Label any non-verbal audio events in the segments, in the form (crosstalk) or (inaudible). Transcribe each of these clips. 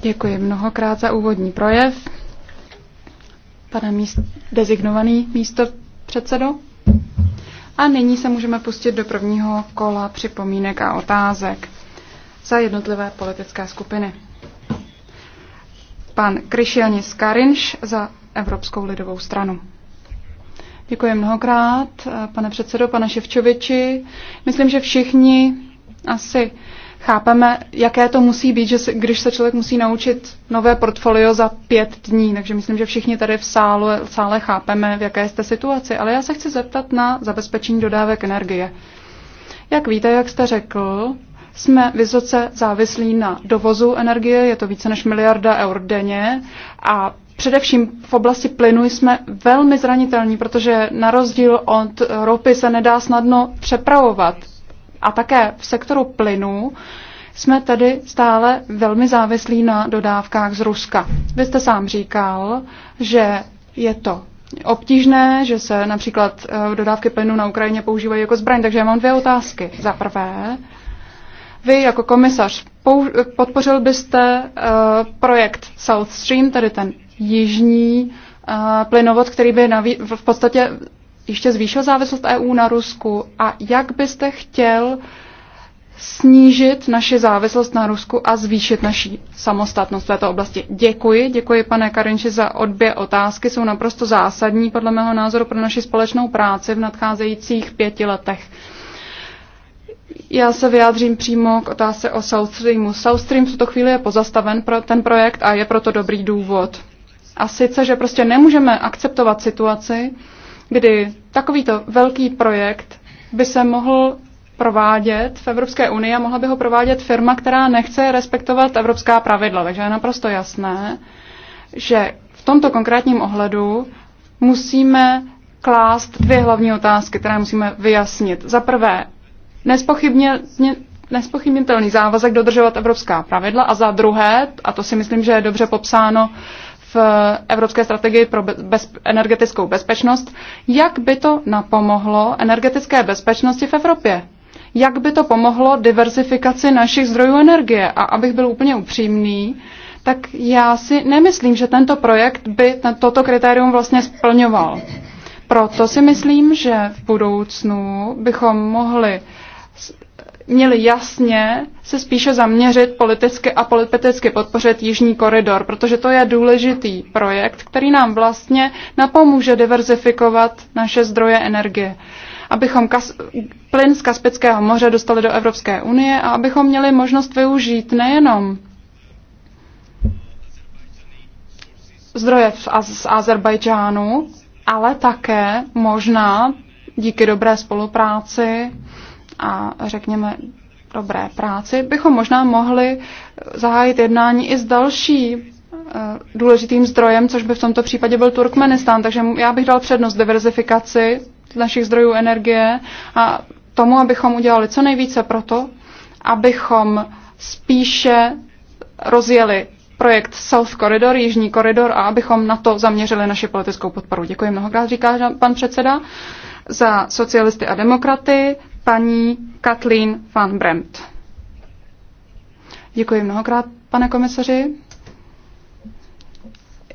Děkuji mnohokrát za úvodní projev. Pane míst, dezignovaný místo předsedo. A nyní se můžeme pustit do prvního kola připomínek a otázek za jednotlivé politické skupiny. Pan Kryšianis Karinš za Evropskou lidovou stranu. Děkuji mnohokrát, pane předsedo, pane Ševčoviči. Myslím, že všichni asi chápeme, jaké to musí být, že když se člověk musí naučit nové portfolio za pět dní. Takže myslím, že všichni tady v sálu, v sále chápeme, v jaké jste situaci. Ale já se chci zeptat na zabezpečení dodávek energie. Jak víte, jak jste řekl, jsme vysoce závislí na dovozu energie, je to více než miliarda eur denně a především v oblasti plynu jsme velmi zranitelní, protože na rozdíl od ropy se nedá snadno přepravovat a také v sektoru plynu jsme tedy stále velmi závislí na dodávkách z Ruska. Vy jste sám říkal, že je to obtížné, že se například eh, dodávky plynu na Ukrajině používají jako zbraň. Takže já mám dvě otázky. Za prvé, vy jako komisař podpořil byste eh, projekt South Stream, tedy ten jižní eh, plynovod, který by v podstatě ještě zvýšil závislost EU na Rusku a jak byste chtěl snížit naši závislost na Rusku a zvýšit naši samostatnost v této oblasti. Děkuji, děkuji pane Karinči za obě otázky, jsou naprosto zásadní podle mého názoru pro naši společnou práci v nadcházejících pěti letech. Já se vyjádřím přímo k otázce o South Streamu. South Stream v tuto chvíli je pozastaven pro ten projekt a je proto dobrý důvod. A sice, že prostě nemůžeme akceptovat situaci, kdy takovýto velký projekt by se mohl provádět v Evropské unii a mohla by ho provádět firma, která nechce respektovat evropská pravidla. Takže je naprosto jasné, že v tomto konkrétním ohledu musíme klást dvě hlavní otázky, které musíme vyjasnit. Za prvé, nespochybnitelný závazek dodržovat evropská pravidla a za druhé, a to si myslím, že je dobře popsáno v Evropské strategii pro bez, energetickou bezpečnost, jak by to napomohlo energetické bezpečnosti v Evropě? Jak by to pomohlo diversifikaci našich zdrojů energie? A abych byl úplně upřímný, tak já si nemyslím, že tento projekt by toto kritérium vlastně splňoval. Proto si myslím, že v budoucnu bychom mohli měli jasně se spíše zaměřit politicky a politicky podpořit Jižní koridor, protože to je důležitý projekt, který nám vlastně napomůže diverzifikovat naše zdroje energie abychom kas, plyn z Kaspického moře dostali do Evropské unie a abychom měli možnost využít nejenom zdroje z Azerbajdžánu, ale také možná díky dobré spolupráci a řekněme dobré práci, bychom možná mohli zahájit jednání i s další eh, důležitým zdrojem, což by v tomto případě byl Turkmenistán. Takže já bych dal přednost diverzifikaci našich zdrojů energie a tomu, abychom udělali co nejvíce proto, abychom spíše rozjeli projekt South Corridor, Jižní koridor a abychom na to zaměřili naši politickou podporu. Děkuji mnohokrát, říká pan předseda, za socialisty a demokraty paní Kathleen van Bremt. Děkuji mnohokrát, pane komisaři.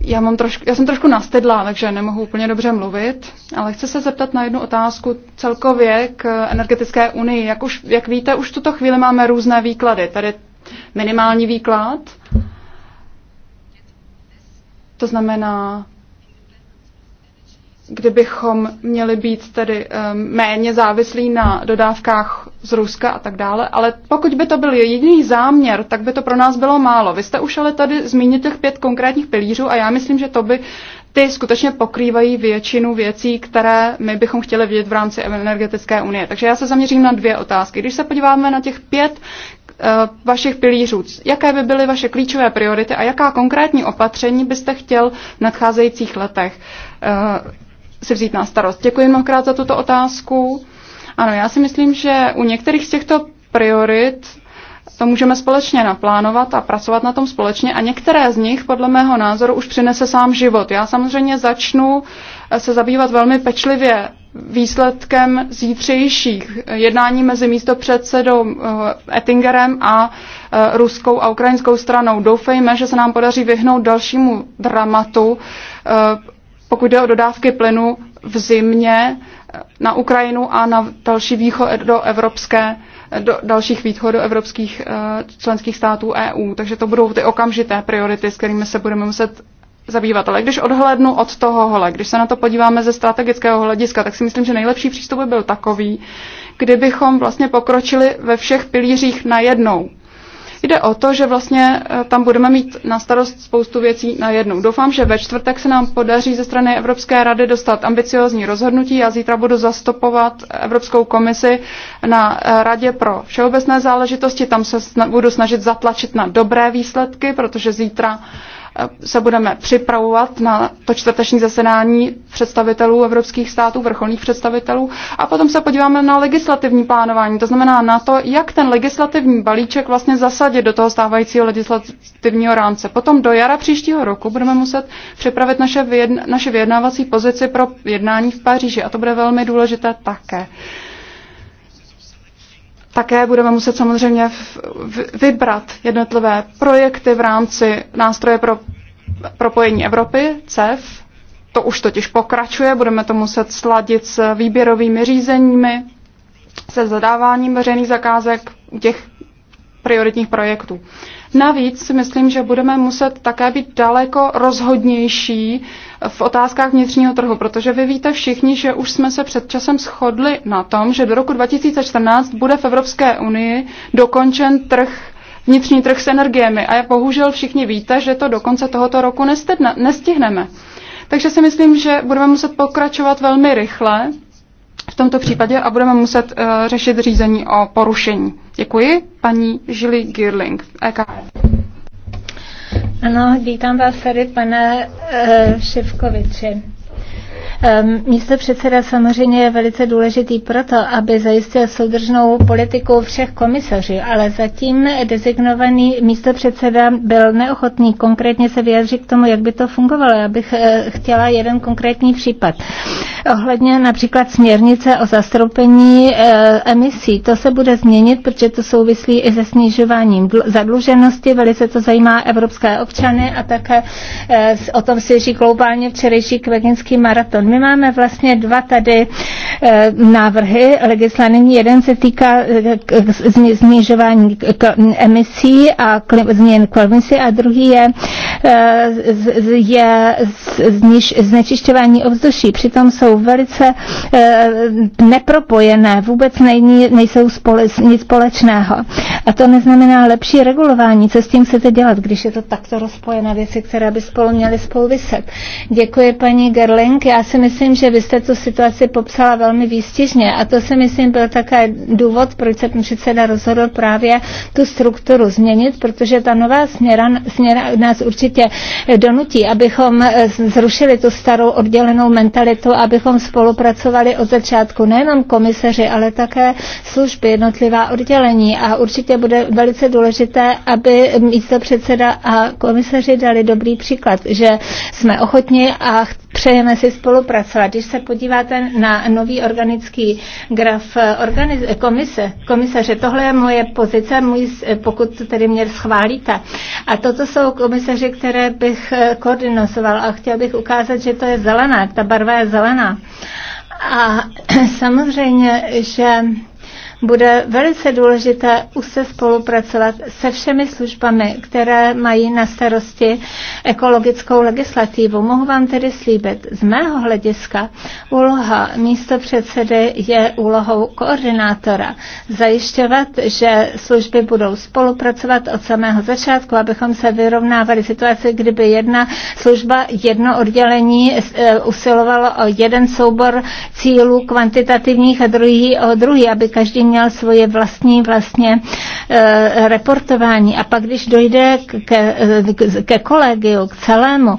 Já, mám trošku, já jsem trošku nastydlá, takže nemohu úplně dobře mluvit, ale chci se zeptat na jednu otázku celkově k energetické unii. Jak, už, jak víte, už tuto chvíli máme různé výklady. Tady minimální výklad, to znamená kdybychom měli být tedy ehm, méně závislí na dodávkách z Ruska a tak dále, ale pokud by to byl jediný záměr, tak by to pro nás bylo málo. Vy jste už ale tady zmínit těch pět konkrétních pilířů a já myslím, že to by ty skutečně pokrývají většinu věcí, které my bychom chtěli vidět v rámci energetické unie. Takže já se zaměřím na dvě otázky. Když se podíváme na těch pět eh, vašich pilířů. Jaké by byly vaše klíčové priority a jaká konkrétní opatření byste chtěl v nadcházejících letech? Eh, si vzít na starost. Děkuji mnohokrát za tuto otázku. Ano, já si myslím, že u některých z těchto priorit to můžeme společně naplánovat a pracovat na tom společně a některé z nich podle mého názoru už přinese sám život. Já samozřejmě začnu se zabývat velmi pečlivě výsledkem zítřejších jednání mezi místopředsedou eh, Ettingerem a eh, ruskou a ukrajinskou stranou. Doufejme, že se nám podaří vyhnout dalšímu dramatu eh, pokud jde o dodávky plynu v zimě eh, na Ukrajinu a na další východ do evropské, eh, do dalších evropských eh, členských států EU. Takže to budou ty okamžité priority, s kterými se budeme muset zabývat. Ale když odhlednu od tohohle, když se na to podíváme ze strategického hlediska, tak si myslím, že nejlepší přístup by byl takový, kdybychom vlastně pokročili ve všech pilířích najednou. Jde o to, že vlastně e, tam budeme mít na starost spoustu věcí na jednu. Doufám, že ve čtvrtek se nám podaří ze strany Evropské rady dostat ambiciozní rozhodnutí Já zítra budu zastupovat Evropskou komisi na e, Radě pro všeobecné záležitosti. Tam se budu snažit zatlačit na dobré výsledky, protože zítra Eh, se budeme připravovat na to čtvrteční zasedání představitelů evropských států, vrcholných představitelů a potom se podíváme na legislativní plánování, to znamená na to, jak ten legislativní balíček vlastně zasadit do toho stávajícího legislativního rámce. Potom do jara příštího roku budeme muset připravit naše, vyjedn- naše vyjednávací pozici pro jednání v Paříži a to bude velmi důležité také. Také budeme muset samozřejmě vybrat jednotlivé projekty v rámci nástroje pro propojení Evropy, CEF. To už totiž pokračuje, budeme to muset sladit s výběrovými řízeními, se zadáváním veřejných zakázek těch prioritních projektů. Navíc si myslím, že budeme muset také být daleko rozhodnější v otázkách vnitřního trhu, protože vy víte všichni, že už jsme se před časem shodli na tom, že do roku 2014 bude v Evropské unii dokončen trh vnitřní trh s energiemi. A bohužel všichni víte, že to do konce tohoto roku nestihneme. Takže si myslím, že budeme muset pokračovat velmi rychle v tomto případě a budeme muset uh, řešit řízení o porušení. Děkuji, paní Žili Girling, EKF. Ano, vítám vás tady, pane uh, eh, Šivkoviči. Ehm, místo předseda samozřejmě je velice důležitý proto, aby zajistil soudržnou politiku všech komisařů, ale zatím designovaný místo předseda byl neochotný konkrétně se vyjádřit k tomu, jak by to fungovalo. Já bych eh, chtěla jeden konkrétní případ. Ohledně například směrnice o zastoupení eh, emisí. To se bude změnit, protože to souvislí i se snižováním zadluženosti. Velice to zajímá evropské občany a také eh, o tom svěží globálně včerejší kveginský maraton maraton. My máme vlastně dva tady eh, návrhy legislativní. Jeden se týká snižování eh, emisí a změn kolmisy a druhý je, eh, je znečišťování ovzduší. Přitom jsou velice nepropojené, vůbec nejsou nic společného. A to neznamená lepší regulování. Co s tím chcete dělat, když je to takto rozpojené věci, které by spolu měly vyset? Děkuji paní Gerling. Já si myslím, že vy jste tu situaci popsala velmi výstižně a to si myslím byl také důvod, proč se předseda rozhodl právě tu strukturu změnit, protože ta nová směra, směra nás určitě eh, donutí, abychom eh, zrušili tu starou oddělenou mentalitu, abychom spolupracovali od začátku nejenom komiseři, ale také služby, jednotlivá oddělení a určitě bude velice důležité, aby místo předseda a komiseři dali dobrý příklad, že jsme ochotni a přejeme si spolupracovat spolupracovat. Když se podíváte na nový organický graf eh, organiz- eh, komise, komisaře, tohle je moje pozice, můj, eh, pokud tedy mě schválíte. A toto jsou komisaři, které bych koordinoval a chtěl bych ukázat, že to je zelená, ta barva je zelená. A (clears throat) samozřejmě, že bude velice důležité už se spolupracovat se všemi službami, které mají na starosti ekologickou legislativu. Mohu vám tedy slíbit, z mého hlediska úloha místo předsedy je úlohou koordinátora. Zajišťovat, že služby budou spolupracovat od samého začátku, abychom se vyrovnávali situaci, kdyby jedna služba, jedno oddělení eh, usilovalo o jeden soubor cílů kvantitativních a druhý o druhý, aby každý měl svoje vlastní vlastně eh, reportování. A pak, když dojde ke, eh, ke kolegiu, k celému,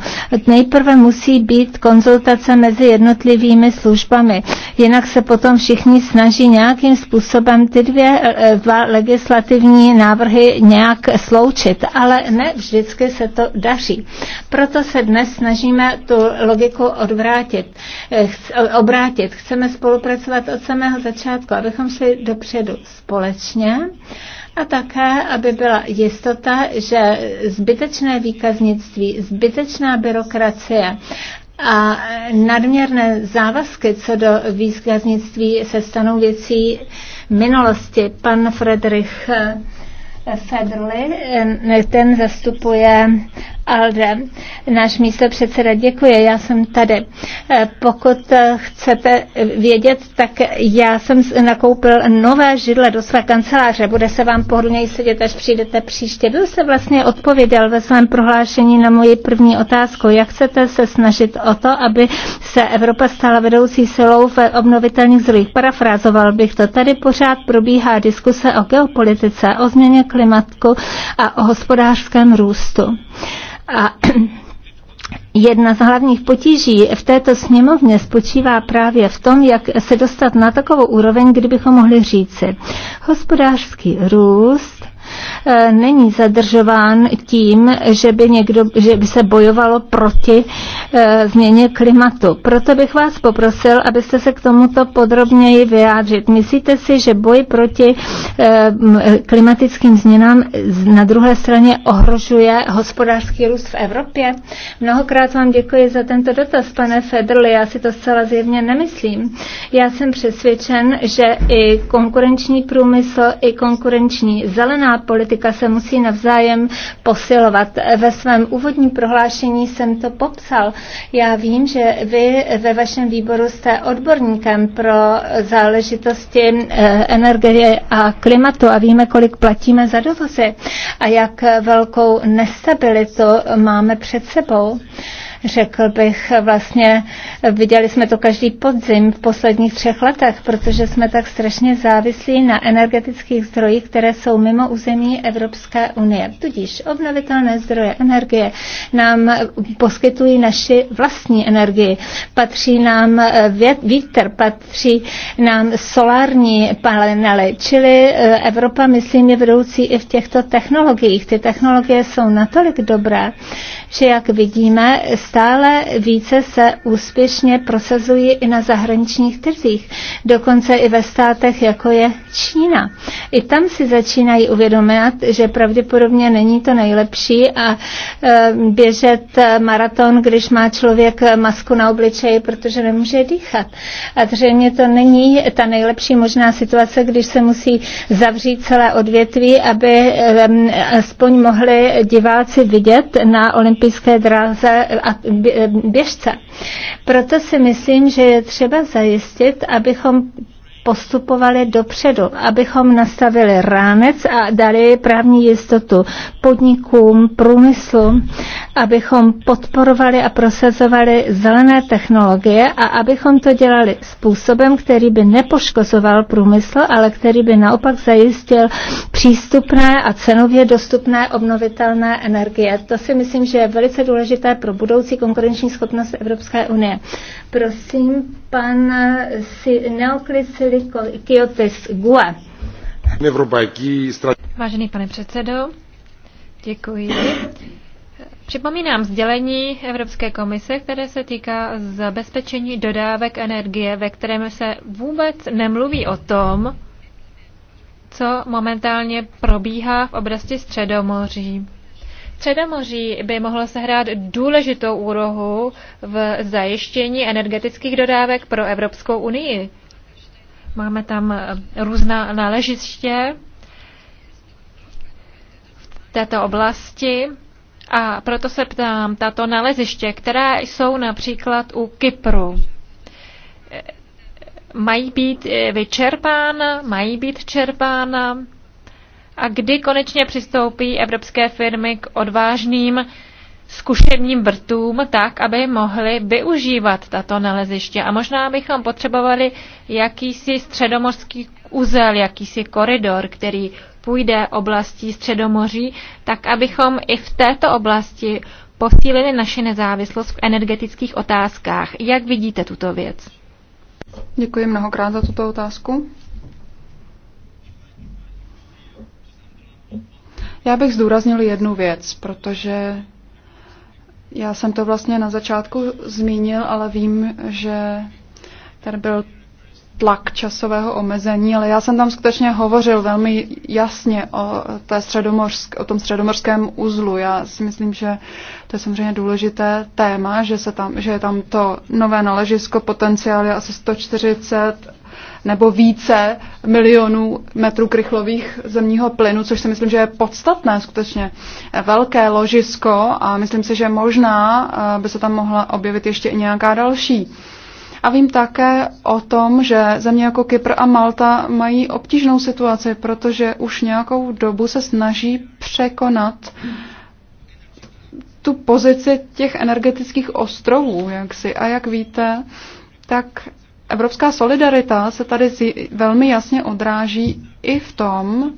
nejprve musí být konzultace mezi jednotlivými službami. Jinak se potom všichni snaží nějakým způsobem ty dvě eh, dva legislativní návrhy nějak sloučit, ale ne vždycky se to daří. Proto se dnes snažíme tu logiku odvrátit, obrátit. Chceme spolupracovat od samého začátku, abychom šli do dopředu společně a také, aby byla jistota, že zbytečné výkaznictví, zbytečná byrokracie a nadměrné závazky co do výkaznictví se stanou věcí minulosti. Pan Fredrich Federli, ten zastupuje Alde, náš místo předseda, děkuji. já jsem tady. Eh, pokud eh, chcete vědět, tak já jsem nakoupil nové židle do své kanceláře. Bude se vám pohodlněji sedět, až přijdete příště. Byl se vlastně odpověděl ve svém prohlášení na moji první otázku. Jak chcete se snažit o to, aby se Evropa stala vedoucí silou v obnovitelných zdrojích? Parafrázoval bych to. Tady pořád probíhá diskuse o geopolitice, o změně klimatku a o hospodářském růstu. A (clears throat) Jedna z hlavních potíží v této sněmovně spočívá právě v tom, jak se dostat na takovou úroveň, kdybychom mohli říci. Hospodářský růst Eh, není zadržován tím, že by, někdo, že by se bojovalo proti eh, změně klimatu. Proto bych vás poprosil, abyste se k tomuto podrobněji vyjádřit. Myslíte si, že boj proti eh, klimatickým změnám na druhé straně ohrožuje hospodářský růst v Evropě? Mnohokrát vám děkuji za tento dotaz, pane Federli. Já si to zcela zjevně nemyslím. Já jsem přesvědčen, že i konkurenční průmysl, i konkurenční zelená politika se musí navzájem posilovat. Ve svém úvodním prohlášení jsem to popsal. Já vím, že vy ve vašem výboru jste odborníkem pro záležitosti eh, energie a klimatu a víme, kolik platíme za dovozy a jak velkou nestabilitu máme před sebou řekl bych, vlastně viděli jsme to každý podzim v posledních třech letech, protože jsme tak strašně závislí na energetických zdrojích, které jsou mimo území Evropské unie. Tudíž obnovitelné zdroje energie nám poskytují naši vlastní energii. Patří nám eh, vět vítr, patří nám solární panely, čili eh, Evropa, myslím, je vedoucí i v těchto technologiích. Ty technologie jsou natolik dobré, že jak vidíme, stále více se úspěšně prosazují i na zahraničních trzích, dokonce i ve státech, jako je Čína. I tam si začínají uvědomit, že pravděpodobně není to nejlepší a e, běžet maraton, když má člověk masku na obličeji, protože nemůže dýchat. A zřejmě to není ta nejlepší možná situace, když se musí zavřít celé odvětví, aby e, aspoň mohli diváci vidět na olympiádě olympijské dráze a běžce. Proto si myslím, že je třeba zajistit, abychom postupovali dopředu, abychom nastavili rámec a dali právní jistotu podnikům, průmyslu, abychom podporovali a prosazovali zelené technologie a abychom to dělali způsobem, který by nepoškozoval průmysl, ale který by naopak zajistil přístupné a cenově dostupné obnovitelné energie. To si myslím, že je velice důležité pro budoucí konkurenční schopnost Evropské unie. Prosím, pan si, Neoklis Vážený pane předsedo, děkuji. Připomínám sdělení Evropské komise, které se týká zabezpečení dodávek energie, ve kterém se vůbec nemluví o tom, co momentálně probíhá v oblasti Středomoří. Středomoří by mohlo sehrát důležitou úrohu v zajištění energetických dodávek pro Evropskou unii. Máme tam eh, různá náležiště v této oblasti. A proto se ptám, tato naleziště, která jsou například u Kypru, eh, mají být eh, vyčerpána, mají být čerpána a kdy konečně přistoupí evropské firmy k odvážným zkušebním vrtům tak, aby mohli využívat tato naleziště. A možná bychom potřebovali jakýsi středomorský uzel, jakýsi koridor, který půjde oblastí Středomoří, tak abychom i v této oblasti posílili naši nezávislost v energetických otázkách. Jak vidíte tuto věc? Děkuji mnohokrát za tuto otázku. Já bych zdůraznil jednu věc, protože já jsem to vlastně na začátku zmínil, ale vím, že tady byl tlak časového omezení, ale já jsem tam skutečně hovořil velmi jasně o, té středomorsk, o tom středomorském uzlu. Já si myslím, že to je samozřejmě důležité téma, že, se tam, že je tam to nové naležisko, potenciál je asi 140 nebo více milionů metrů krychlových zemního plynu, což si myslím, že je podstatné skutečně velké ložisko a myslím si, že možná eh, by se tam mohla objevit ještě i nějaká další a vím také o tom, že země jako Kypr a Malta mají obtížnou situaci, protože už nějakou dobu se snaží překonat tu pozici těch energetických ostrovů, jak si. A jak víte, tak evropská solidarita se tady velmi jasně odráží i v tom,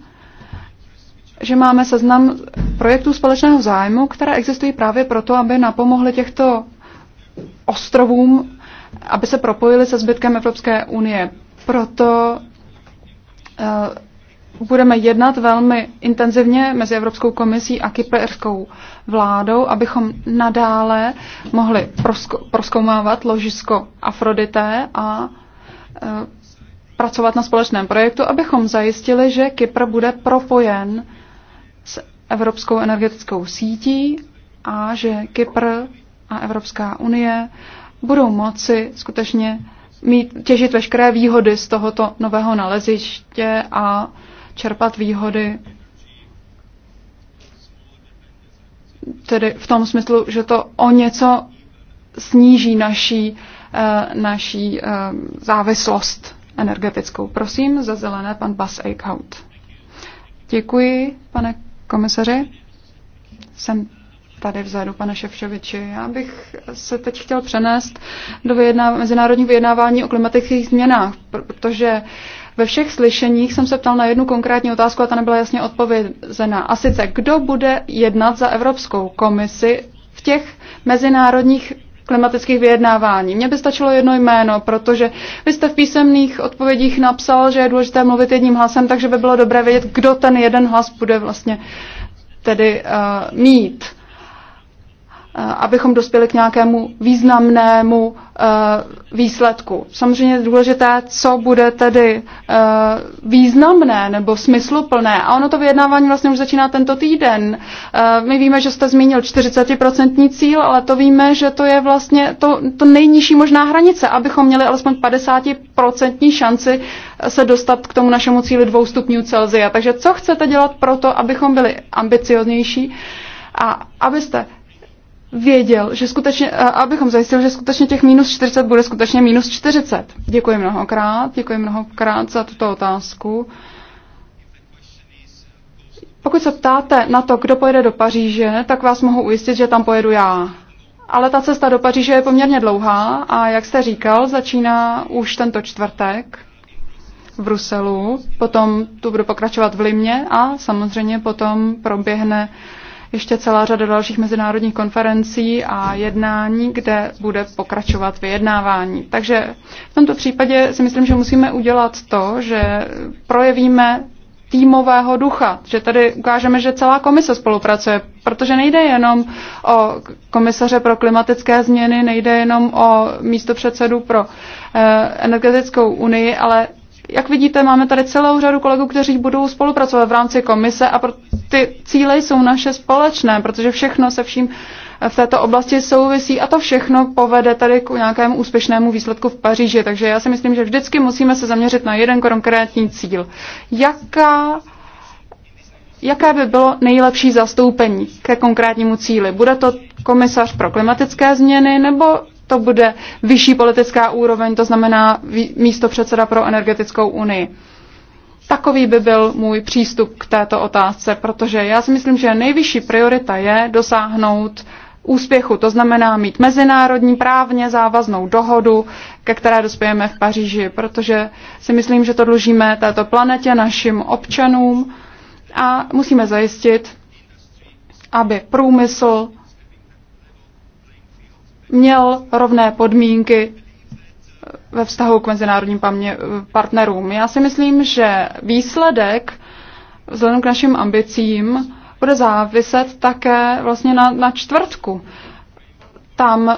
že máme seznam projektů společného zájmu, které existují právě proto, aby napomohly těchto ostrovům aby se propojili se zbytkem Evropské unie. Proto eh, budeme jednat velmi intenzivně mezi Evropskou komisí a kyperskou vládou, abychom nadále mohli prosko- proskoumávat ložisko Afrodité a uh, pracovat na společném projektu, abychom zajistili, že Kypr bude propojen s evropskou energetickou sítí a že Kypr a Evropská unie budou moci skutečně mít, těžit veškeré výhody z tohoto nového naleziště a čerpat výhody tedy v tom smyslu, že to o něco sníží naší, eh, naší eh, závislost energetickou. Prosím, za zelené pan Bas Eichhout. Děkuji, pane komisaři. Jsem tady vzadu, pane Ševčoviči. Já bych se teď chtěl přenést do vyjedná- mezinárodních vyjednávání o klimatických změnách, protože ve všech slyšeních jsem se ptal na jednu konkrétní otázku a ta nebyla jasně odpovězena. A sice, kdo bude jednat za Evropskou komisi v těch mezinárodních klimatických vyjednávání. Mně by stačilo jedno jméno, protože vy jste v písemných odpovědích napsal, že je důležité mluvit jedním hlasem, takže by bylo dobré vědět, kdo ten jeden hlas bude vlastně tedy uh, mít. Eh, abychom dospěli k nějakému významnému eh, výsledku. Samozřejmě je důležité, co bude tedy eh, významné nebo smysluplné. A ono to vyjednávání vlastně už začíná tento týden. My víme, že jste zmínil 40% cíl, ale to víme, že to je vlastně to, to nejnižší možná hranice, abychom měli alespoň 50% šanci se dostat k tomu našemu cíli dvou stupňů Celzia. Takže co chcete dělat pro to, abychom byli ambicioznější? A abyste věděl, že skutečně, abychom zajistili, že skutečně těch minus 40 bude skutečně minus 40. Děkuji mnohokrát, děkuji mnohokrát za tuto otázku. Pokud se ptáte na to, kdo pojede do Paříže, tak vás mohu ujistit, že tam pojedu já. Ale ta cesta do Paříže je poměrně dlouhá a jak jste říkal, začíná už tento čtvrtek v Bruselu, potom tu budu pokračovat v Limě a samozřejmě potom proběhne uh, ještě celá řada dalších mezinárodních konferencí a jednání, kde bude pokračovat vyjednávání. Takže v tomto případě si myslím, že musíme udělat to, že projevíme týmového ducha, že tady ukážeme, že celá komise spolupracuje, protože nejde jenom o komisaře pro klimatické změny, nejde jenom o místopředsedu pro eh, energetickou unii, ale jak vidíte, máme tady celou řadu kolegů, kteří budou spolupracovat v rámci komise a ty cíle jsou naše společné, protože všechno se vším v této oblasti souvisí a to všechno povede tady k nějakému úspěšnému výsledku v Paříži. Takže já si myslím, že vždycky musíme se zaměřit na jeden konkrétní cíl. Jaká jaké by bylo nejlepší zastoupení ke konkrétnímu cíli. Bude to komisař pro klimatické změny nebo to bude vyšší politická úroveň, to znamená místo předseda pro energetickou unii. Takový by byl můj přístup k této otázce, protože já si myslím, že nejvyšší priorita je dosáhnout úspěchu. To znamená mít mezinárodní právně závaznou dohodu, ke které dospějeme v Paříži, protože si myslím, že to dlužíme této planetě, našim občanům a musíme zajistit, aby průmysl měl rovné podmínky ve vztahu k mezinárodním partnerům. Já si myslím, že výsledek vzhledem k našim ambicím bude záviset také vlastně na, na čtvrtku. Tam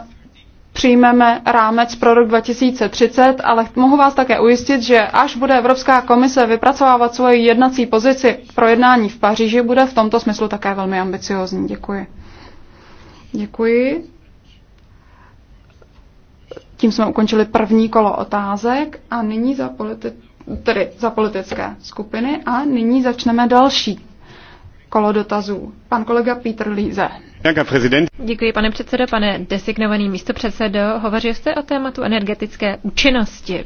přijmeme rámec pro rok 2030, ale mohu vás také ujistit, že až bude Evropská komise vypracovávat svoji jednací pozici pro jednání v Paříži, bude v tomto smyslu také velmi ambiciozní. Děkuji. Děkuji. Tím jsme ukončili první kolo otázek a nyní za, politi- tedy za politické skupiny a nyní začneme další kolo dotazů. Pan kolega Peter Líze. Děkuji, pane předsedo, pane designovaný místopředsedo. Hovořil jste o tématu energetické účinnosti.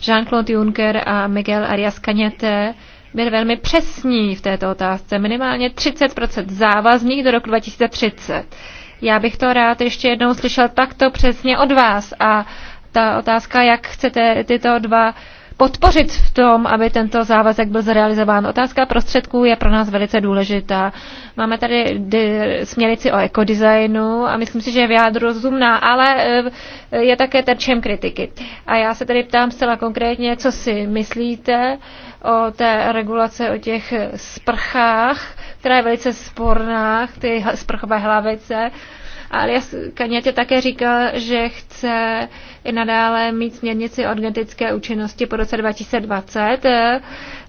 Jean-Claude Juncker a Miguel Arias Cañete byl velmi přesní v této otázce. Minimálně 30 závazných do roku 2030. Já bych to rád ještě jednou slyšel takto přesně od vás. A ta otázka, jak chcete tyto dva podpořit v tom, aby tento závazek byl zrealizován. Otázka prostředků je pro nás velice důležitá. Máme tady směrnici o ekodesignu a myslím si, že je v jádru rozumná, ale e, je také terčem kritiky. A já se tady ptám zcela konkrétně, co si myslíte o té regulace o těch sprchách, která je velice sporná, ty sprchové hlavice. Ale kaněte také říkal, že chce i nadále mít směrnici o genetické účinnosti po roce 2020.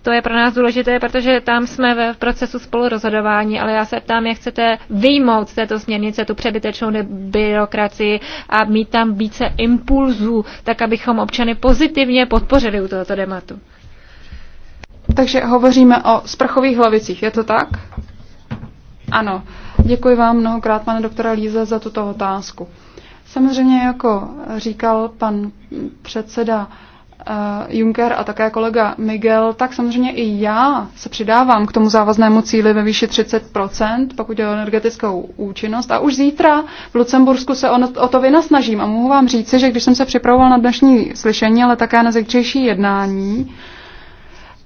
To je pro nás důležité, protože tam jsme v procesu spolurozhodování, ale já se ptám, jak chcete vyjmout z této směrnice tu přebytečnou byrokracii a mít tam více impulzů, tak abychom občany pozitivně podpořili u tohoto tématu. Takže hovoříme o sprchových hlavicích, je to tak? Ano, děkuji vám mnohokrát, pane doktora Líze, za tuto otázku. Samozřejmě, jako říkal pan předseda eh, Juncker a také kolega Miguel, tak samozřejmě i já se přidávám k tomu závaznému cíli ve výši 30%, pokud je o energetickou účinnost. A už zítra v Lucembursku se o to vynasnažím. A mohu vám říci, že když jsem se připravoval na dnešní slyšení, ale také na zítřejší jednání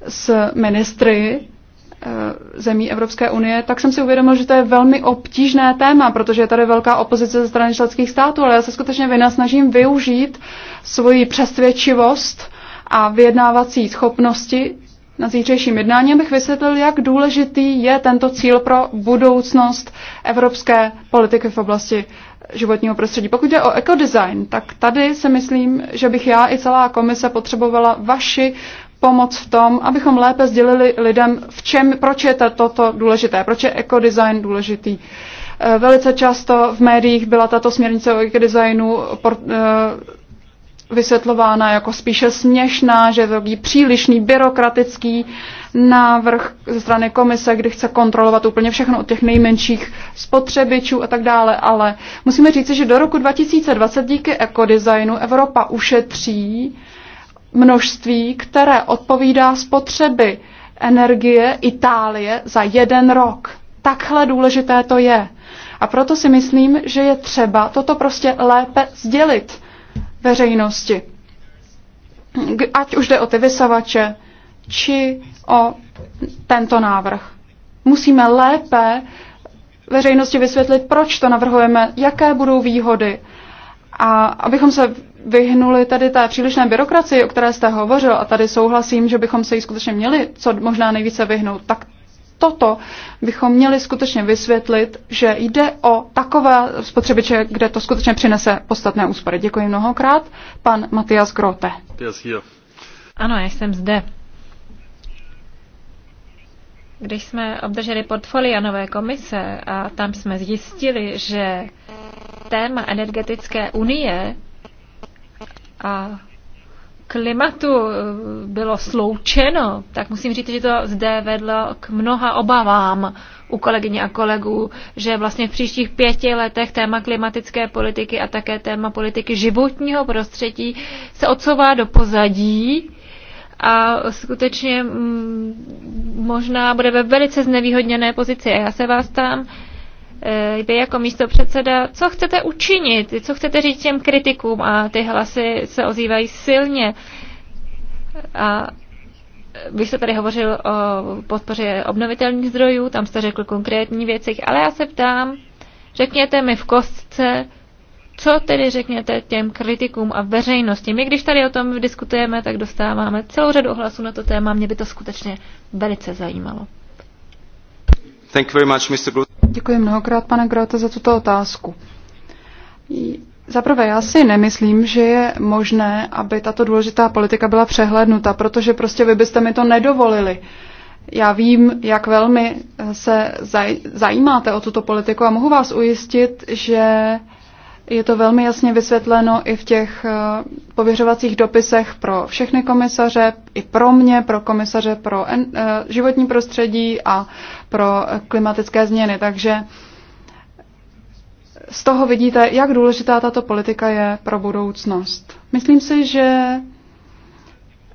s ministry, Eh, zemí Evropské unie, tak jsem si uvědomil, že to je velmi obtížné téma, protože je tady velká opozice ze strany členských států, ale já se skutečně snažím využít svoji přesvědčivost a vyjednávací schopnosti na zítřejším jednání, abych vysvětlil, jak důležitý je tento cíl pro budoucnost evropské politiky v oblasti životního prostředí. Pokud jde o ekodesign, tak tady se myslím, že bych já i celá komise potřebovala vaši pomoc v tom, abychom lépe sdělili lidem, v čem, proč je toto důležité, proč je ekodesign důležitý. Eh, velice často v médiích byla tato směrnice o ekodesignu eh, vysvětlována jako spíše směšná, že to je přílišný byrokratický návrh ze strany komise, kdy chce kontrolovat úplně všechno od těch nejmenších spotřebičů a tak dále, ale musíme říci, že do roku 2020 díky ekodesignu Evropa ušetří množství, které odpovídá spotřeby energie Itálie za jeden rok. Takhle důležité to je. A proto si myslím, že je třeba toto prostě lépe sdělit veřejnosti. Ať už jde o ty vysavače, či o tento návrh. Musíme lépe veřejnosti vysvětlit, proč to navrhujeme, jaké budou výhody. A abychom se vyhnuli tady té přílišné byrokracii, o které jste hovořil, a tady souhlasím, že bychom se jí skutečně měli co možná nejvíce vyhnout, tak toto bychom měli skutečně vysvětlit, že jde o takové spotřebiče, kde to skutečně přinese podstatné úspory. Děkuji mnohokrát. Pan Matias Grote. Ano, já jsem zde. Když jsme obdrželi portfolia nové komise a tam jsme zjistili, že téma energetické unie a klimatu eh, bylo sloučeno, tak musím říct, že to zde vedlo k mnoha obavám u kolegyně a kolegů, že vlastně v příštích pěti letech téma klimatické politiky a také téma politiky životního prostředí se odsouvá do pozadí a skutečně mm, možná bude ve velice znevýhodněné pozici. A já se vás tam vy eh, jako místo předseda, co chcete učinit, co chcete říct těm kritikům a ty hlasy se ozývají silně. A vy jste tady hovořil o podpoře obnovitelných zdrojů, tam jste řekl konkrétní věci, ale já se ptám, řekněte mi v kostce, co tedy řekněte těm kritikům a veřejnosti? My, když tady o tom diskutujeme, tak dostáváme celou řadu ohlasů na to téma. Mě by to skutečně velice zajímalo. Thank you very much, Mr. Děkuji mnohokrát, pane Grote, za tuto otázku. Zaprvé já si nemyslím, že je možné, aby tato důležitá politika byla přehlednuta, protože prostě vy byste mi to nedovolili. Já vím, jak velmi se zajímáte o tuto politiku a mohu vás ujistit, že je to velmi jasně vysvětleno i v těch eh, pověřovacích dopisech pro všechny komisaře, i pro mě, pro komisaře pro eh, životní prostředí a pro klimatické změny. Takže z toho vidíte, jak důležitá tato politika je pro budoucnost. Myslím si, že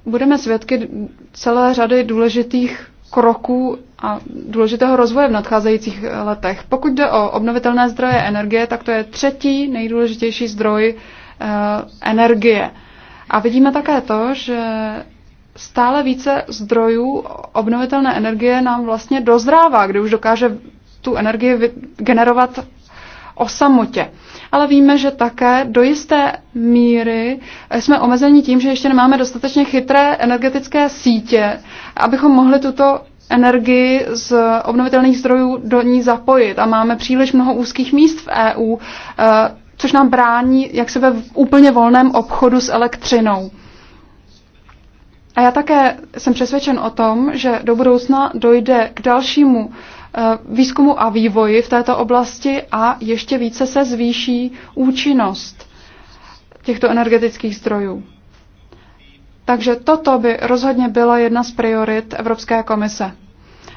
budeme svědky celé řady důležitých kroků a důležitého rozvoje v nadcházejících eh, letech. Pokud jde o obnovitelné zdroje energie, tak to je třetí nejdůležitější zdroj eh, energie. A vidíme také to, že stále více zdrojů obnovitelné energie nám vlastně dozrává, kdy už dokáže tu energii generovat o samotě. Ale víme, že také do jisté míry jsme omezeni tím, že ještě nemáme dostatečně chytré energetické sítě, abychom mohli tuto energii z obnovitelných zdrojů do ní zapojit. A máme příliš mnoho úzkých míst v EU, eh, což nám brání jak se ve úplně volném obchodu s elektřinou. A já také jsem přesvědčen o tom, že do budoucna dojde k dalšímu Eh, výzkumu a vývoji v této oblasti a ještě více se zvýší účinnost těchto energetických zdrojů. Takže toto by rozhodně byla jedna z priorit Evropské komise.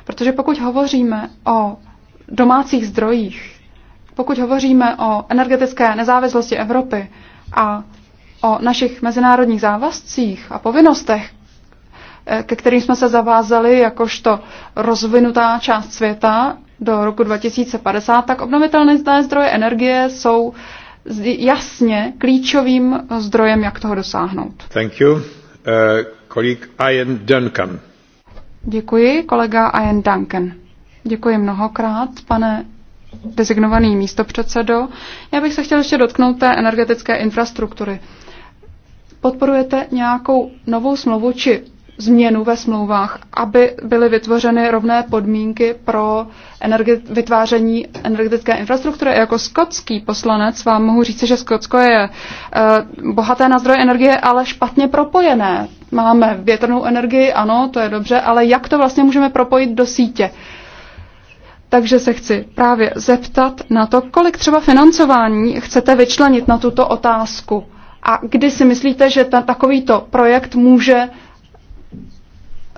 Protože pokud hovoříme o domácích zdrojích, pokud hovoříme o energetické nezávislosti Evropy a o našich mezinárodních závazcích a povinnostech, Eh, ke kterým jsme se zavázali jakožto rozvinutá část světa do roku 2050, tak obnovitelné zdroje energie jsou jasně klíčovým zdrojem, jak toho dosáhnout. Thank you. Uh, kolik Ian Duncan. Děkuji, kolega Ian Duncan. Děkuji mnohokrát, pane designovaný místopředsedo. Já bych se chtěl ještě dotknout té energetické infrastruktury. Podporujete nějakou novou smlouvu či změnu ve smlouvách, aby byly vytvořeny rovné podmínky pro energeti- vytváření energetické infrastruktury. Jako skotský poslanec vám mohu říct, že Skotsko je uh, bohaté na zdroje energie, ale špatně propojené. Máme větrnou energii, ano, to je dobře, ale jak to vlastně můžeme propojit do sítě? Takže se chci právě zeptat na to, kolik třeba financování chcete vyčlenit na tuto otázku. A kdy si myslíte, že ta, takovýto projekt může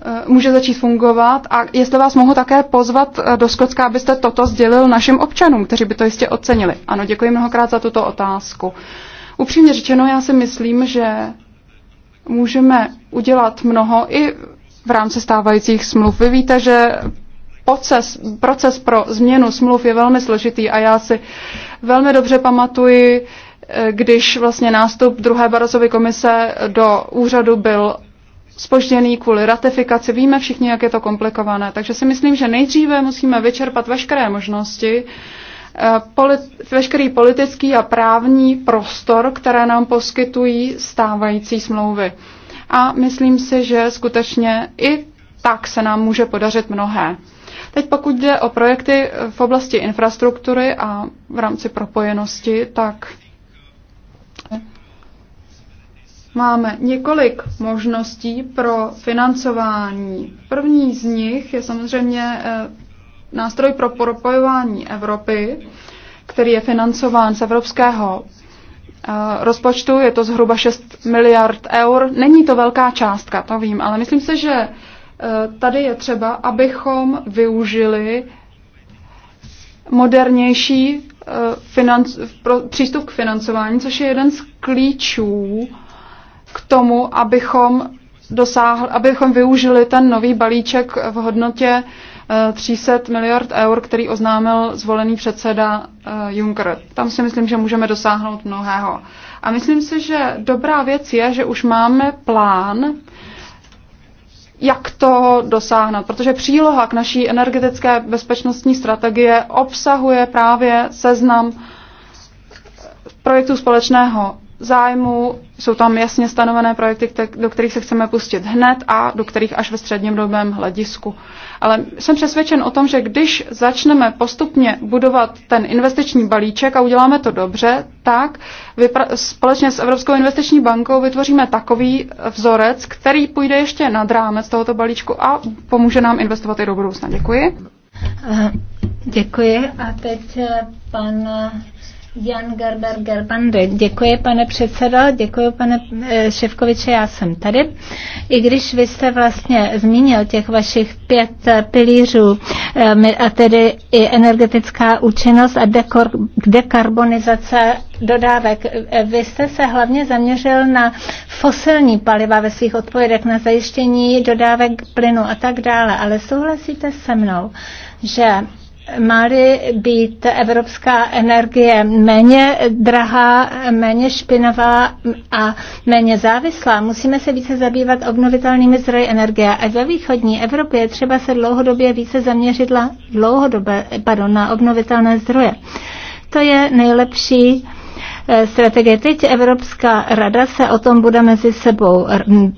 Eh, může začít fungovat a jestli vás mohu také pozvat eh, do Skotska, abyste toto sdělil našim občanům, kteří by to jistě ocenili. Ano, děkuji mnohokrát za tuto otázku. Upřímně řečeno, já si myslím, že můžeme udělat mnoho i v rámci stávajících smluv. Vy víte, že proces, proces pro změnu smluv je velmi složitý a já si velmi dobře pamatuji, eh, když vlastně nástup druhé Barosovy komise do úřadu byl spožděný kvůli ratifikaci. Víme všichni, jak je to komplikované. Takže si myslím, že nejdříve musíme vyčerpat veškeré možnosti, eh, polit, veškerý politický a právní prostor, které nám poskytují stávající smlouvy. A myslím si, že skutečně i tak se nám může podařit mnohé. Teď pokud jde o projekty v oblasti infrastruktury a v rámci propojenosti, tak Máme několik možností pro financování. První z nich je samozřejmě eh, nástroj pro propojování Evropy, který je financován z evropského eh, rozpočtu, je to zhruba 6 miliard eur. Není to velká částka, to vím, ale myslím si, že eh, tady je třeba, abychom využili modernější financ- přístup k financování, což je jeden z klíčů k tomu, abychom, dosáhli, abychom využili ten nový balíček v hodnotě 300 eh, miliard eur, který oznámil zvolený předseda eh, Juncker. Tam si myslím, že můžeme dosáhnout mnohého. A myslím si, že dobrá věc je, že už máme plán, jak to dosáhnout, protože příloha k naší energetické bezpečnostní strategie obsahuje právě seznam projektů společného zájmu, jsou tam jasně stanovené projekty, do kterých se chceme pustit hned a do kterých až ve dobém hledisku. Ale jsem přesvědčen o tom, že když začneme postupně budovat ten investiční balíček a uděláme to dobře, tak společně s Evropskou investiční bankou vytvoříme takový vzorec, který půjde ještě nad rámec tohoto balíčku a pomůže nám investovat i do budoucna. Děkuji. Děkuji a teď eh, pan Jan Gerber Gerbandy. Děkuji, pane předsedo, děkuji, pane eh, Ševkoviče, já jsem tady. I když vy jste vlastně zmínil těch vašich pět eh, pilířů, eh, a tedy i energetická účinnost a dekarbonizace dodávek. Vy jste se hlavně zaměřil na fosilní paliva ve svých odpovědech na zajištění dodávek plynu a tak dále, ale souhlasíte se mnou, že Máli být evropská energie méně drahá, méně špinavá a méně závislá, musíme se více zabývat obnovitelnými zdroji energie. A ve východní Evropě je třeba se dlouhodobě více zaměřit dlouhodobě, pardon, na obnovitelné zdroje. To je nejlepší Eh, strategie. Teď Evropská rada se o tom bude mezi sebou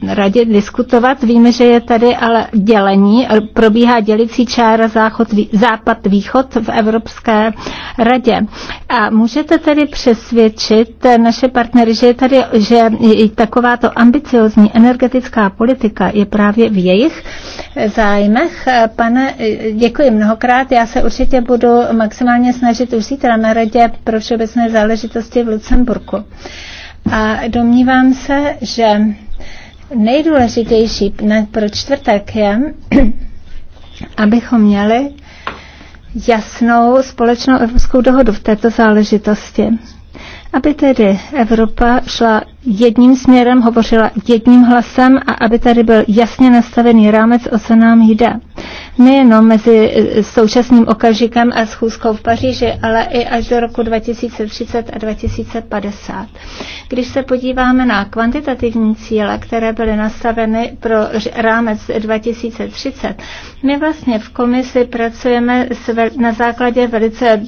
radě diskutovat. Víme, že je tady ale dělení, probíhá dělicí čára záchod, západ-východ v Evropské radě. A můžete tedy přesvědčit eh, naše partnery, že je tady, že i takováto ambiciozní energetická politika je právě v jejich eh, zájmech. Pane, děkuji mnohokrát. Já se určitě budu maximálně snažit už zítra na radě pro všeobecné záležitosti v Lucemburku. A domnívám se, že nejdůležitější pro čtvrtek je, (clears throat) abychom měli jasnou společnou evropskou dohodu v této záležitosti aby tedy Evropa šla jedním směrem, hovořila jedním hlasem a aby tady byl jasně nastavený rámec, o co nám jde. Nejenom mezi eh, současným okamžikem a schůzkou v Paříži, ale i až do roku 2030 a 2050. Když se podíváme na kvantitativní cíle, které byly nastaveny pro rámec 2030, my vlastně v komisi pracujeme na základě velice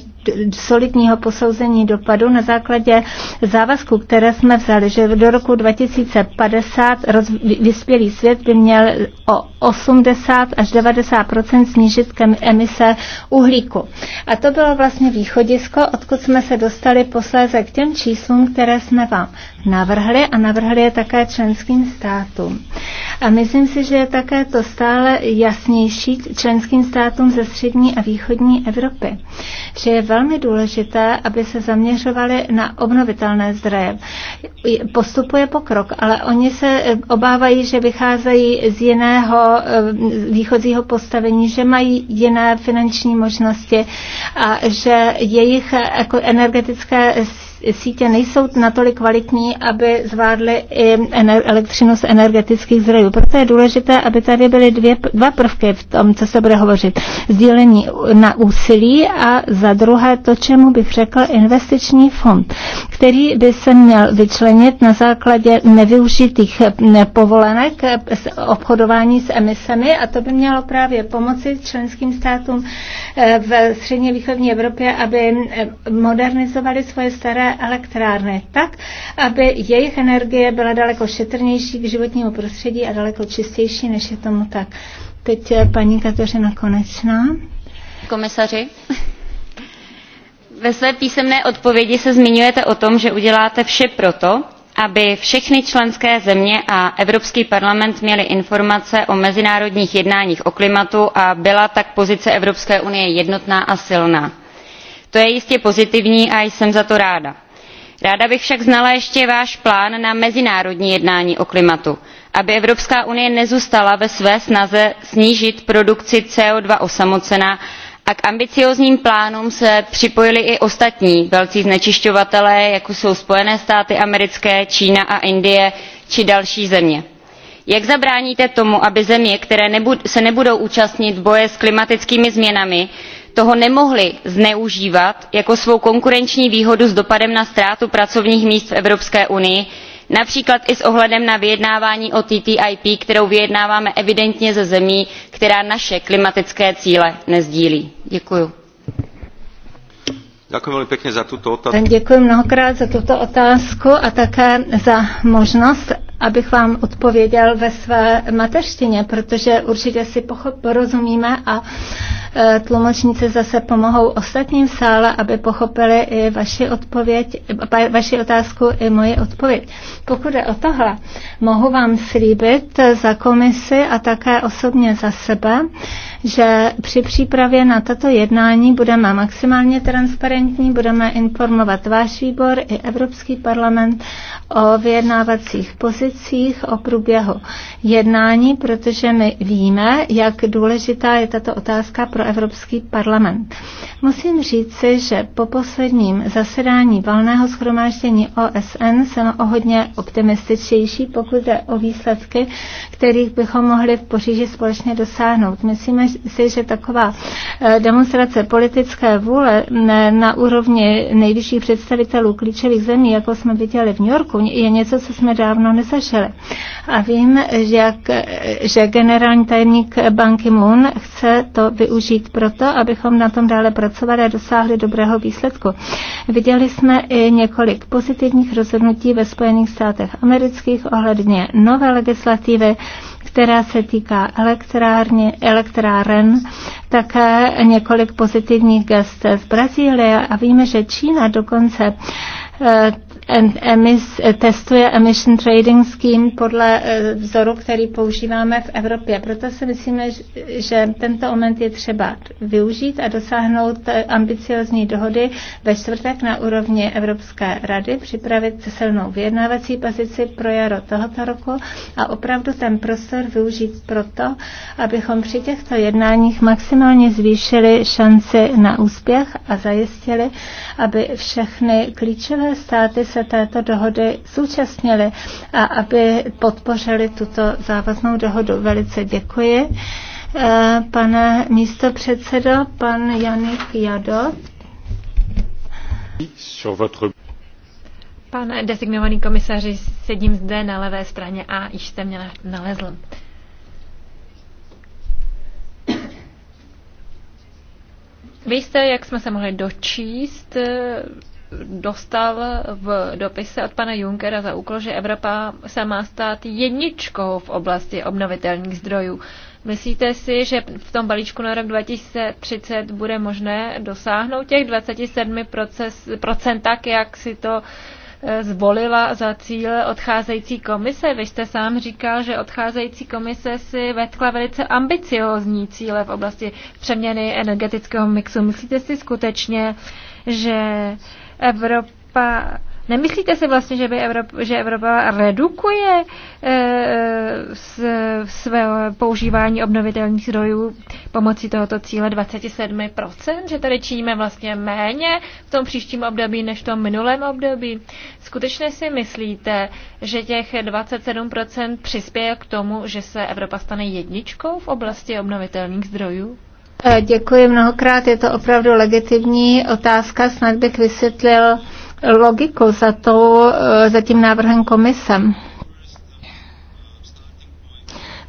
solidního posouzení dopadu na základě závazku, které jsme vzali, že do roku 2050 roz, vyspělý svět by měl o 80 až 90 snížit emise uhlíku. A to bylo vlastně východisko, odkud jsme se dostali posléze k těm číslům, které jsme vám navrhli a navrhli je také členským státům. A myslím si, že je také to stále jasnější členským státům ze střední a východní Evropy, že je velmi důležité, aby se zaměřovali na obnovitelné zdroje. Postupuje pokrok, ale oni se eh, obávají, že vycházejí z jiného eh, výchozího postavení, že mají jiné finanční možnosti a že jejich eh, jako energetické sítě nejsou natolik kvalitní, aby zvládly i elektřinu z energetických zdrojů. Proto je důležité, aby tady byly dvě, dva prvky v tom, co se bude hovořit. Sdílení na úsilí a za druhé to, čemu bych řekl, investiční fond, který by se měl vyčlenit na základě nevyužitých povolenek obchodování s emisemi a to by mělo právě pomoci členským státům eh, v středně východní Evropě, aby eh, modernizovali svoje staré elektrárny tak, aby jejich energie byla daleko šetrnější k životnímu prostředí a daleko čistější, než je tomu tak. Teď eh, paní Kateřina Konečná. Komisaři, ve své písemné odpovědi se zmiňujete o tom, že uděláte vše proto, aby všechny členské země a evropský parlament měly informace o mezinárodních jednáních o klimatu a byla tak pozice evropské unie jednotná a silná to je jistě pozitivní a jsem za to ráda. ráda bych však znala ještě váš plán na mezinárodní jednání o klimatu aby evropská unie nezůstala ve své snaze snížit produkci co two osamocena a k ambiciózním plánům se připojili i ostatní velcí znečišťovatelé jako jsou spojené státy americké čína a indie či další země. jak zabráníte tomu aby země které se nebudou účastnit boje s klimatickými změnami toho nemohli zneužívat jako svou konkurenční výhodu s dopadem na ztrátu pracovních míst v evropské unii například i s ohledem na vyjednávání o ttip kterou vyjednáváme evidentně se zemí která naše klimatické cíle nesdílí. děkuji. Děkuji velmi za tuto otázku. Děkuji mnohokrát za tuto otázku a také za možnost, abych vám odpověděl ve své mateřštině, protože určitě si pochop, porozumíme a Eh, tlumočníci zase pomohou ostatním v sále, aby pochopili i vaši, odpověď, eh, vaši otázku i moji odpověď. Pokud je o tohle, mohu vám slíbit za komisi a také osobně za sebe, že při přípravě na tato jednání budeme maximálně transparentní, budeme informovat váš výbor i Evropský parlament o vyjednávacích pozicích, o průběhu jednání, protože my víme, jak důležitá je tato otázka pro pro Evropský parlament. Musím říci, že po posledním zasedání valného schromáždění OSN jsem o hodně optimističtější, pokud jde o výsledky, kterých bychom mohli v Poříži společně dosáhnout. Myslíme si, že taková eh, demonstrace politické vůle eh, na úrovni nejvyšších představitelů klíčových zemí, jako jsme viděli v New Yorku, je něco, co jsme dávno nezažili. A vím, jak, eh, že generální tajemník banky Moon chce to využít využít proto, abychom na tom dále pracovali a dosáhli dobrého výsledku. Viděli jsme i několik pozitivních rozhodnutí ve Spojených státech amerických ohledně nové legislativy, která se týká elektrárně, elektráren, také několik pozitivních gest z Brazílie a víme, že Čína dokonce eh, emis, testuje Emission Trading Scheme podle eh, vzoru, který používáme v Evropě. Proto si myslíme, že tento moment je třeba využít a dosáhnout eh, ambiciozní dohody ve čtvrtek na úrovni Evropské rady, připravit silnou vyjednávací pozici pro jaro tohoto roku a opravdu ten prostor využít proto, abychom při těchto jednáních maximálně zvýšili šanci na úspěch a zajistili, aby všechny klíčové státy se se této dohody zúčastnili a aby podpořili tuto závaznou dohodu. Velice děkuji. Eh, pane místo předsedo, pan Janik Jado. Pane designovaný komisaři, sedím zde na levé straně a již jste mě nalezl. Vy jste, jak jsme se mohli dočíst, dostal v dopise od pana Junckera za úkol, že Evropa se má stát jedničkou v oblasti obnovitelných zdrojů. Myslíte si, že v tom balíčku na rok 2030 bude možné dosáhnout těch 27 procent tak, jak si to eh, zvolila za cíl odcházející komise. Vy jste sám říkal, že odcházející komise si vetkla velice ambiciozní cíle v oblasti přeměny energetického mixu. Myslíte si skutečně, že Evropa Nemyslíte si vlastně, že, by Evropa, že Evropa redukuje e, své používání obnovitelných zdrojů pomocí tohoto cíle 27%, že tady činíme vlastně méně v tom příštím období než v tom minulém období? Skutečně si myslíte, že těch 27% přispěje k tomu, že se Evropa stane jedničkou v oblasti obnovitelných zdrojů? Eh, děkuji mnohokrát, je to opravdu legitimní otázka. Snad bych vysvětlil logiku za, to, eh, za tím návrhem komisem.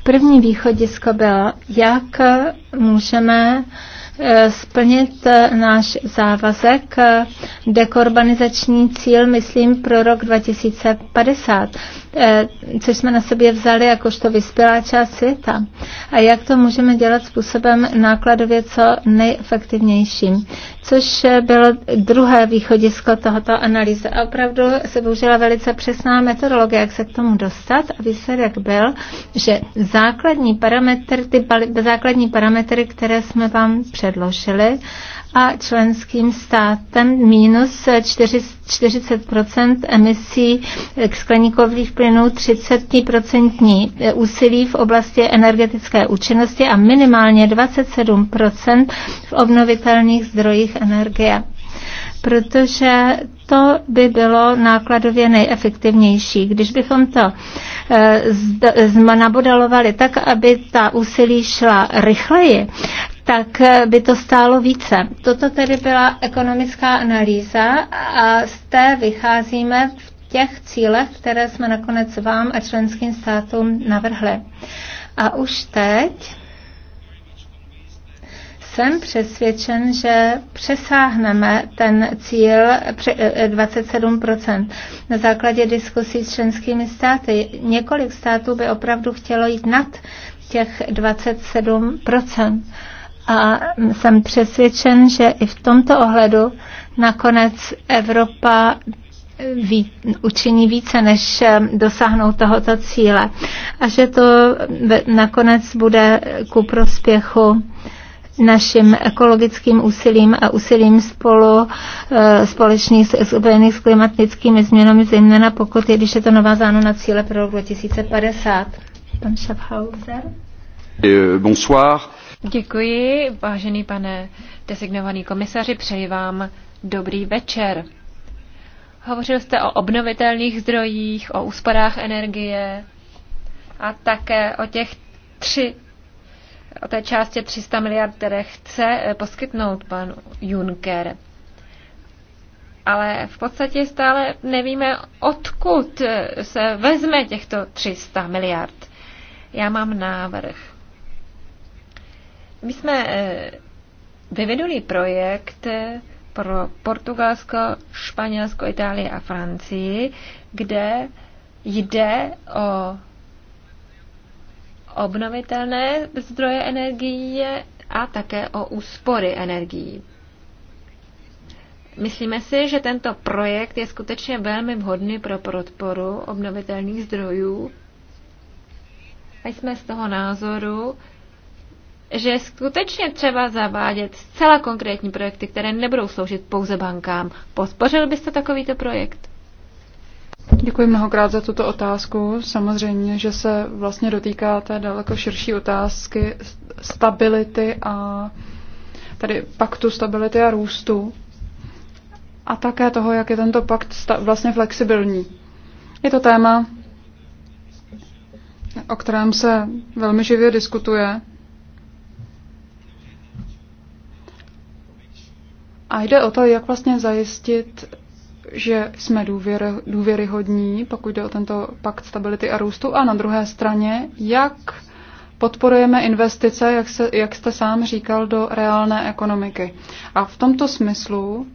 První východisko bylo, jak můžeme uh, Eh, splnit eh, náš závazek eh, dekorbanizační cíl, myslím, pro rok 2050, což jsme na sobě vzali jakožto vyspělá část světa. A jak to můžeme dělat způsobem nákladově co nejefektivnějším, což bylo druhé východisko tohoto analýzy. A opravdu se použila velice přesná metodologie, jak se k tomu dostat a výsledek byl, že základní parametry, ty základní parametry, které jsme vám před předložili a členským státem minus 40 emisí skleníkových plynů, 30% eh, úsilí v oblasti energetické účinnosti a minimálně 27 v obnovitelných zdrojích energie protože to by bylo nákladově nejefektivnější. Když bychom to eh, nabodalovali tak, aby ta úsilí šla rychleji tak eh, by to stálo více. Toto tedy byla ekonomická analýza a z té vycházíme v těch cílech, které jsme nakonec vám a členským státům navrhli. A už teď jsem přesvědčen, že přesáhneme ten cíl 27% eh, na základě diskusí s členskými státy. Několik států by opravdu chtělo jít nad těch 27% a jsem přesvědčen, že i v tomto ohledu nakonec Evropa ví, učiní více, než eh, dosáhnout tohoto cíle. A že to eh, nakonec bude ku prospěchu našim ekologickým úsilím a úsilím spolu eh, společných s, s klimatickými změnami, zejména pokud je, když je to navázáno na cíle pro rok 2050. Pan Schaffhauser. Euh, bonsoir. Děkuji, vážený pane designovaný komisaři, přeji vám dobrý večer. Hovořil jste o obnovitelných zdrojích, o úsporách energie a také o těch tři, o té části 300 miliard, které chce eh, poskytnout pan Juncker. Ale v podstatě stále nevíme, odkud eh, se vezme těchto 300 miliard. Já mám návrh my jsme eh, vyvinuli projekt eh, pro Portugalsko, Španělsko, Itálii a Francii, kde jde o obnovitelné zdroje energie a také o úspory energií. Myslíme si, že tento projekt je skutečně velmi vhodný pro podporu obnovitelných zdrojů a jsme z toho názoru, že skutečně třeba zavádět zcela konkrétní projekty, které nebudou sloužit pouze bankám. Podpořil byste takovýto projekt? Děkuji mnohokrát za tuto otázku. Samozřejmě, že se vlastně dotýká té daleko širší otázky stability a tady paktu stability a růstu a také toho, jak je tento pakt vlastně flexibilní. Je to téma, o kterém se velmi živě diskutuje A jde o to, jak vlastně zajistit, že jsme důvěry, důvěryhodní, pokud jde o tento pakt stability a růstu, a na druhé straně, jak podporujeme investice, jak, se, jak jste sám říkal, do reálné ekonomiky. A v tomto smyslu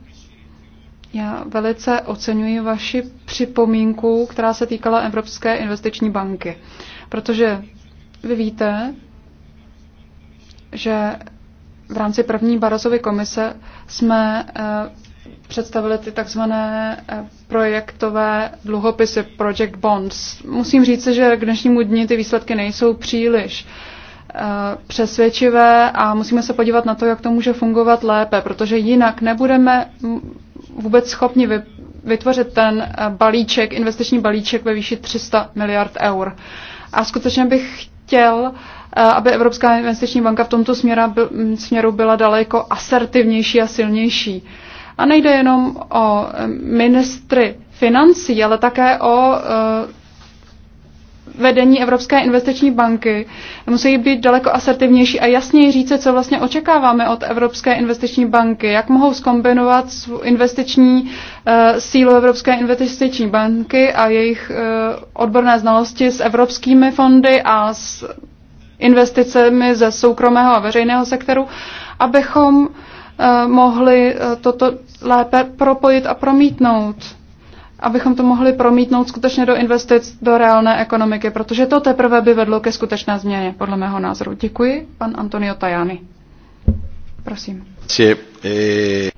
já velice oceňuji vaši připomínku, která se týkala Evropské investiční banky. Protože vy víte, že v rámci první Barazovy komise jsme eh, představili ty takzvané eh, projektové dluhopisy, project bonds. Musím říct, že k dnešnímu dni ty výsledky nejsou příliš eh, přesvědčivé a musíme se podívat na to, jak to může fungovat lépe, protože jinak nebudeme vůbec schopni vytvořit ten balíček, investiční balíček ve výši 300 miliard eur. A skutečně bych chtěl uh, Eh, aby Evropská investiční banka v tomto směru byla daleko asertivnější a silnější. A nejde jenom o eh, ministry financí, ale také o eh, vedení Evropské investiční banky musí být daleko asertivnější a jasněji říct, co vlastně očekáváme od Evropské investiční banky, jak mohou skombinovat investiční uh, sílu Evropské investiční banky a jejich uh, odborné znalosti s evropskými fondy a s investicemi ze soukromého a veřejného sektoru, abychom eh, mohli eh, toto lépe propojit a promítnout abychom to mohli promítnout skutečně do investic do reálné ekonomiky, protože to teprve by vedlo ke skutečné změně, podle mého názoru. Děkuji, pan Antonio Tajani. Prosím.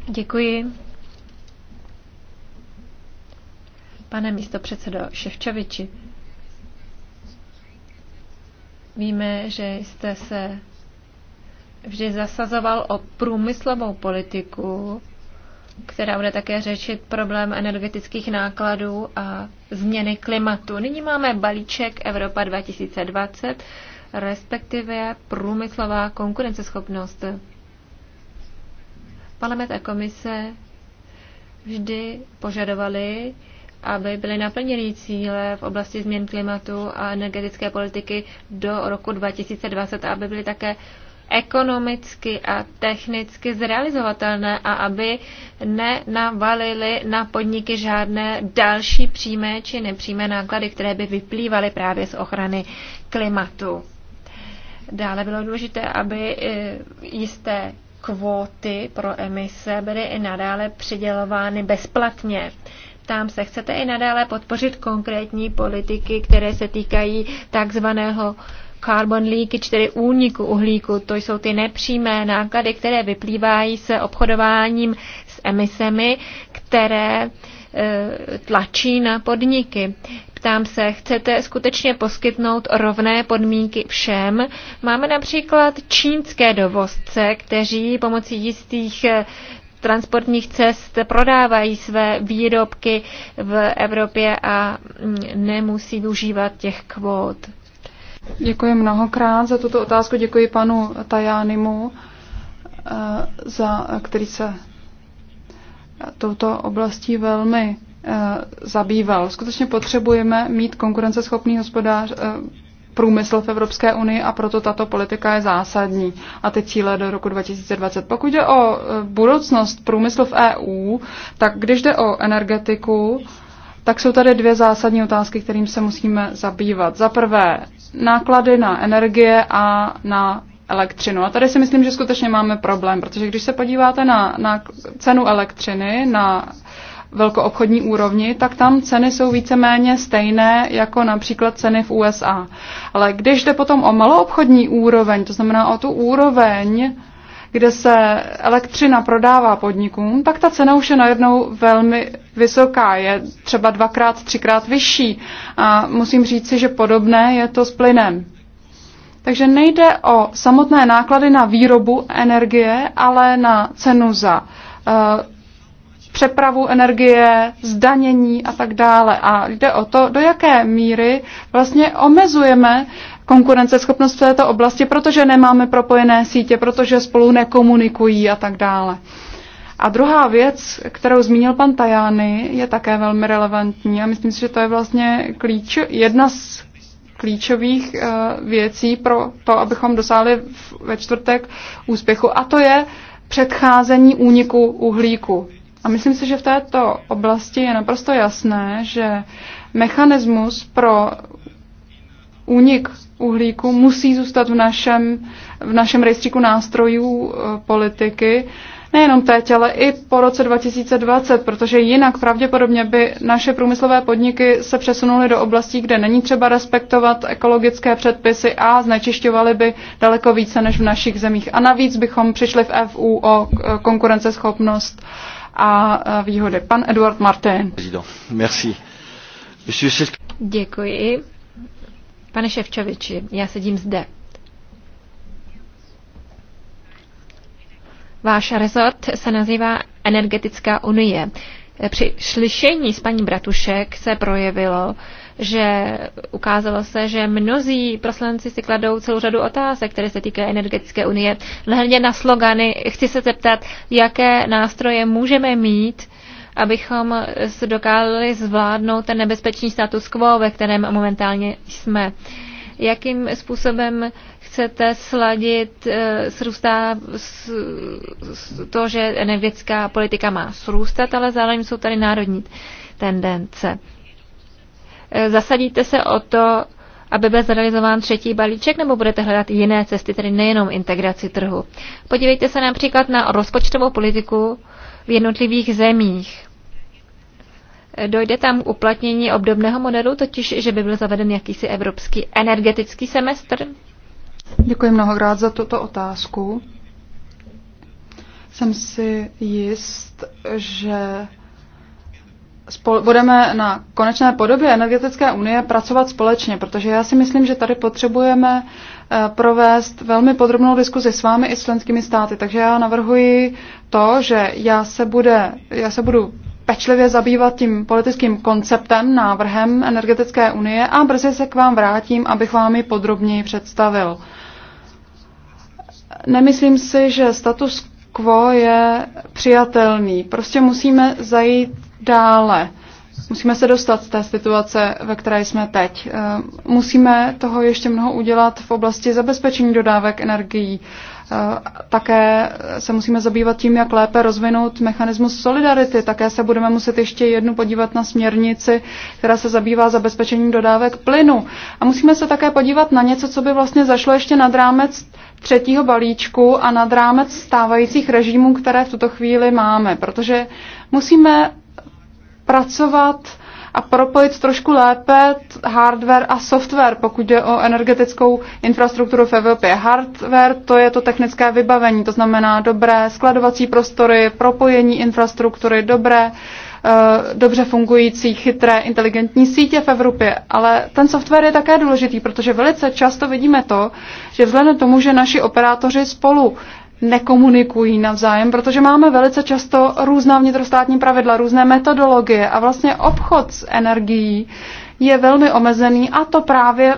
Děkuji. Pane místo předsedo Ševčoviči, Víme, že jste se vždy zasazoval o průmyslovou politiku, která bude také řešit problém energetických nákladů a změny klimatu. Nyní máme balíček Evropa 2020, respektive průmyslová konkurenceschopnost. Parlament a komise vždy požadovali aby byly naplněny cíle v oblasti změn klimatu a energetické politiky do roku 2020 a aby byly také ekonomicky a technicky zrealizovatelné a aby nenavalily na podniky žádné další přímé či nepřímé náklady, které by vyplývaly právě z ochrany klimatu. Dále bylo důležité, aby eh, jisté kvóty pro emise byly i nadále přidělovány bezplatně. Ptám se, chcete i nadále podpořit konkrétní politiky, které se týkají takzvaného carbon leakage, tedy úniku uhlíku. To jsou ty nepřímé náklady, které vyplývají se obchodováním s emisemi, které e, tlačí na podniky. Ptám se, chcete skutečně poskytnout rovné podmínky všem? Máme například čínské dovozce, kteří pomocí jistých e, transportních cest prodávají své výrobky v Evropě a nemusí využívat těch kvót. Děkuji mnohokrát za tuto otázku. Děkuji panu Tajánimu, eh, za, který se touto oblastí velmi eh, zabýval. Skutečně potřebujeme mít konkurenceschopný hospodář, eh, průmysl v Evropské unii a proto tato politika je zásadní a ty cíle do roku 2020. Pokud jde o e, budoucnost průmyslu v EU, tak když jde o energetiku, tak jsou tady dvě zásadní otázky, kterým se musíme zabývat. Za prvé, náklady na energie a na elektřinu. A tady si myslím, že skutečně máme problém, protože když se podíváte na, na cenu elektřiny, na velkoobchodní úrovni, tak tam ceny jsou víceméně stejné jako například ceny v USA. Ale když jde potom o maloobchodní úroveň, to znamená o tu úroveň, kde se elektřina prodává podnikům, tak ta cena už je najednou velmi vysoká, je třeba dvakrát, třikrát vyšší. A musím říct si, že podobné je to s plynem. Takže nejde o samotné náklady na výrobu energie, ale na cenu za uh, přepravu energie, zdanění a tak dále. A jde o to, do jaké míry vlastně omezujeme konkurenceschopnost v této oblasti, protože nemáme propojené sítě, protože spolu nekomunikují a tak dále. A druhá věc, kterou zmínil pan Tajány, je také velmi relevantní a myslím si, že to je vlastně klíč, jedna z klíčových eh, věcí pro to, abychom dosáhli ve čtvrtek úspěchu, a to je předcházení úniku uhlíku. A myslím si, že v této oblasti je naprosto jasné, že mechanismus pro únik uhlíku musí zůstat v našem, v našem rejstříku nástrojů e, politiky, nejenom teď, ale i po roce 2020, protože jinak pravděpodobně by naše průmyslové podniky se přesunuly do oblastí, kde není třeba respektovat ekologické předpisy a znečišťovaly by daleko více než v našich zemích. A navíc bychom přišli v FU o e, konkurenceschopnost uh, a výhody. Pan Eduard Martin. Děkuji. Pane Ševčoviči, já sedím zde. Váš rezort se nazývá Energetická unie. Při slyšení s paní Bratušek se projevilo, že ukázalo se, že mnozí proslanci si kladou celou řadu otázek, které se týkají energetické unie. Hledě na slogany chci se zeptat, jaké nástroje můžeme mít, abychom se dokázali zvládnout ten nebezpečný status quo, ve kterém momentálně jsme. Jakým způsobem chcete sladit eh, srůstá to, že energetická politika má srůstat, ale zároveň jsou tady národní tendence. Eh, zasadíte se o to, aby byl zrealizován třetí balíček, nebo budete hledat jiné cesty, tedy nejenom integraci trhu. Podívejte se například na rozpočtovou politiku v jednotlivých zemích. Eh, dojde tam k uplatnění obdobného modelu, totiž že by byl zaveden jakýsi evropský energetický semestr? Děkuji mnohokrát za tuto otázku. Jsem si jist, že spol- budeme na konečné podobě energetické unie pracovat společně, protože já si myslím, že tady potřebujeme eh, provést velmi podrobnou diskuzi s vámi i s členskými státy. Takže já navrhuji to, že já se, bude, já se budu pečlivě zabývat tím politickým konceptem, návrhem energetické unie a brzy se k vám vrátím, abych vám ji podrobněji představil. Nemyslím si, že status quo je přijatelný. Prostě musíme zajít dále. Musíme se dostat z té situace, ve které jsme teď. Eh, musíme toho ještě mnoho udělat v oblasti zabezpečení dodávek energií. Eh, také se musíme zabývat tím, jak lépe rozvinout mechanismus solidarity. Také se budeme muset ještě jednu podívat na směrnici, která se zabývá zabezpečením dodávek plynu. A musíme se také podívat na něco, co by vlastně zašlo ještě nad rámec třetího balíčku a nad rámec stávajících režimů, které v tuto chvíli máme, protože musíme pracovat a propojit trošku lépe hardware a software, pokud jde o energetickou infrastrukturu v Evropě. Hardware to je to technické vybavení, to znamená dobré skladovací prostory, propojení infrastruktury, dobré eh, dobře fungující, chytré, inteligentní sítě v Evropě. Ale ten software je také důležitý, protože velice často vidíme to, že vzhledem tomu, že naši operátoři spolu nekomunikují navzájem, protože máme velice často různá vnitrostátní pravidla, různé metodologie a vlastně obchod s energií je velmi omezený a to právě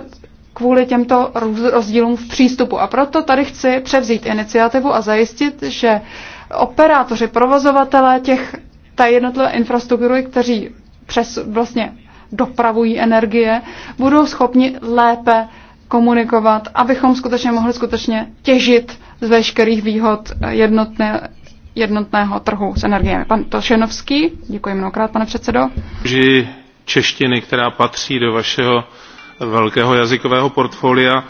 kvůli těmto rozdílům v přístupu. A proto tady chci převzít iniciativu a zajistit, že operátoři, provozovatelé těch ta jednotlivé infrastruktury, kteří přes vlastně dopravují energie, budou schopni lépe komunikovat, abychom skutečně mohli skutečně těžit z veškerých výhod jednotné, jednotného trhu s energiemi. Pan Tošenovský, děkuji mnohokrát, pane předsedo. Že češtiny, která patří do vašeho velkého jazykového portfolia.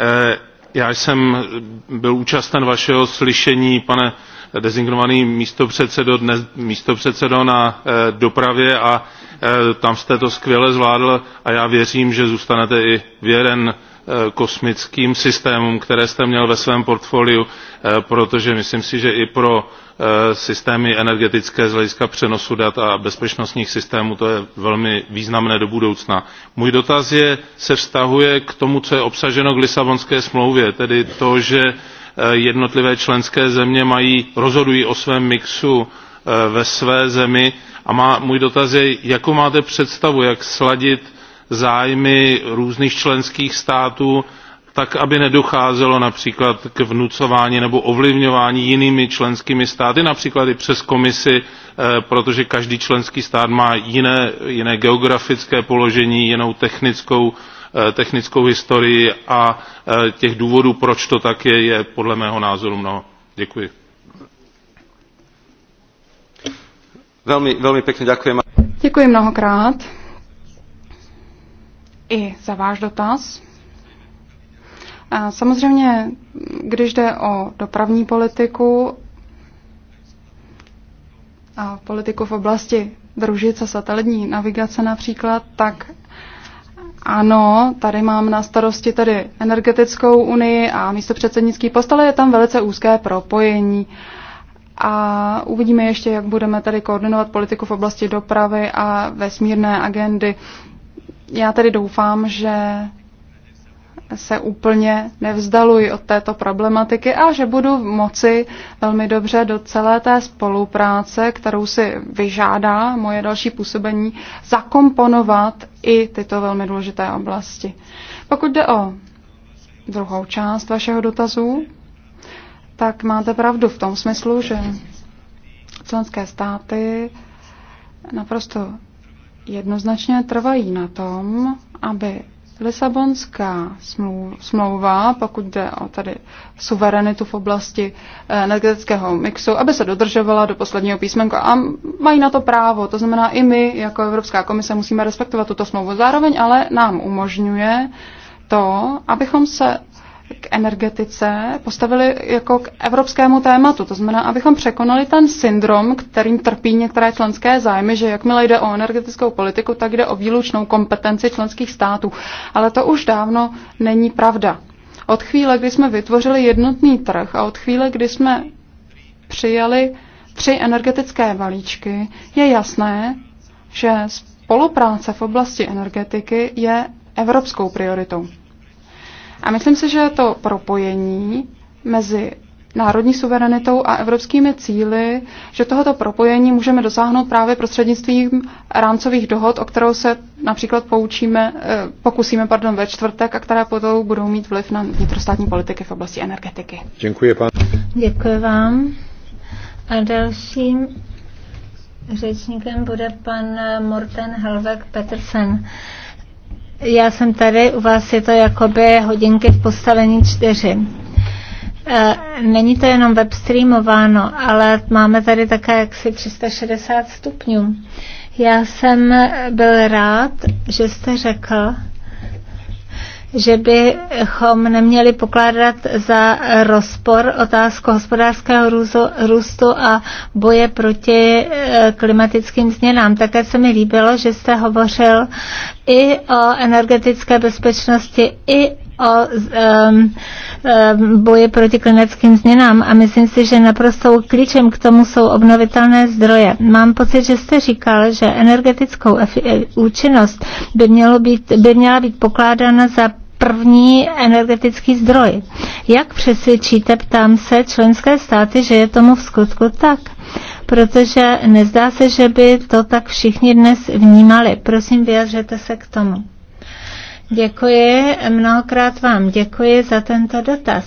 Eh, já jsem byl účasten vašeho slyšení, pane designovaný místopředsedo, dnes místopředsedo na eh, dopravě a eh, tam jste to skvěle zvládl a já věřím, že zůstanete i věren Eh, kosmickým systémům které jste měl ve svém portfoliu eh, protože myslím si že i pro eh, systémy energetické z hlediska přenosu dat a bezpečnostních systémů to je velmi významné do budoucna. můj dotaz je, se vztahuje k tomu co je obsaženo v lisabonské smlouvě tedy to že jednotlivé členské země mají, rozhodují o svém mixu ve své zemi a můj dotaz je jakou máte představu jak sladit zájmy různých členských států tak aby nedocházelo například k vnucování nebo ovlivňování jinými členskými státy například i přes komisi eh, protože každý členský stát má jiné, jiné geografické položení jinou technickou, eh, technickou historii a eh, těch důvodů proč to tak je je podle mého názoru mnoho. děkuji. Velmi, velmi pěkně děkuji. Děkuji mnohokrát i za váš dotaz. A samozřejmě, když jde o dopravní politiku a politiku v oblasti družic a satelitní navigace například, tak ano, tady mám na starosti tady energetickou unii a místo předsednický post, ale je tam velice úzké propojení. A uvidíme ještě, jak budeme tady koordinovat politiku v oblasti dopravy a vesmírné agendy. Já tedy doufám, že se úplně nevzdaluji od této problematiky a že budu moci velmi dobře do celé té spolupráce, kterou si vyžádá moje další působení, zakomponovat i tyto velmi důležité oblasti. Pokud jde o druhou část vašeho dotazu, tak máte pravdu v tom smyslu, že členské státy naprosto jednoznačně trvají na tom, aby Lisabonská smlouva, pokud jde o tady suverenitu v oblasti eh, energetického mixu, aby se dodržovala do posledního písmenka. A mají na to právo, to znamená i my jako Evropská komise musíme respektovat tuto smlouvu. Zároveň ale nám umožňuje to, abychom se k energetice postavili jako k evropskému tématu. To znamená, abychom překonali ten syndrom, kterým trpí některé členské zájmy, že jakmile jde o energetickou politiku, tak jde o výlučnou kompetenci členských států. Ale to už dávno není pravda. Od chvíle, kdy jsme vytvořili jednotný trh a od chvíle, kdy jsme přijali tři energetické balíčky, je jasné, že spolupráce v oblasti energetiky je evropskou prioritou. A myslím si, že to propojení mezi národní suverenitou a evropskými cíly, že tohoto propojení můžeme dosáhnout právě prostřednictvím rámcových dohod, o kterou se například poučíme, eh, pokusíme pardon, ve čtvrtek a které potom budou mít vliv na vnitrostátní politiky v oblasti energetiky. Děkuji, pan. Děkuji vám. A dalším řečníkem bude pan Morten Helvek Petersen já jsem tady, u vás je to jakoby hodinky v postavení čtyři. E, není to jenom web streamováno, ale máme tady také jaksi 360 stupňů. Já jsem byl rád, že jste řekl, že bychom neměli pokládat za rozpor otázku hospodářského růstu a boje proti eh, klimatickým změnám. Také se mi líbilo, že jste hovořil i o energetické bezpečnosti, i o um, um, boji proti klimatickým změnám a myslím si, že naprosto klíčem k tomu jsou obnovitelné zdroje. Mám pocit, že jste říkal, že energetickou účinnost by, mělo být, by měla být pokládána za první energetický zdroj. Jak přesvědčíte, ptám se, členské státy, že je tomu v skutku tak? Protože nezdá se, že by to tak všichni dnes vnímali. Prosím, vyjadřete se k tomu. Děkuji, mnohokrát vám děkuji za tento dotaz.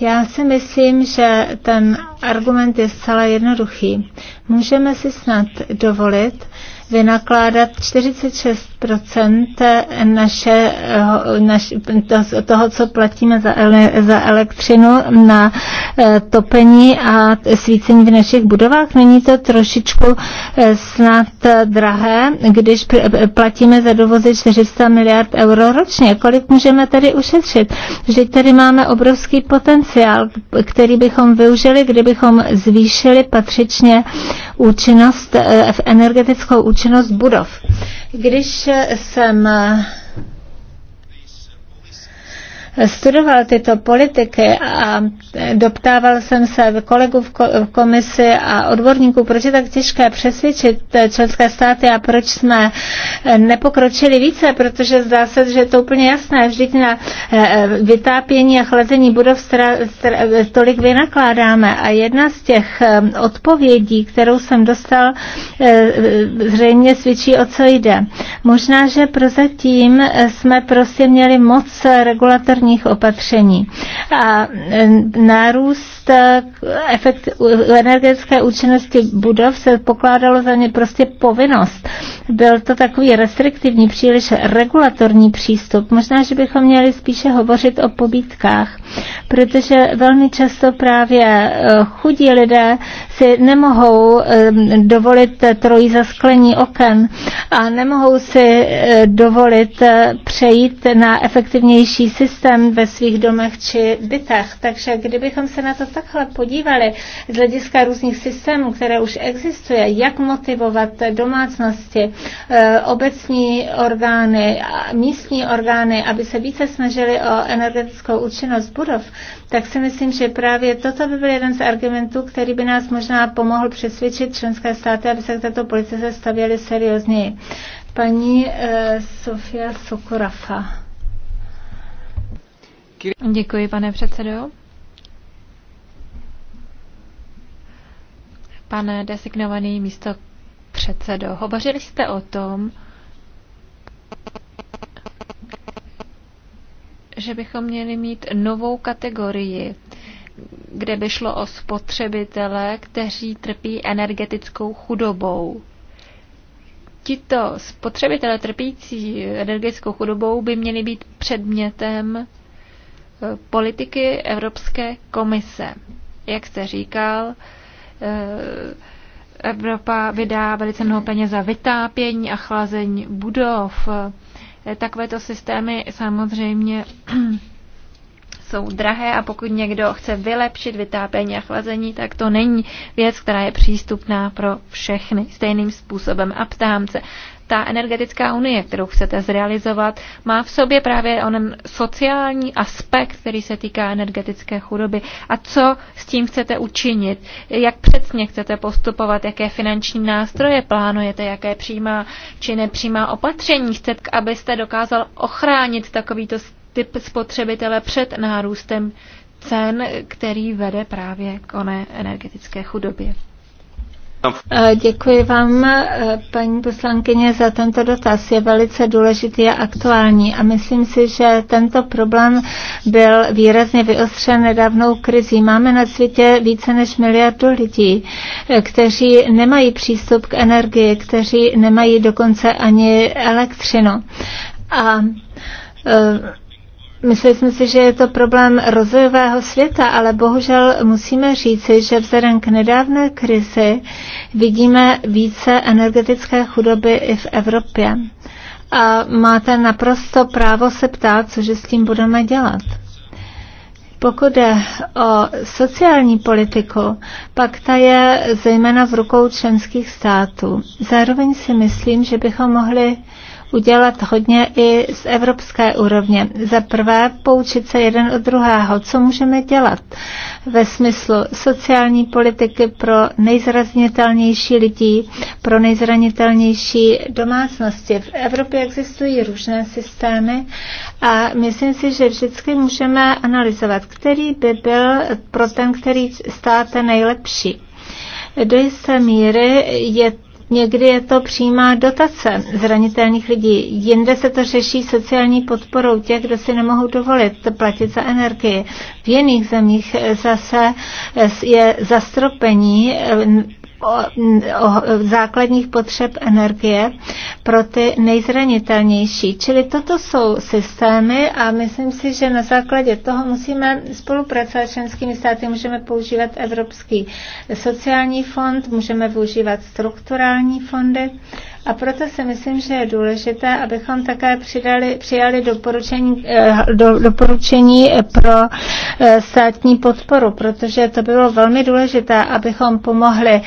Já si myslím, že ten argument je zcela jednoduchý. Můžeme si snad dovolit, vynakládat 46 naše, naš, toho, co platíme za, ele, za elektřinu na eh, topení a svícení v našich budovách. Není to trošičku eh, snad drahé, když eh, platíme za dovozy 400 miliard euro ročně. Kolik můžeme tady ušetřit? Že tady máme obrovský potenciál, který bychom využili, kdybychom zvýšili patřičně účinnost, eh, energetickou účinnost budov. Když jsem studoval tyto politiky a doptával jsem se kolegů v komisi a odborníků, proč je tak těžké přesvědčit eh, členské státy a proč jsme eh, nepokročili více, protože zdá se, že je to úplně jasné. Vždyť na eh, vytápění a chlazení budov tolik vynakládáme. A jedna z těch odpovědí, kterou jsem dostal, zřejmě svědčí, o co jde. Možná, že prozatím jsme prostě měli moc regulatorní bezpečnostních opatření. A e, nárůst e, efekt energetické účinnosti budov se pokládalo za ně prostě povinnost. Byl to takový restriktivní, příliš regulatorní přístup. Možná, že bychom měli spíše hovořit o pobítkách, protože velmi často právě e, chudí lidé si nemohou dovolit trojí zasklení oken a nemohou si dovolit přejít na efektivnější systém problém ve svých domech či bytech. Takže kdybychom se na to takhle podívali z hlediska různých systémů, které už existuje, jak motivovat domácnosti, eh, obecní orgány, místní orgány, aby se více snažili o energetickou účinnost budov, tak si myslím, že právě toto by byl jeden z argumentů, který by nás možná pomohl přesvědčit členské státy, aby se k této politice stavěly seriózněji. Paní eh, Sofia Sokorafa. Děkuji, pane předsedo. Pane designovaný místo předsedo, hovořili jste o tom, že bychom měli mít novou kategorii, kde by šlo o spotřebitele, kteří trpí energetickou chudobou. Tito spotřebitele trpící energetickou chudobou by měli být předmětem politiky Evropské komise. Jak jste říkal, eh, Evropa vydá velice mnoho peněz za vytápění a chlazení budov. Eh, takovéto systémy samozřejmě (clears throat) jsou drahé a pokud někdo chce vylepšit vytápění a chlazení, tak to není věc, která je přístupná pro všechny stejným způsobem. A ptám se, ta energetická unie, kterou chcete zrealizovat, má v sobě právě onen sociální aspekt, který se týká energetické chudoby. A co s tím chcete učinit? Jak přesně chcete postupovat? Jaké finanční nástroje plánujete? Jaké přímá či nepřímá opatření chcete, abyste dokázal ochránit takovýto typ spotřebitele před nárůstem cen, který vede právě k oné energetické chudobě? Děkuji vám, paní poslankyně, za tento dotaz. Je velice důležitý a aktuální a myslím si, že tento problém byl výrazně vyostřen nedávnou krizí. Máme na světě více než miliardu lidí, kteří nemají přístup k energii, kteří nemají dokonce ani elektřinu. A uh, Mysleli jsme si, že je to problém rozvojového světa, ale bohužel musíme říci, že vzhledem k nedávné krizi vidíme více energetické chudoby i v Evropě. A máte naprosto právo se ptát, cože s tím budeme dělat. Pokud je o sociální politiku, pak ta je zejména v rukou členských států. Zároveň si myslím, že bychom mohli udělat hodně i z evropské úrovně. Za prvé poučit se jeden od druhého, co můžeme dělat ve smyslu sociální politiky pro nejzranitelnější lidí, pro nejzranitelnější domácnosti. V Evropě existují různé systémy a myslím si, že vždycky můžeme analyzovat, který by byl pro ten, který stát nejlepší. Do jisté míry je Někdy je to přímá dotace zranitelných lidí, jinde se to řeší sociální podporou těch, kdo si nemohou dovolit platit za energii. V jiných zemích zase je zastropení základních potřeb energie pro ty nejzranitelnější. Čili toto jsou systémy a myslím si, že na základě toho musíme spolupracovat s členskými státy. Můžeme používat Evropský sociální fond, můžeme využívat strukturální fondy a proto si myslím, že je důležité, abychom také přidali, přijali doporučení, eh, do, doporučení pro eh, státní podporu, protože to bylo velmi důležité, abychom pomohli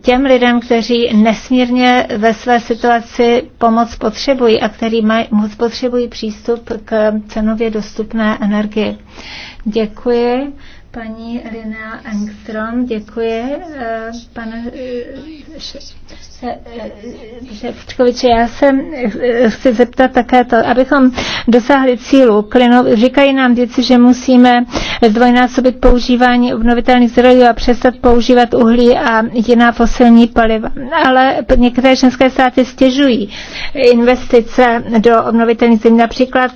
těm lidem, kteří nesmírně ve své situaci pomoc potřebují a který maj, moc potřebují přístup k cenově dostupné energii. Děkuji paní Lina Engstrom. Děkuji, eh, pane eh, eh, Ševčkoviče. Já se chci zeptat také to, abychom dosáhli cílu. Klino, říkají nám věci, že musíme zdvojnásobit používání obnovitelných zdrojů a přestat používat uhlí a jiná fosilní paliva. Ale některé členské státy stěžují investice do obnovitelných zdrojů. Například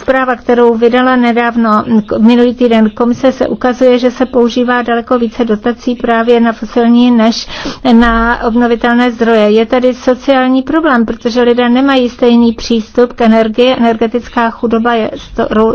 zpráva, kterou vydala nedávno minulý týden komise, se ukazuje, ukazuje, že se používá daleko více dotací právě na fosilní než na obnovitelné zdroje. Je tady sociální problém, protože lidé nemají stejný přístup k energii. Energetická chudoba je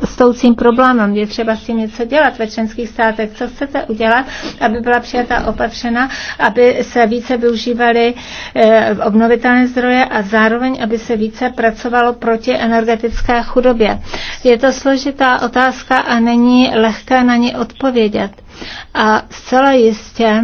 stoucím problémem. Je třeba s tím něco dělat ve členských státech. Co chcete udělat, aby byla přijata opatřena, aby se více využívaly eh, obnovitelné zdroje a zároveň, aby se více pracovalo proti energetické chudobě. Je to složitá otázka a není lehké na ně odpovědět odpovědět. A zcela jistě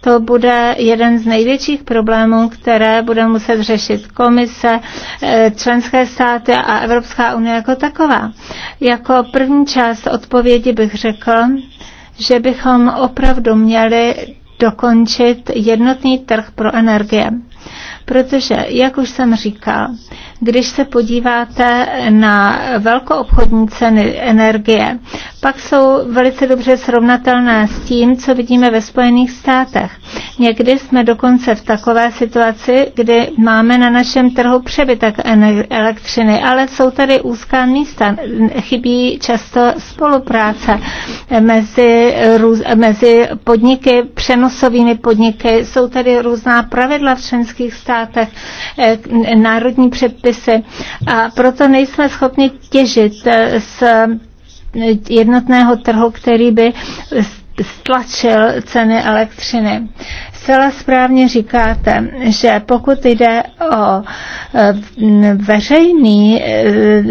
to bude jeden z největších problémů, které bude muset řešit komise, eh, členské státy a Evropská unie jako taková. Jako první část odpovědi bych řekl, že bychom opravdu měli dokončit jednotný trh pro energie. Protože, jak už jsem říkal, když se podíváte na velkoobchodní ceny energie, pak jsou velice dobře srovnatelná s tím, co vidíme ve Spojených státech. Někdy jsme dokonce v takové situaci, kdy máme na našem trhu přebytek elektřiny, ale jsou tady úzká místa. Chybí často spolupráce mezi, růz, mezi podniky, přenosovými podniky. Jsou tady různá pravidla v členských státech, eh, národní předpisy a proto nejsme schopni těžit z eh, jednotného trhu, který by stlačil ceny elektřiny. Zcela správně říkáte, že pokud jde o e, veřejný e,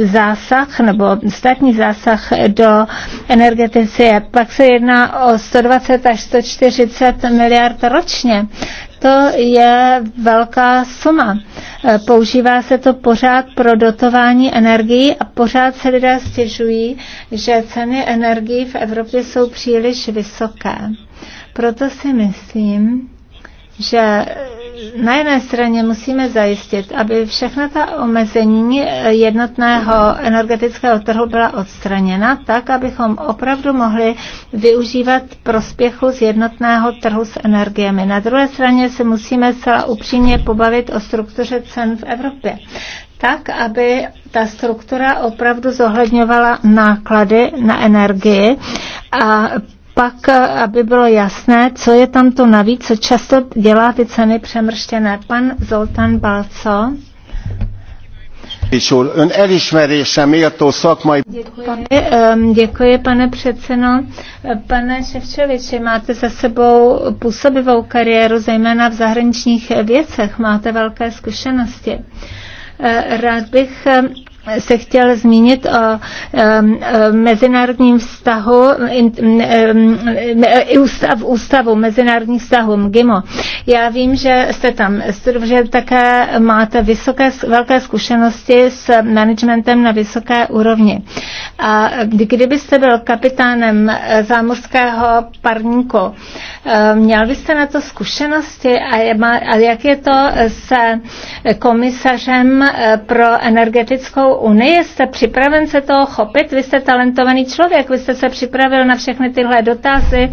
zásah nebo státní zásah do energetice, pak se jedná o 120 až 140 miliard ročně to je velká suma. E, používá se to pořád pro dotování energií a pořád se lidé stěžují, že ceny energií v Evropě jsou příliš vysoké. Proto si myslím, že na jedné straně musíme zajistit, aby všechna ta omezení jednotného energetického trhu byla odstraněna, tak, abychom opravdu mohli využívat prospěchu z jednotného trhu s energiemi. Na druhé straně se musíme zcela upřímně pobavit o struktuře cen v Evropě tak, aby ta struktura opravdu zohledňovala náklady na energii a pak, eh, aby bylo jasné, co je tam to navíc, co často dělá ty ceny přemrštěné. Pan Zoltán Balco. Ön Děkuji, eh, děkuji, pane předsedo. Eh, pane Ševčeviči, máte za sebou působivou kariéru, zejména v zahraničních věcech. Máte velké zkušenosti. Rád bych se chtěl zmínit o mezinárodním vztahu, ústav, ústavu mezinárodních vztahů MGIMO. Já vím, že jste tam, že také máte vysoké, velké zkušenosti s managementem na vysoké úrovni. A kdybyste byl kapitánem zámořského parníku, měl byste na to zkušenosti a, je, a jak je to se komisařem eh, pro energetickou unii, jste připraven se toho chopit? Vy jste talentovaný člověk, vy jste se připravil na všechny tyhle dotazy,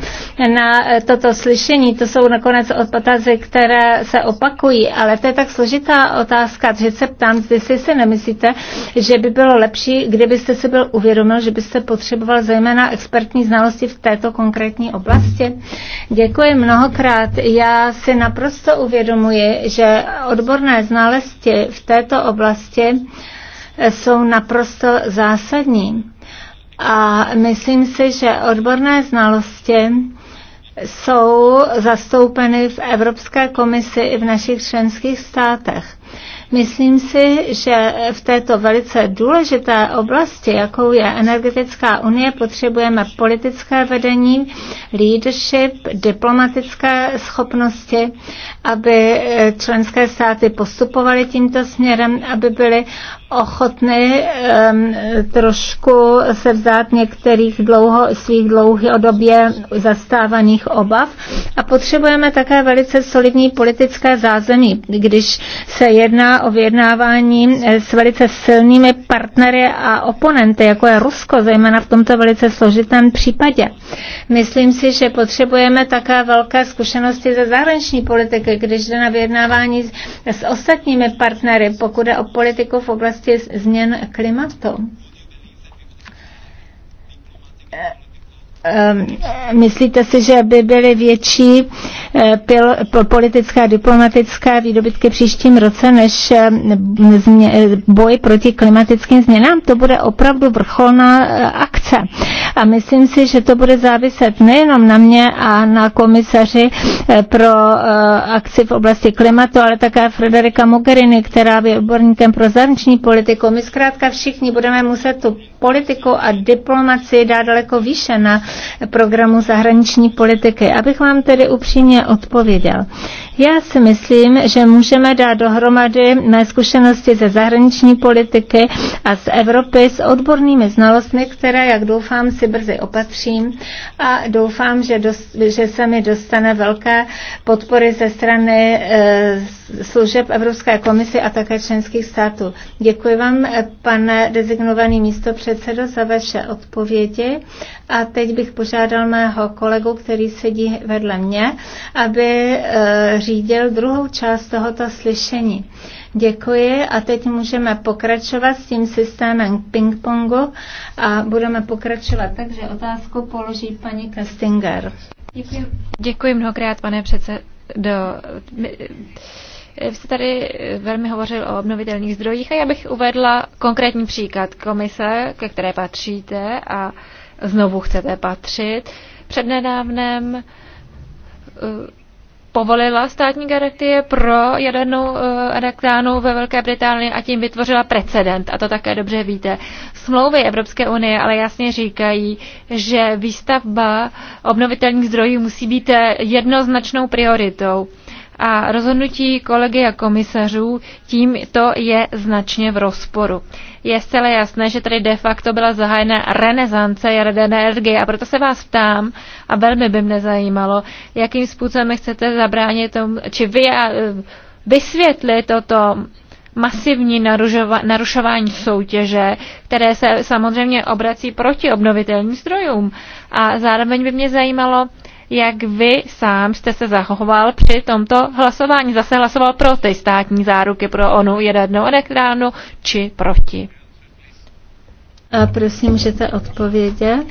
na eh, toto slyšení. To jsou nakonec otázky, které se opakují, ale to je tak složitá otázka, že se ptám, jestli si nemyslíte, že by bylo lepší, kdybyste si byl uvědomil, že byste potřeboval zejména expertní znalosti v této konkrétní oblasti. Děkuji mnohokrát. Já si naprosto uvědomuji, že odborné znalosti v této oblasti jsou naprosto zásadní. A myslím si, že odborné znalosti jsou zastoupeny v Evropské komisi i v našich členských státech. Myslím si, že v této velice důležité oblasti, jakou je energetická unie, potřebujeme politické vedení, leadership, diplomatické schopnosti, aby členské státy postupovaly tímto směrem, aby byly ochotny um, trošku se vzát některých dlouho, svých době zastávaných obav a potřebujeme také velice solidní politické zázemí, když se jedná o vyjednávání eh, s velice silnými partnery a oponenty, jako je Rusko, zejména v tomto velice složitém případě. Myslím si, že potřebujeme také velké zkušenosti ze zahraniční politiky, když jde na vyjednávání s, s ostatními partnery, pokud je o politiku v oblasti oblasti změn klimatu Ehm, myslíte si, že by byly větší eh, pil, politická a diplomatická výdobytky příštím roce než ehm, boj proti klimatickým změnám? To bude opravdu vrcholná eh, akce. A myslím si, že to bude záviset nejenom na mě a na komisaři eh, pro akci v oblasti klimatu, ale také Frederika Mogherini, která je odborníkem pro zahraniční politiku. My zkrátka všichni budeme muset tu politiku a diplomaci dát daleko výše na programu zahraniční politiky. Abych vám tedy upřímně odpověděl. Já si myslím, že můžeme dát dohromady mé zkušenosti ze zahraniční politiky a z Evropy s odbornými znalostmi, které, jak doufám, si brzy opatřím a doufám, že, dost, že se mi dostane velké podpory ze strany e, služeb Evropské komise a také členských států. Děkuji vám, eh, pane dezignovaný předsedo, za vaše odpovědi a teď bych požádal mého kolegu, který sedí vedle mě, aby e, zařídil druhou část tohoto slyšení. Děkuji a teď můžeme pokračovat s tím systémem ping-pongu a budeme pokračovat. Takže otázku položí paní Kastinger. Děkuji, Děkuji mnohokrát, pane předsedo. Eh, vy jste tady eh, velmi hovořil o obnovitelných zdrojích a já bych uvedla konkrétní příklad komise, ke které patříte a znovu chcete patřit. Přednedávnem eh, povolila státní garantie pro jadernou eh, elektránu ve Velké Británii a tím vytvořila precedent. A to také dobře víte. Smlouvy Evropské unie ale jasně říkají, že výstavba obnovitelných zdrojů musí být eh, jednoznačnou prioritou a rozhodnutí kolegy a komisařů tím to je značně v rozporu. Je zcela jasné, že tady de facto byla zahájena renesance jaderné energie a proto se vás ptám a velmi by mě zajímalo, jakým způsobem chcete zabránit tomu, či vy eh, vysvětlit toto masivní narušování soutěže, které se samozřejmě obrací proti obnovitelným zdrojům. A zároveň by mě zajímalo, jak vy sám jste se zachoval při tomto hlasování. Zase hlasoval pro ty státní záruky, pro onu jadernou elektránu či proti. A prosím, můžete odpovědět?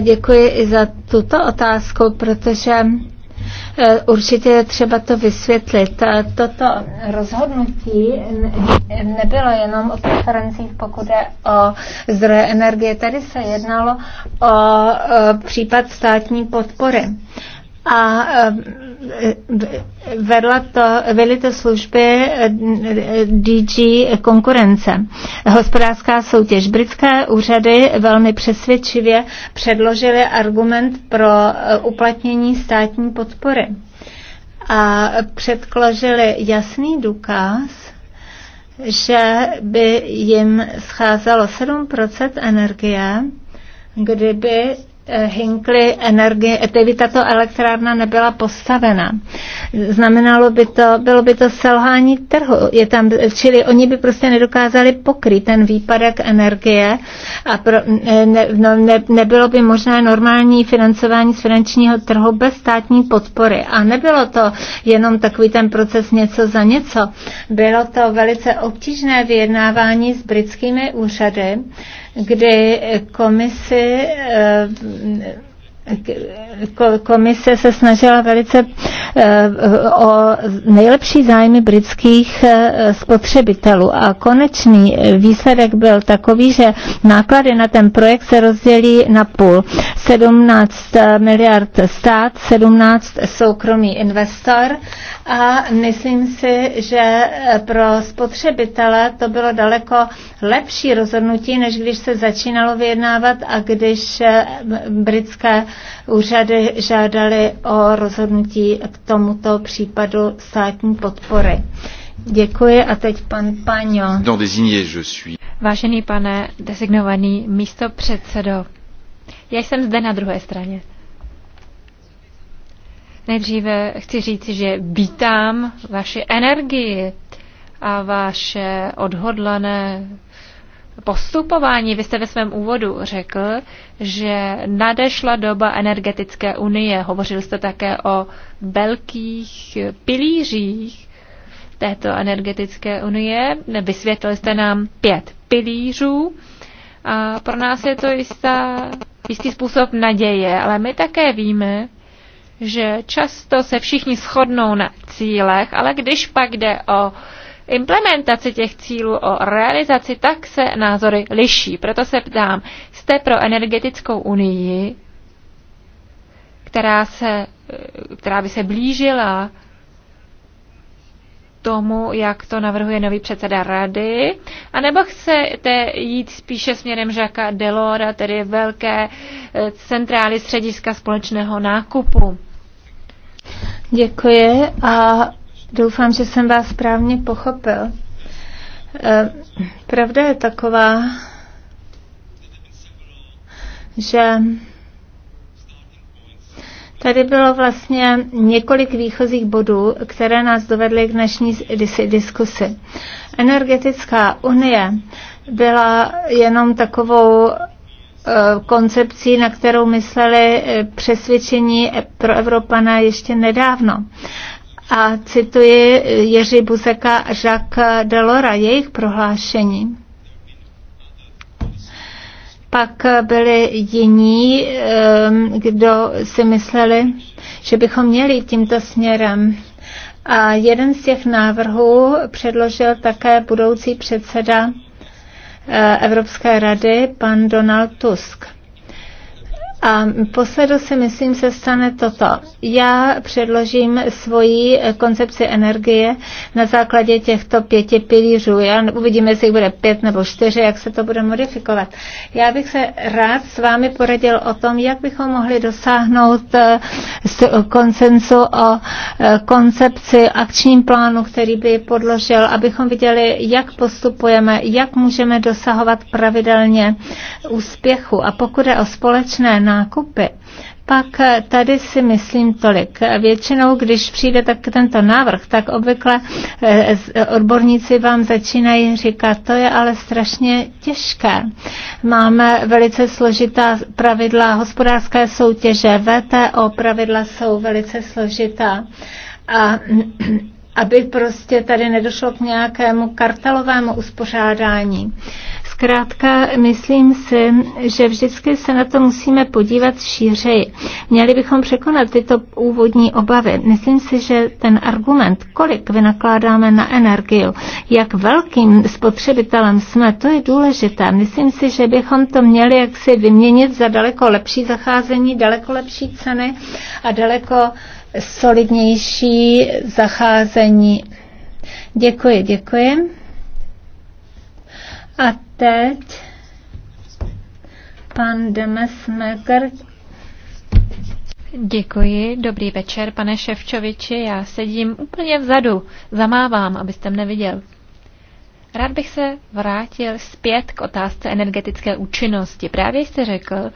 Děkuji i za tuto otázku, protože Eh, určitě je třeba to vysvětlit. Eh, toto rozhodnutí nebylo jenom o preferencích, pokud je o zdroje energie. Tady se jednalo o eh, případ státní podpory a vedla to, vedly to služby DG konkurence. Hospodářská soutěž. Britské úřady velmi přesvědčivě předložily argument pro eh, uplatnění státní podpory a předložili jasný důkaz, že by jim scházelo 7 energie, kdyby Hinkley energie, tedy tato elektrárna nebyla postavena. Znamenalo by to, bylo by to selhání trhu. Je tam, čili oni by prostě nedokázali pokrýt ten výpadek energie a pro, ne, no, ne, nebylo by možné normální financování z finančního trhu bez státní podpory. A nebylo to jenom takový ten proces něco za něco. Bylo to velice obtížné vyjednávání s britskými úřady, kdy komisi eh, komise se snažila velice eh, o nejlepší zájmy britských eh, spotřebitelů a konečný výsledek byl takový, že náklady na ten projekt se rozdělí na půl. 17 eh, miliard stát, 17 soukromý investor a myslím si, že pro spotřebitele to bylo daleko lepší rozhodnutí, než když se začínalo vyjednávat a když britské úřady žádaly o rozhodnutí k tomuto případu státní podpory. Děkuji a teď pan Paňo. Vážený pane designovaný místo předsedo, já jsem zde na druhé straně. Nejdříve chci říct, že vítám vaši energii a vaše odhodlané postupování. Vy jste ve svém úvodu řekl, že nadešla doba energetické unie. Hovořil jste také o velkých pilířích této energetické unie. Vysvětlil jste nám pět pilířů. A pro nás je to jistá, jistý způsob naděje, ale my také víme, že často se všichni shodnou na cílech, ale když pak jde o implementaci těch cílů, o realizaci, tak se názory liší. Proto se ptám, jste pro energetickou unii, která, se, která by se blížila tomu, jak to navrhuje nový předseda rady, anebo chcete jít spíše směrem Žaka Delora, tedy velké eh, centrály střediska společného nákupu? Děkuji a Doufám, že jsem vás správně pochopil. Eh, pravda je taková, že Tady bylo vlastně několik výchozích bodů, které nás dovedly k dnešní diskusi. Energetická unie byla jenom takovou eh, koncepcí, na kterou mysleli eh, přesvědčení pro Evropana ještě nedávno a cituji Jiří Buzeka a Jacques Delora, jejich prohlášení. Pak byli jiní, ehm, kdo si mysleli, že bychom měli tímto směrem. A jeden z těch návrhů předložil také budoucí předseda eh, Evropské rady, pan Donald Tusk. A posledu si myslím se stane toto. Já předložím svoji koncepci energie na základě těchto pěti pilířů. Já uvidíme, jestli bude pět nebo čtyři, jak se to bude modifikovat. Já bych se rád s vámi poradil o tom, jak bychom mohli dosáhnout eh, konsensu o eh, koncepci, akčním plánu, který by podložil, abychom viděli, jak postupujeme, jak můžeme dosahovat pravidelně úspěchu. A pokud je o společné nákupy. Pak tady si myslím tolik. Většinou, když přijde tak tento návrh, tak obvykle eh, odborníci vám začínají říkat, to je ale strašně těžké. Máme velice složitá pravidla hospodářské soutěže, VTO pravidla jsou velice složitá. A (clears throat) aby prostě tady nedošlo k nějakému kartelovému uspořádání. Zkrátka, myslím si, že vždycky se na to musíme podívat šířeji. Měli bychom překonat tyto úvodní obavy. Myslím si, že ten argument, kolik vynakládáme na energii, jak velkým spotřebitelem jsme, to je důležité. Myslím si, že bychom to měli jaksi vyměnit za daleko lepší zacházení, daleko lepší ceny a daleko solidnější zacházení. Děkuji, děkuji. A teď pan Demesmaker. Děkuji, dobrý večer, pane Ševčoviči. Já sedím úplně vzadu, zamávám, abyste mne viděl. Rád bych se vrátil zpět k otázce energetické účinnosti. Právě jste řekl,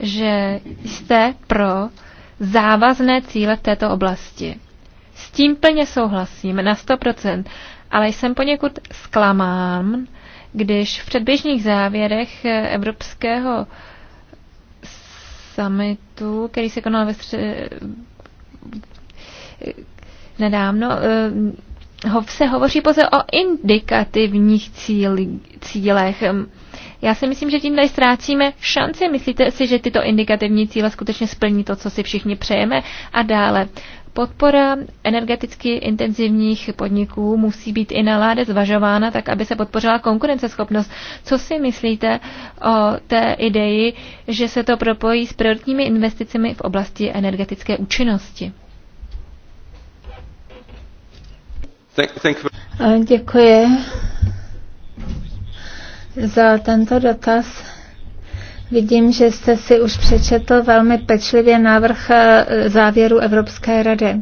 že jste pro závazné cíle v této oblasti. S tím plně souhlasím na 100%, ale jsem poněkud zklamán, když v předběžných závěrech eh, Evropského summitu, který se konal ve stře- eh, nedávno, eh, ho, se hovoří pouze o indikativních cíli, cílech. Ehm, já si myslím, že tím tady ztrácíme šanci. Myslíte si, že tyto indikativní cíle skutečně splní to, co si všichni přejeme? A dále, Podpora energeticky intenzivních podniků musí být i naláde zvažována, tak aby se podpořila konkurenceschopnost. Co si myslíte o té ideji, že se to propojí s prioritními investicemi v oblasti energetické účinnosti? Děkuji za tento dotaz. Vidím, že jste si už přečetl velmi pečlivě návrh eh, závěru Evropské rady.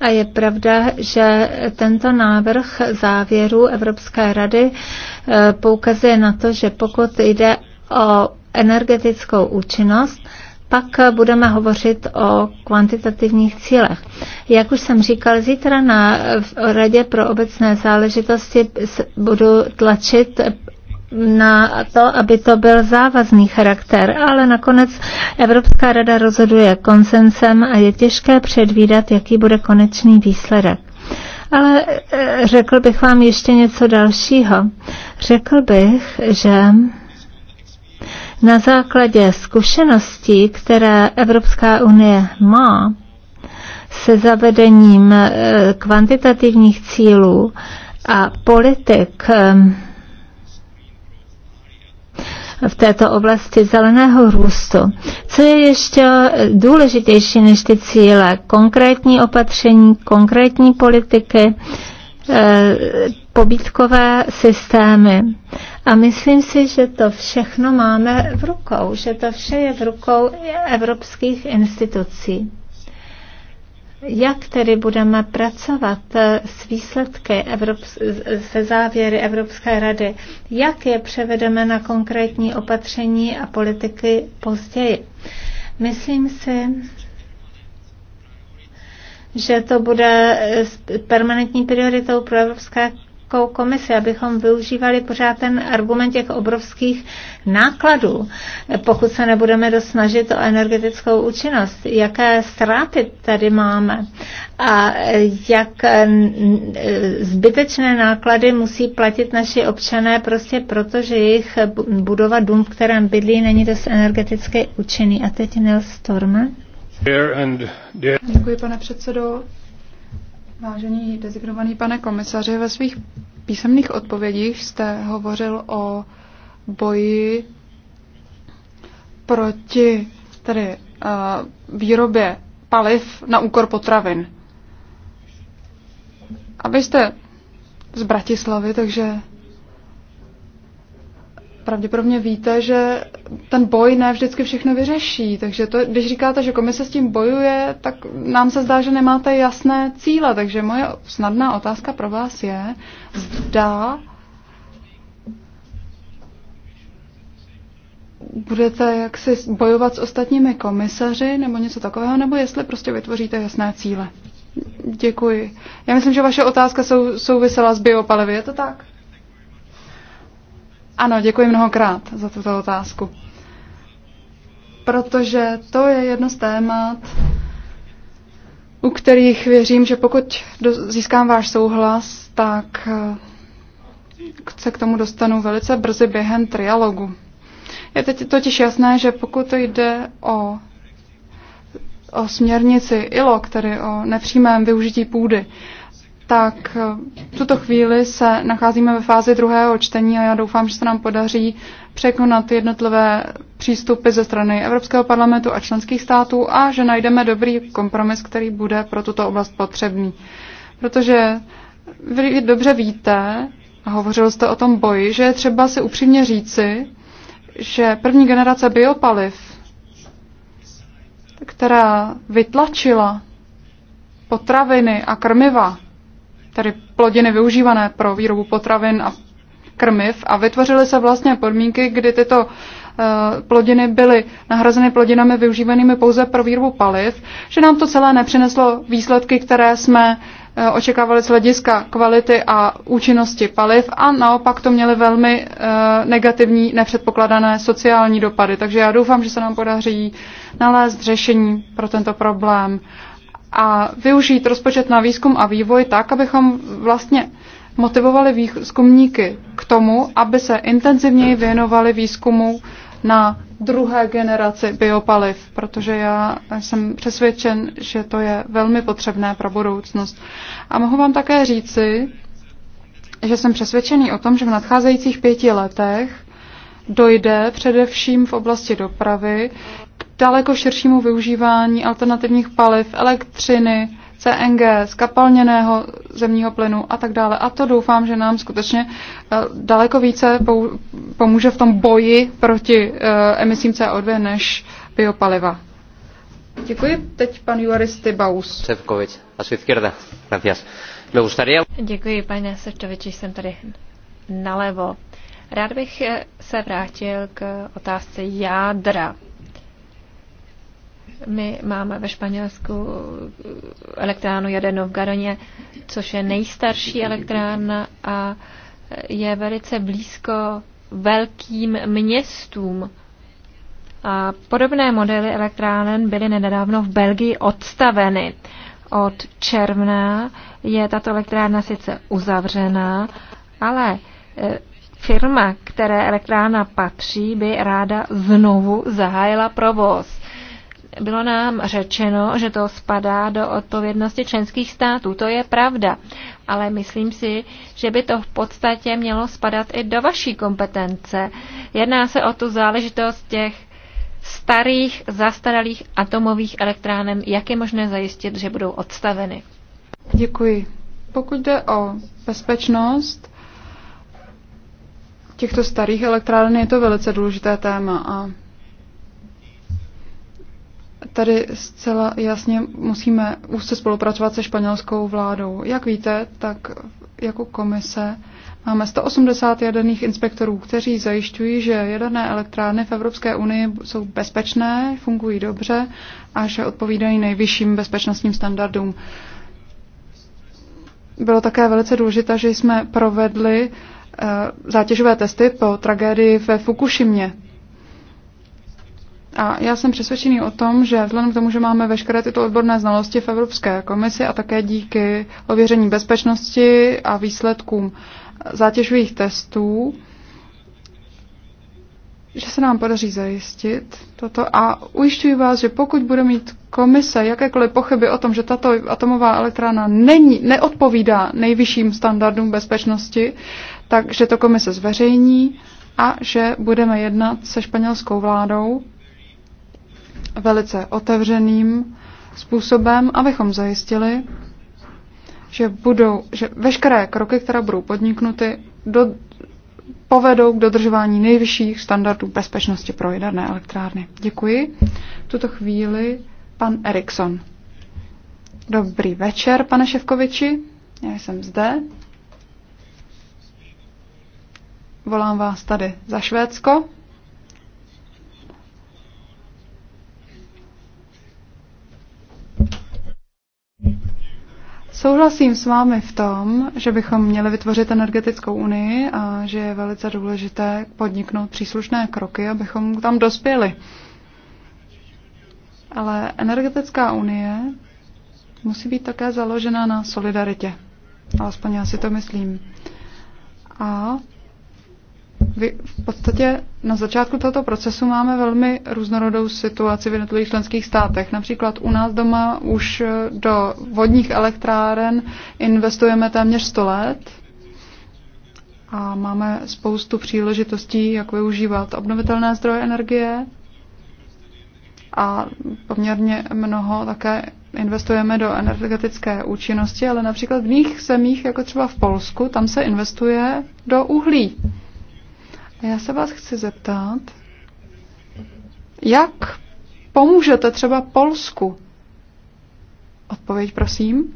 A je pravda, že tento návrh závěru Evropské rady eh, poukazuje na to, že pokud jde o energetickou účinnost, pak budeme hovořit o kvantitativních cílech. Jak už jsem říkal, zítra na Radě pro obecné záležitosti budu tlačit na to, aby to byl závazný charakter, ale nakonec Evropská rada rozhoduje konsensem a je těžké předvídat, jaký bude konečný výsledek. Ale eh, řekl bych vám ještě něco dalšího. Řekl bych, že na základě zkušeností, které Evropská unie má se zavedením eh, kvantitativních cílů a politik, eh, v této oblasti zeleného růstu. Co je ještě důležitější než ty cíle? Konkrétní opatření, konkrétní politiky, eh, pobítkové systémy. A myslím si, že to všechno máme v rukou, že to vše je v rukou evropských institucí. Jak tedy budeme pracovat s výsledky Evrops- se závěry Evropské rady? Jak je převedeme na konkrétní opatření a politiky později? Myslím si, že to bude permanentní prioritou pro Evropské Evropskou komisi, abychom využívali pořád ten argument těch obrovských nákladů, pokud se nebudeme dosnažit o energetickou účinnost. Jaké ztráty tady máme a jak zbytečné náklady musí platit naši občané prostě proto, že jejich budova, dům, v kterém bydlí, není dost energeticky účinný. A teď Nils Storme. Děkuji, pane předsedo. Vážený dezignovaný pane komisaři, ve svých písemných odpovědích jste hovořil o boji proti tedy, uh, výrobě paliv na úkor potravin. Abyste z Bratislavy, takže pravděpodobně víte, že ten boj ne vždycky všechno vyřeší. Takže to, když říkáte, že komise s tím bojuje, tak nám se zdá, že nemáte jasné cíle. Takže moje snadná otázka pro vás je, zda budete jaksi bojovat s ostatními komisaři nebo něco takového, nebo jestli prostě vytvoříte jasné cíle. Děkuji. Já myslím, že vaše otázka sou, souvisela s biopalivy, je to tak? Ano, děkuji mnohokrát za tuto otázku. Protože to je jedno z témat, u kterých věřím, že pokud získám váš souhlas, tak eh, se k tomu dostanu velice brzy během trialogu. Je teď totiž jasné, že pokud to jde o, o směrnici ILO, tedy o nepřímém využití půdy, tak eh, v tuto chvíli se nacházíme ve fázi druhého čtení a já doufám, že se nám podaří překonat jednotlivé přístupy ze strany Evropského parlamentu a členských států a že najdeme dobrý kompromis, který bude pro tuto oblast potřebný. Protože vy dobře víte, a hovořil jste o tom boji, že je třeba si upřímně říci, že první generace biopaliv, která vytlačila potraviny a krmiva tedy plodiny využívané pro výrobu potravin a krmiv a vytvořily se vlastně podmínky, kdy tyto eh, plodiny byly nahrazeny plodinami využívanými pouze pro výrobu paliv, že nám to celé nepřineslo výsledky, které jsme eh, očekávali z hlediska kvality a účinnosti paliv a naopak to měly velmi eh, negativní, nepředpokladané sociální dopady. Takže já doufám, že se nám podaří nalézt řešení pro tento problém a využít rozpočet na výzkum a vývoj tak, abychom vlastně motivovali výzkumníky k tomu, aby se intenzivněji věnovali výzkumu na druhé generaci biopaliv, protože já jsem přesvědčen, že to je velmi potřebné pro budoucnost. A mohu vám také říci, že jsem přesvědčený o tom, že v nadcházejících pěti letech dojde především v oblasti dopravy daleko širšímu využívání alternativních paliv, elektřiny, CNG, skapalněného zemního plynu a tak dále. A to doufám, že nám skutečně eh, daleko více pomůže v tom boji proti eh, emisím CO2 než biopaliva. Děkuji. Teď pan Juaris Tybaus. Sevkovič, a su izquierda. Gracias. Me gustaría... Děkuji, pane Sevčoviči, jsem tady nalevo. Rád bych eh, se vrátil k otázce jádra. My máme ve Španělsku elektrárnu jadernou v Garoně, což je nejstarší elektrárna a je velice blízko velkým městům. A podobné modely elektráren byly nedávno v Belgii odstaveny. Od června je tato elektrárna sice uzavřená, ale e, firma, které elektrárna patří, by ráda znovu zahájila provoz bylo nám řečeno, že to spadá do odpovědnosti členských států. To je pravda, ale myslím si, že by to v podstatě mělo spadat i do vaší kompetence. Jedná se o tu záležitost těch starých, zastaralých atomových elektránem, jak je možné zajistit, že budou odstaveny. Děkuji. Pokud jde o bezpečnost těchto starých elektráren, je to velice důležité téma a tady zcela jasně musíme úzce spolupracovat se španělskou vládou. Jak víte, tak jako komise máme 180 jaderných inspektorů, kteří zajišťují, že jaderné elektrárny v Evropské unii jsou bezpečné, fungují dobře a že odpovídají nejvyšším bezpečnostním standardům. Bylo také velice důležité, že jsme provedli eh, zátěžové testy po tragédii ve Fukušimě. A já jsem přesvědčený o tom, že vzhledem k tomu, že máme veškeré tyto odborné znalosti v Evropské komisi a také díky ověření bezpečnosti a výsledkům zátěžových testů, že se nám podaří zajistit toto a ujišťuji vás, že pokud bude mít komise jakékoliv pochyby o tom, že tato atomová elektrána není, neodpovídá nejvyšším standardům bezpečnosti, takže to komise zveřejní a že budeme jednat se španělskou vládou velice otevřeným způsobem, abychom zajistili, že, budou, že veškeré kroky, které budou podniknuty, do, povedou k dodržování nejvyšších standardů bezpečnosti pro jaderné elektrárny. Děkuji. V tuto chvíli pan Erikson. Dobrý večer, pane Ševkoviči. Já jsem zde. Volám vás tady za Švédsko. Souhlasím s vámi v tom, že bychom měli vytvořit energetickou unii a že je velice důležité podniknout příslušné kroky, abychom tam dospěli. Ale energetická unie musí být také založena na solidaritě. Alespoň já si to myslím. A v podstatě na začátku tohoto procesu máme velmi různorodou situaci v jednotlivých členských státech. Například u nás doma už do vodních elektráren investujeme téměř 100 let a máme spoustu příležitostí, jak využívat obnovitelné zdroje energie a poměrně mnoho také investujeme do energetické účinnosti, ale například v jiných zemích, jako třeba v Polsku, tam se investuje do uhlí. Já se vás chci zeptat, jak pomůžete třeba Polsku? Odpověď, prosím.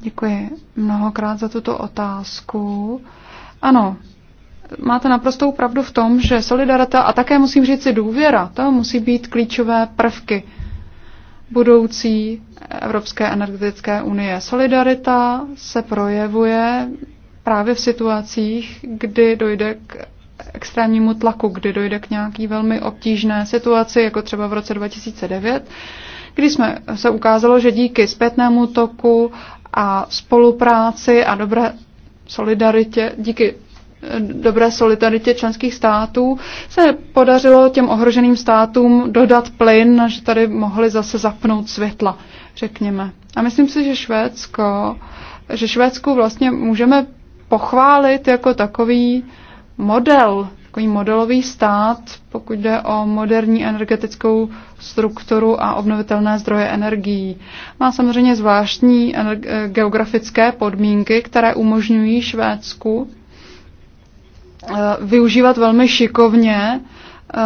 Děkuji mnohokrát za tuto otázku. Ano, máte naprostou pravdu v tom, že solidarita a také musím říct si důvěra, to musí být klíčové prvky budoucí Evropské energetické unie. Solidarita se projevuje právě v situacích, kdy dojde k extrémnímu tlaku, kdy dojde k nějaký velmi obtížné situaci, jako třeba v roce 2009, kdy jsme se ukázalo, že díky zpětnému toku a spolupráci a dobré solidaritě, díky eh, dobré solidaritě členských států se podařilo těm ohroženým státům dodat plyn, že tady mohli zase zapnout světla, řekněme. A myslím si, že Švédsko, že Švédsku vlastně můžeme pochválit jako takový model, takový modelový stát, pokud jde o moderní energetickou strukturu a obnovitelné zdroje energií. Má samozřejmě zvláštní eh, geografické podmínky, které umožňují Švédsku eh, využívat velmi šikovně eh,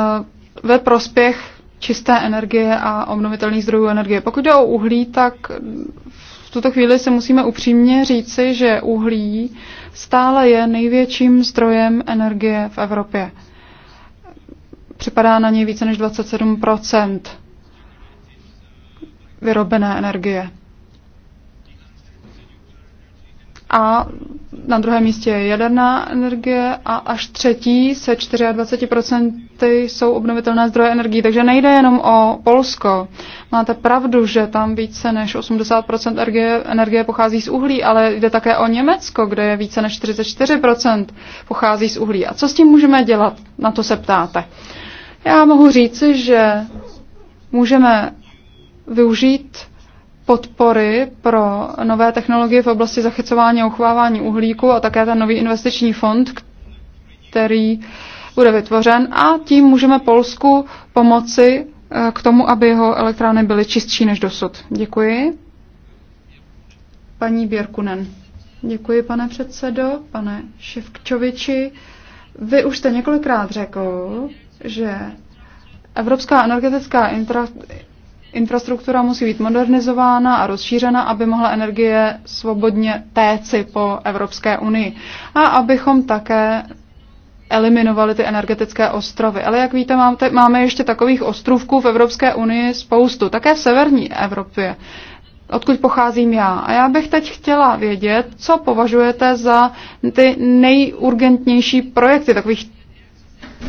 ve prospěch čisté energie a obnovitelných zdrojů energie. Pokud jde o uhlí, tak v tuto chvíli se musíme upřímně říci, že uhlí stále je největším zdrojem energie v Evropě. Připadá na něj více než 27 vyrobené energie. A na druhém místě je jaderná energie a až třetí se 24% jsou obnovitelné zdroje energie. Takže nejde jenom o Polsko. Máte pravdu, že tam více než 80% energie, energie pochází z uhlí, ale jde také o Německo, kde je více než 44% pochází z uhlí. A co s tím můžeme dělat? Na to se ptáte. Já mohu říci, že můžeme využít podpory pro nové technologie v oblasti zachycování a uchvávání uhlíku a také ten nový investiční fond, který bude vytvořen a tím můžeme Polsku pomoci eh, k tomu, aby jeho elektrárny byly čistší než dosud. Děkuji. Paní Běrkunen. Děkuji, pane předsedo, pane Ševčoviči. Vy už jste několikrát řekl, že Evropská energetická infra, Infrastruktura musí být modernizována a rozšířena, aby mohla energie svobodně téci po Evropské unii. A abychom také eliminovali ty energetické ostrovy. Ale jak víte, máte, máme ještě takových ostrovků v Evropské unii spoustu, také v severní Evropě, odkud pocházím já. A já bych teď chtěla vědět, co považujete za ty nejurgentnější projekty, takových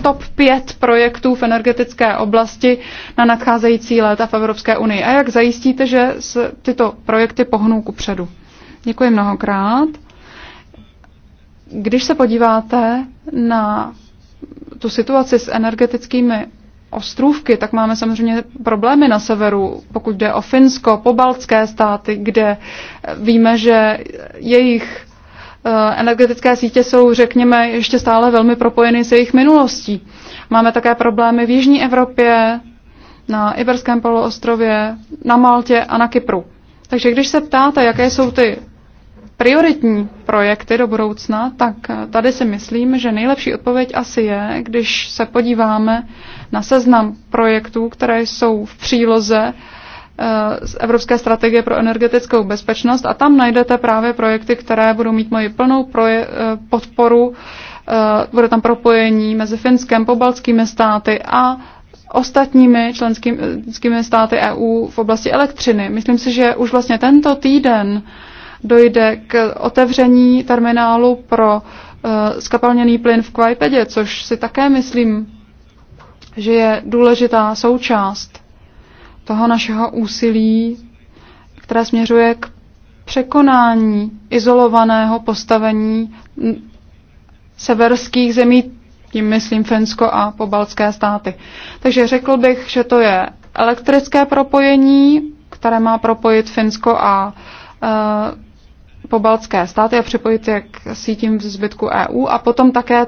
top 5 projektů v energetické oblasti na nadcházející léta v Evropské unii a jak zajistíte, že se tyto projekty pohnou kupředu. Děkuji mnohokrát. Když se podíváte na tu situaci s energetickými ostrůvky, tak máme samozřejmě problémy na severu, pokud jde o Finsko, pobaltské státy, kde víme, že jejich Eh, energetické sítě jsou, řekněme, ještě stále velmi propojeny s jejich minulostí. Máme také problémy v Jižní Evropě, na Iberském poloostrově, na Maltě a na Kypru. Takže když se ptáte, jaké jsou ty prioritní projekty do budoucna, tak eh, tady si myslím, že nejlepší odpověď asi je, když se podíváme na seznam projektů, které jsou v příloze Evropské strategie pro energetickou bezpečnost a tam najdete právě projekty, které budou mít moji plnou eh, podporu. Eh, bude tam propojení mezi Finskem, pobaltskými státy a ostatními členskými eh, státy EU v oblasti elektřiny. Myslím si, že už vlastně tento týden dojde k otevření terminálu pro skapalněný plyn v Kvajpedě, což si také myslím, že je důležitá součást toho našeho úsilí, které směřuje k překonání izolovaného postavení severských zemí, tím myslím Finsko a pobaltské státy. Takže řekl bych, že to je elektrické propojení, které má propojit Finsko a e, pobaltské státy a připojit je k sítím v zbytku EU a potom také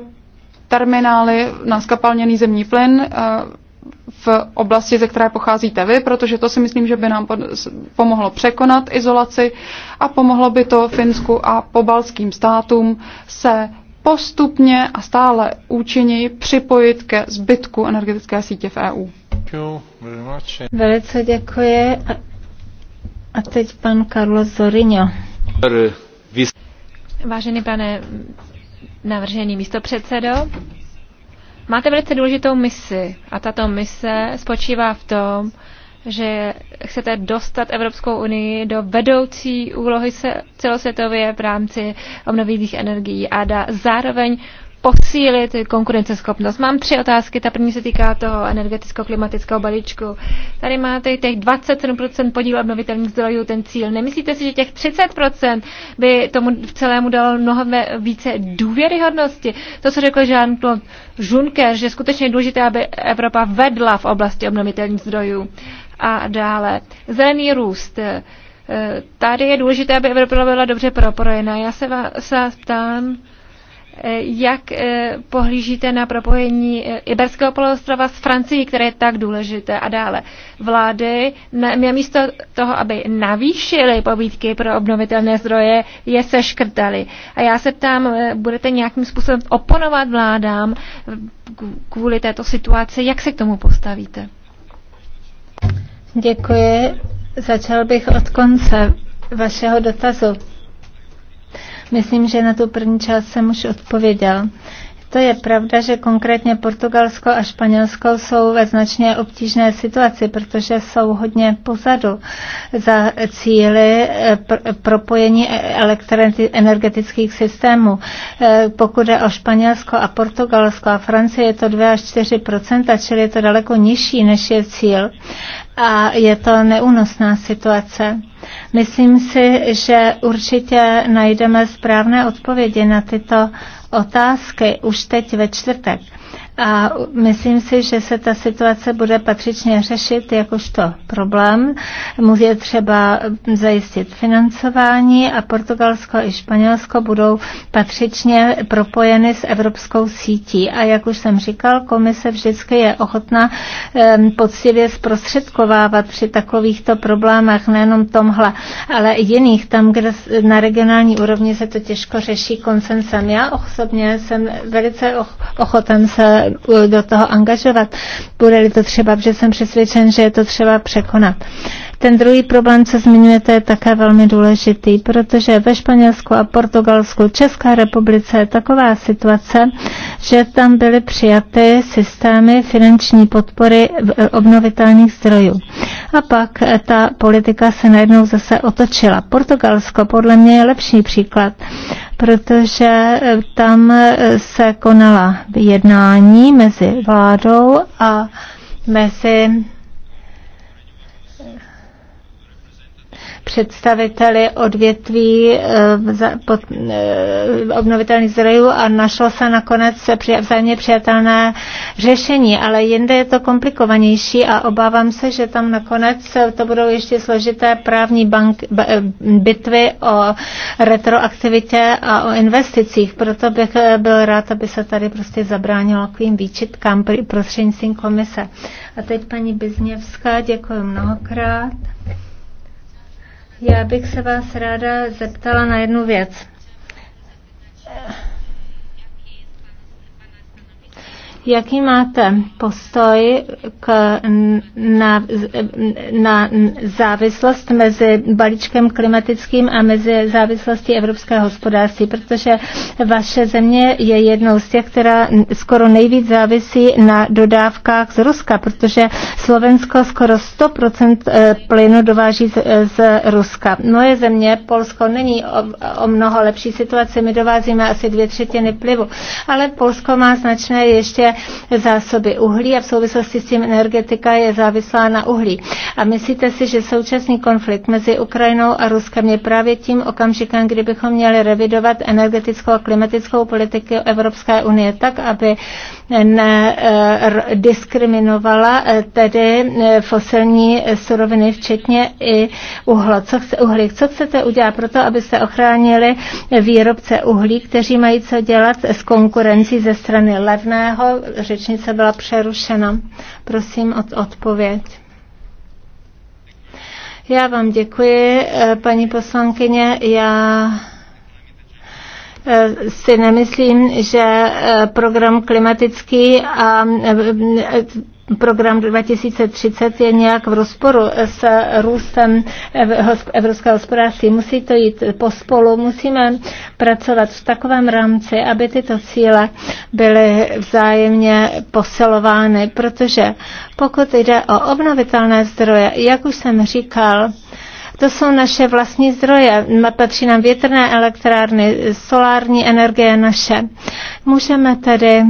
terminály na skapalněný zemní plyn e, v oblasti, ze které pocházíte vy, protože to si myslím, že by nám pomohlo překonat izolaci a pomohlo by to Finsku a pobalským státům se postupně a stále účinněji připojit ke zbytku energetické sítě v EU. Velice děkuji. A teď pan Carlos Zorino. Vážený pane navržený místopředsedo, Máte velice důležitou misi a tato mise spočívá v tom, že chcete dostat Evropskou unii do vedoucí úlohy se celosvětově v rámci obnovitelných energií a da, zároveň posílit konkurenceschopnost. Mám tři otázky. Ta první se týká toho energeticko-klimatického balíčku. Tady máte těch 27% podíl obnovitelných zdrojů, ten cíl. Nemyslíte si, že těch 30% by tomu celému dalo mnohem více důvěryhodnosti? To, co řekl Jean-Claude Juncker, že skutečně je důležité, aby Evropa vedla v oblasti obnovitelných zdrojů. A dále. Zelený růst. Eh, tady je důležité, aby Evropa byla dobře propojena. Já se vás ptám, jak eh, pohlížíte na propojení eh, Iberského poloostrova s Francií, které je tak důležité a dále? Vlády, místo toho, aby navýšily pobídky pro obnovitelné zdroje, je seškrtaly. A já se ptám, eh, budete nějakým způsobem oponovat vládám kvůli této situaci? Jak se k tomu postavíte? Děkuji. Začal bych od konce vašeho dotazu. Myslím, že na tu první část jsem už odpověděl. To je pravda, že konkrétně Portugalsko a Španělsko jsou ve značně obtížné situaci, protože jsou hodně pozadu za cíly eh, propojení e-, energetických systémů. Eh, pokud je o Španělsko a Portugalsko a Francie, je to 2 až 4 čili je to daleko nižší, než je cíl. A je to neúnosná situace. Myslím si, že určitě najdeme správné odpovědi na tyto otázky už teď ve čtvrtek a myslím si, že se ta situace bude patřičně řešit jakožto problém. Může třeba zajistit financování a Portugalsko i Španělsko budou patřičně propojeny s evropskou sítí. A jak už jsem říkal, komise vždycky je ochotná poctivě zprostředkovávat při takovýchto problémech, nejenom tomhle, ale i jiných, tam, kde na regionální úrovni se to těžko řeší koncensem. Já osobně jsem velice ochoten se do toho angažovat. Bude-li to třeba, protože jsem přesvědčen, že je to třeba překonat. Ten druhý problém, co zmiňujete, je také velmi důležitý, protože ve Španělsku a Portugalsku, Česká republice je taková situace, že tam byly přijaty systémy finanční podpory eh, obnovitelných zdrojů. A pak eh, ta politika se najednou zase otočila. Portugalsko podle mě je lepší příklad, protože eh, tam se konala jednání mezi vládou a mezi představiteli odvětví eh, pod, eh, obnovitelných zdrojů a našlo se nakonec vzájemně přijatelné řešení, ale jinde je to komplikovanější a obávám se, že tam nakonec to budou ještě složité právní bank, eh, bitvy o retroaktivitě a o investicích. Proto bych byl rád, aby se tady prostě zabránilo takovým výčitkám prostřednictvím komise. A teď paní Bizněvská, děkuji mnohokrát. Já bych se vás ráda zeptala na jednu věc. Jaký máte postoj k, na, na závislost mezi balíčkem klimatickým a mezi závislostí evropské hospodářství? Protože vaše země je jednou z těch, která skoro nejvíc závisí na dodávkách z Ruska, protože Slovensko skoro 100% eh, plynu dováží z, eh, z Ruska. Moje země, Polsko, není o, o mnoho lepší situaci. My dovázíme asi dvě třetiny plivu, ale Polsko má značné ještě zásoby uhlí a v souvislosti s tím energetika je závislá na uhlí. A myslíte si, že současný konflikt mezi Ukrajinou a Ruskem je právě tím okamžikem, kdybychom měli revidovat energetickou a klimatickou politiku Evropské unie tak, aby nediskriminovala eh, eh, tedy eh, fosilní suroviny, včetně i uhla. Co chce, uhlí. Co chcete udělat pro to, abyste ochránili výrobce uhlí, kteří mají co dělat s konkurencí ze strany levného řečnice byla přerušena. Prosím o od odpověď. Já vám děkuji, eh, paní poslankyně. Já eh, si nemyslím, že eh, program klimatický a program 2030 je nějak v rozporu s růstem evropského hospodářství. Musí to jít pospolu, musíme pracovat v takovém rámci, aby tyto cíle byly vzájemně posilovány, protože pokud jde o obnovitelné zdroje, jak už jsem říkal, to jsou naše vlastní zdroje. Patří nám větrné elektrárny, solární energie naše. Můžeme tedy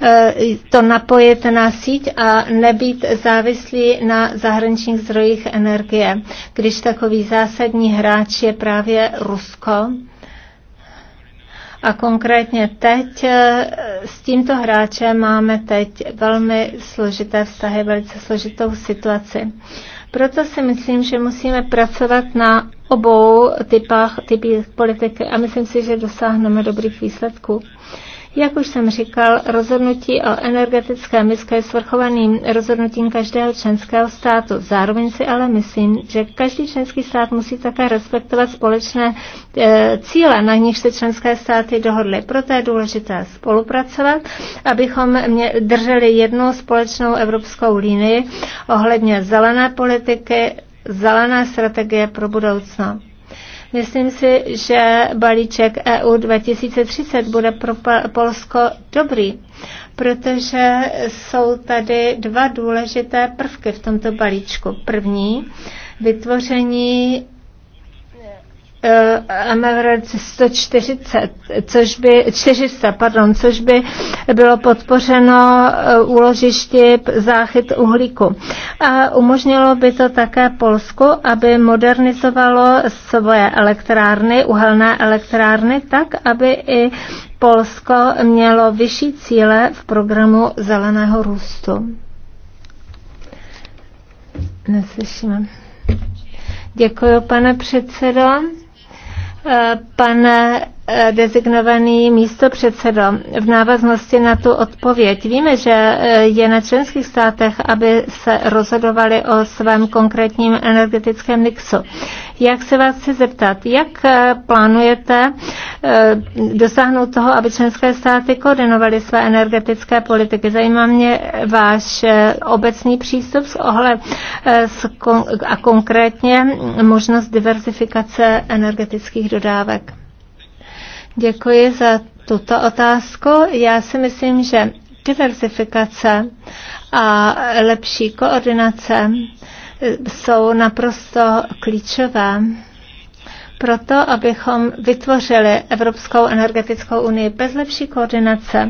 Eh, to napojit na síť a nebýt závislí na zahraničních zdrojích energie, když takový zásadní hráč je právě Rusko. A konkrétně teď eh, s tímto hráčem máme teď velmi složité vztahy, velice složitou situaci. Proto si myslím, že musíme pracovat na obou typách, typích politiky a myslím si, že dosáhneme dobrých výsledků. Jak už jsem říkal, rozhodnutí o energetické misce je svrchovaným rozhodnutím každého členského státu. Zároveň si ale myslím, že každý členský stát musí také respektovat společné e, cíle, na nich se členské státy dohodly. Proto je důležité spolupracovat, abychom mě, drželi jednu společnou evropskou linii ohledně zelené politiky, zelené strategie pro budoucnost. Myslím si, že balíček EU 2030 bude pro Polsko dobrý, protože jsou tady dva důležité prvky v tomto balíčku. První, vytvoření Eh, Amavrad 140, což by, 400, pardon, což by bylo podpořeno eh, úložišti záchyt uhlíku. A umožnilo by to také Polsku, aby modernizovalo svoje elektrárny, uhelné elektrárny, tak, aby i Polsko mělo vyšší cíle v programu zeleného růstu. Neslyšíme. Děkuji, pane předsedo. Eh, pan Eh, designovaný místo předsedo v návaznosti na tu odpověď. Víme, že eh, je na členských státech, aby se rozhodovali o svém konkrétním energetickém mixu. Jak se vás chci zeptat, jak eh, plánujete dosáhnout toho, aby členské státy koordinovaly své energetické politiky? Zajímá mě váš obecný přístup s ohled a konkrétně možnost diversifikace energetických dodávek. Děkuji za tuto otázku. Já si myslím, že diversifikace a lepší koordinace jsou naprosto klíčové pro to, abychom vytvořili Evropskou energetickou unii bez lepší koordinace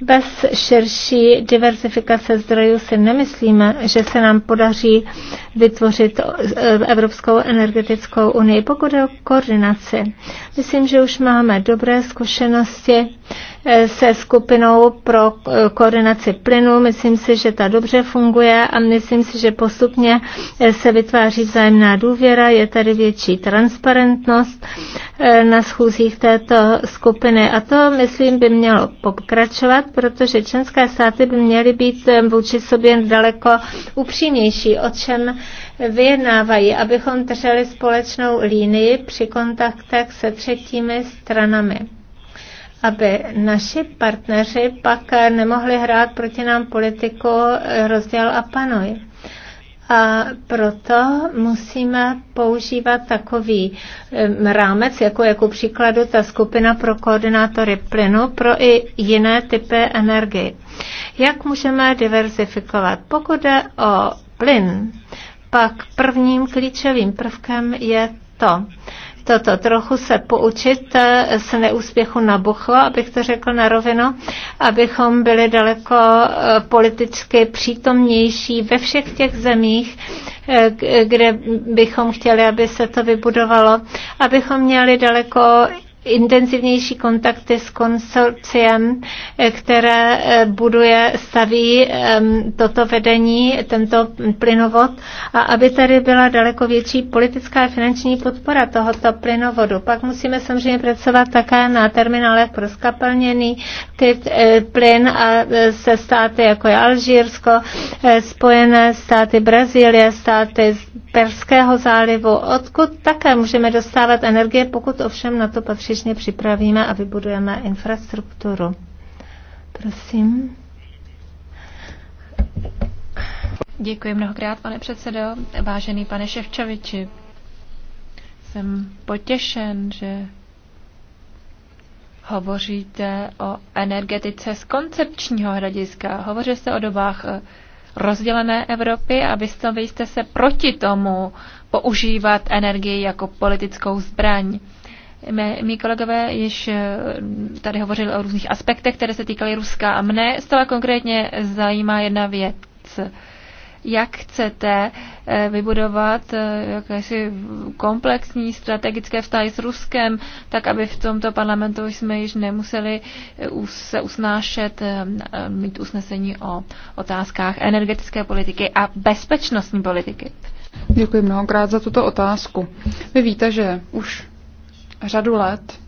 bez širší diversifikace zdrojů si nemyslíme, že se nám podaří vytvořit e, Evropskou energetickou unii. Pokud je o koordinaci, myslím, že už máme dobré zkušenosti se skupinou pro eh, koordinaci plynu. Myslím si, že ta dobře funguje a myslím si, že postupně eh, se vytváří vzájemná důvěra, je tady větší transparentnost eh, na schůzích této skupiny. A to, myslím, by mělo pokračovat, protože členské státy by měly být vůči sobě daleko upřímnější, o čem vyjednávají, abychom drželi společnou línii při kontaktech se třetími stranami aby naši partneři pak nemohli hrát proti nám politiku eh, rozděl a panuj. A proto musíme používat takový eh, rámec, jako je ku příkladu ta skupina pro koordinátory plynu, pro i jiné typy energie. Jak můžeme diverzifikovat? Pokud jde o plyn, pak prvním klíčovým prvkem je to, toto, trochu se poučit eh, z neúspěchu Nabucho, abych to řekl na rovinu, abychom byli daleko eh, politicky přítomnější ve všech těch zemích, eh, kde bychom chtěli, aby se to vybudovalo, abychom měli daleko intenzivnější kontakty s konsorciem, eh, které eh, buduje, staví toto vedení, tento plynovod a aby tady byla daleko větší politická a finanční podpora tohoto plynovodu. Pak musíme samozřejmě pracovat také na terminálech pro skapelněný eh, plyn a se státy jako je Alžírsko, Spojené státy Brazílie, státy z Perského zálivu, odkud také můžeme dostávat energie, pokud ovšem na to patří skutečně připravíme a vybudujeme infrastrukturu. Prosím. Děkuji mnohokrát, pane předsedo. Vážený pane Ševčoviči, jsem potěšen, že hovoříte o energetice z koncepčního hlediska. Hovoří se o dobách eh, rozdělené Evropy a vystavili jste se proti tomu používat energii jako politickou zbraň. Mé, mý kolegové již eh, tady hovořili o různých aspektech, které se týkaly Ruska a mne zcela konkrétně zajímá jedna věc. Jak chcete eh, vybudovat eh, jakési komplexní strategické vztahy s Ruskem, tak aby v tomto parlamentu jsme již nemuseli se usnášet, mít usnesení o otázkách energetické politiky a bezpečnostní politiky? Děkuji mnohokrát za tuto otázku. Vy víte, že už řadu let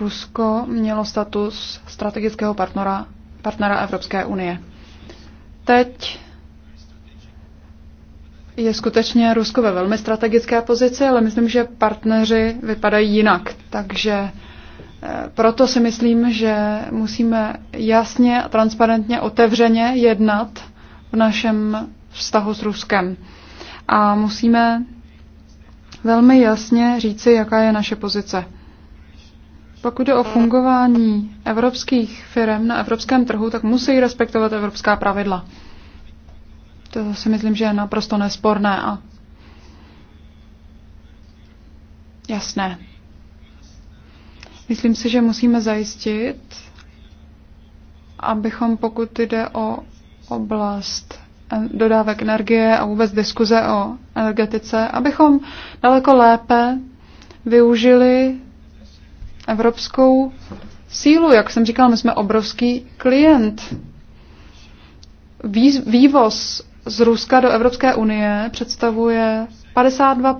Rusko mělo status strategického partnera, partnera Evropské unie. Teď je skutečně Rusko ve velmi strategické pozici, ale myslím, že partneři vypadají jinak. Takže eh, proto si myslím, že musíme jasně a transparentně, otevřeně jednat v našem vztahu s Ruskem. A musíme velmi jasně říci, jaká je naše pozice. Pokud jde o fungování evropských firm na evropském trhu, tak musí respektovat evropská pravidla. To si myslím, že je naprosto nesporné a jasné. Myslím si, že musíme zajistit, abychom, pokud jde o oblast dodávek energie a vůbec diskuze o energetice, abychom daleko lépe využili evropskou sílu. Jak jsem říkal, my jsme obrovský klient. Vývoz z Ruska do Evropské unie představuje 52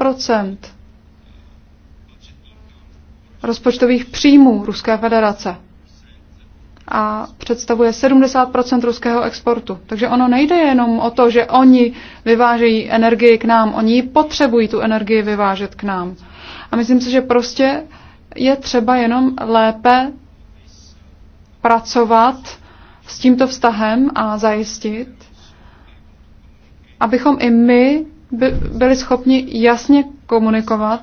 rozpočtových příjmů Ruské federace a představuje 70 ruského exportu. Takže ono nejde jenom o to, že oni vyvážejí energii k nám, oni potřebují tu energii vyvážet k nám. A myslím si, že prostě je třeba jenom lépe pracovat s tímto vztahem a zajistit, abychom i my byli schopni jasně komunikovat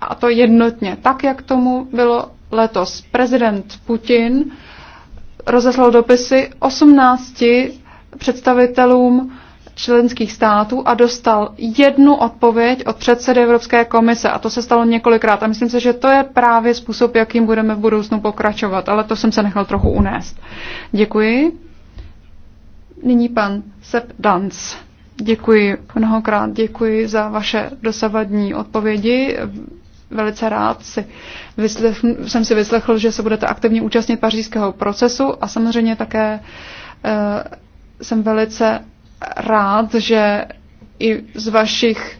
a to jednotně, tak jak tomu bylo letos. Prezident Putin rozeslal dopisy 18 představitelům členských států a dostal jednu odpověď od předsedy Evropské komise a to se stalo několikrát a myslím si, že to je právě způsob, jakým budeme v budoucnu pokračovat, ale to jsem se nechal trochu unést. Děkuji. Nyní pan Sepp Danz. Děkuji mnohokrát, děkuji za vaše dosavadní odpovědi velice rád si vyslech, jsem si vyslechl, že se budete aktivně účastnit pařížského procesu a samozřejmě také uh, jsem velice rád, že i z vašich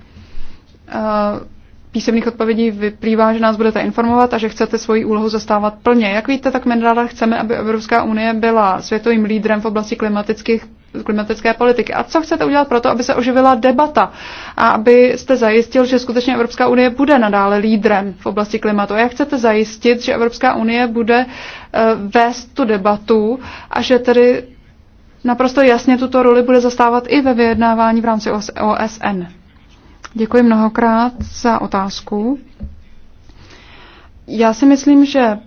uh, písemných odpovědí vyplývá, že nás budete informovat a že chcete svoji úlohu zastávat plně. Jak víte, tak my chceme, aby Evropská unie byla světovým lídrem v oblasti klimatických klimatické politiky. A co chcete udělat pro to, aby se oživila debata a abyste zajistil, že skutečně Evropská unie bude nadále lídrem v oblasti klimatu? A jak chcete zajistit, že Evropská unie bude eh, vést tu debatu a že tedy naprosto jasně tuto roli bude zastávat i ve vyjednávání v rámci OSN? Děkuji mnohokrát za otázku. Já si myslím, že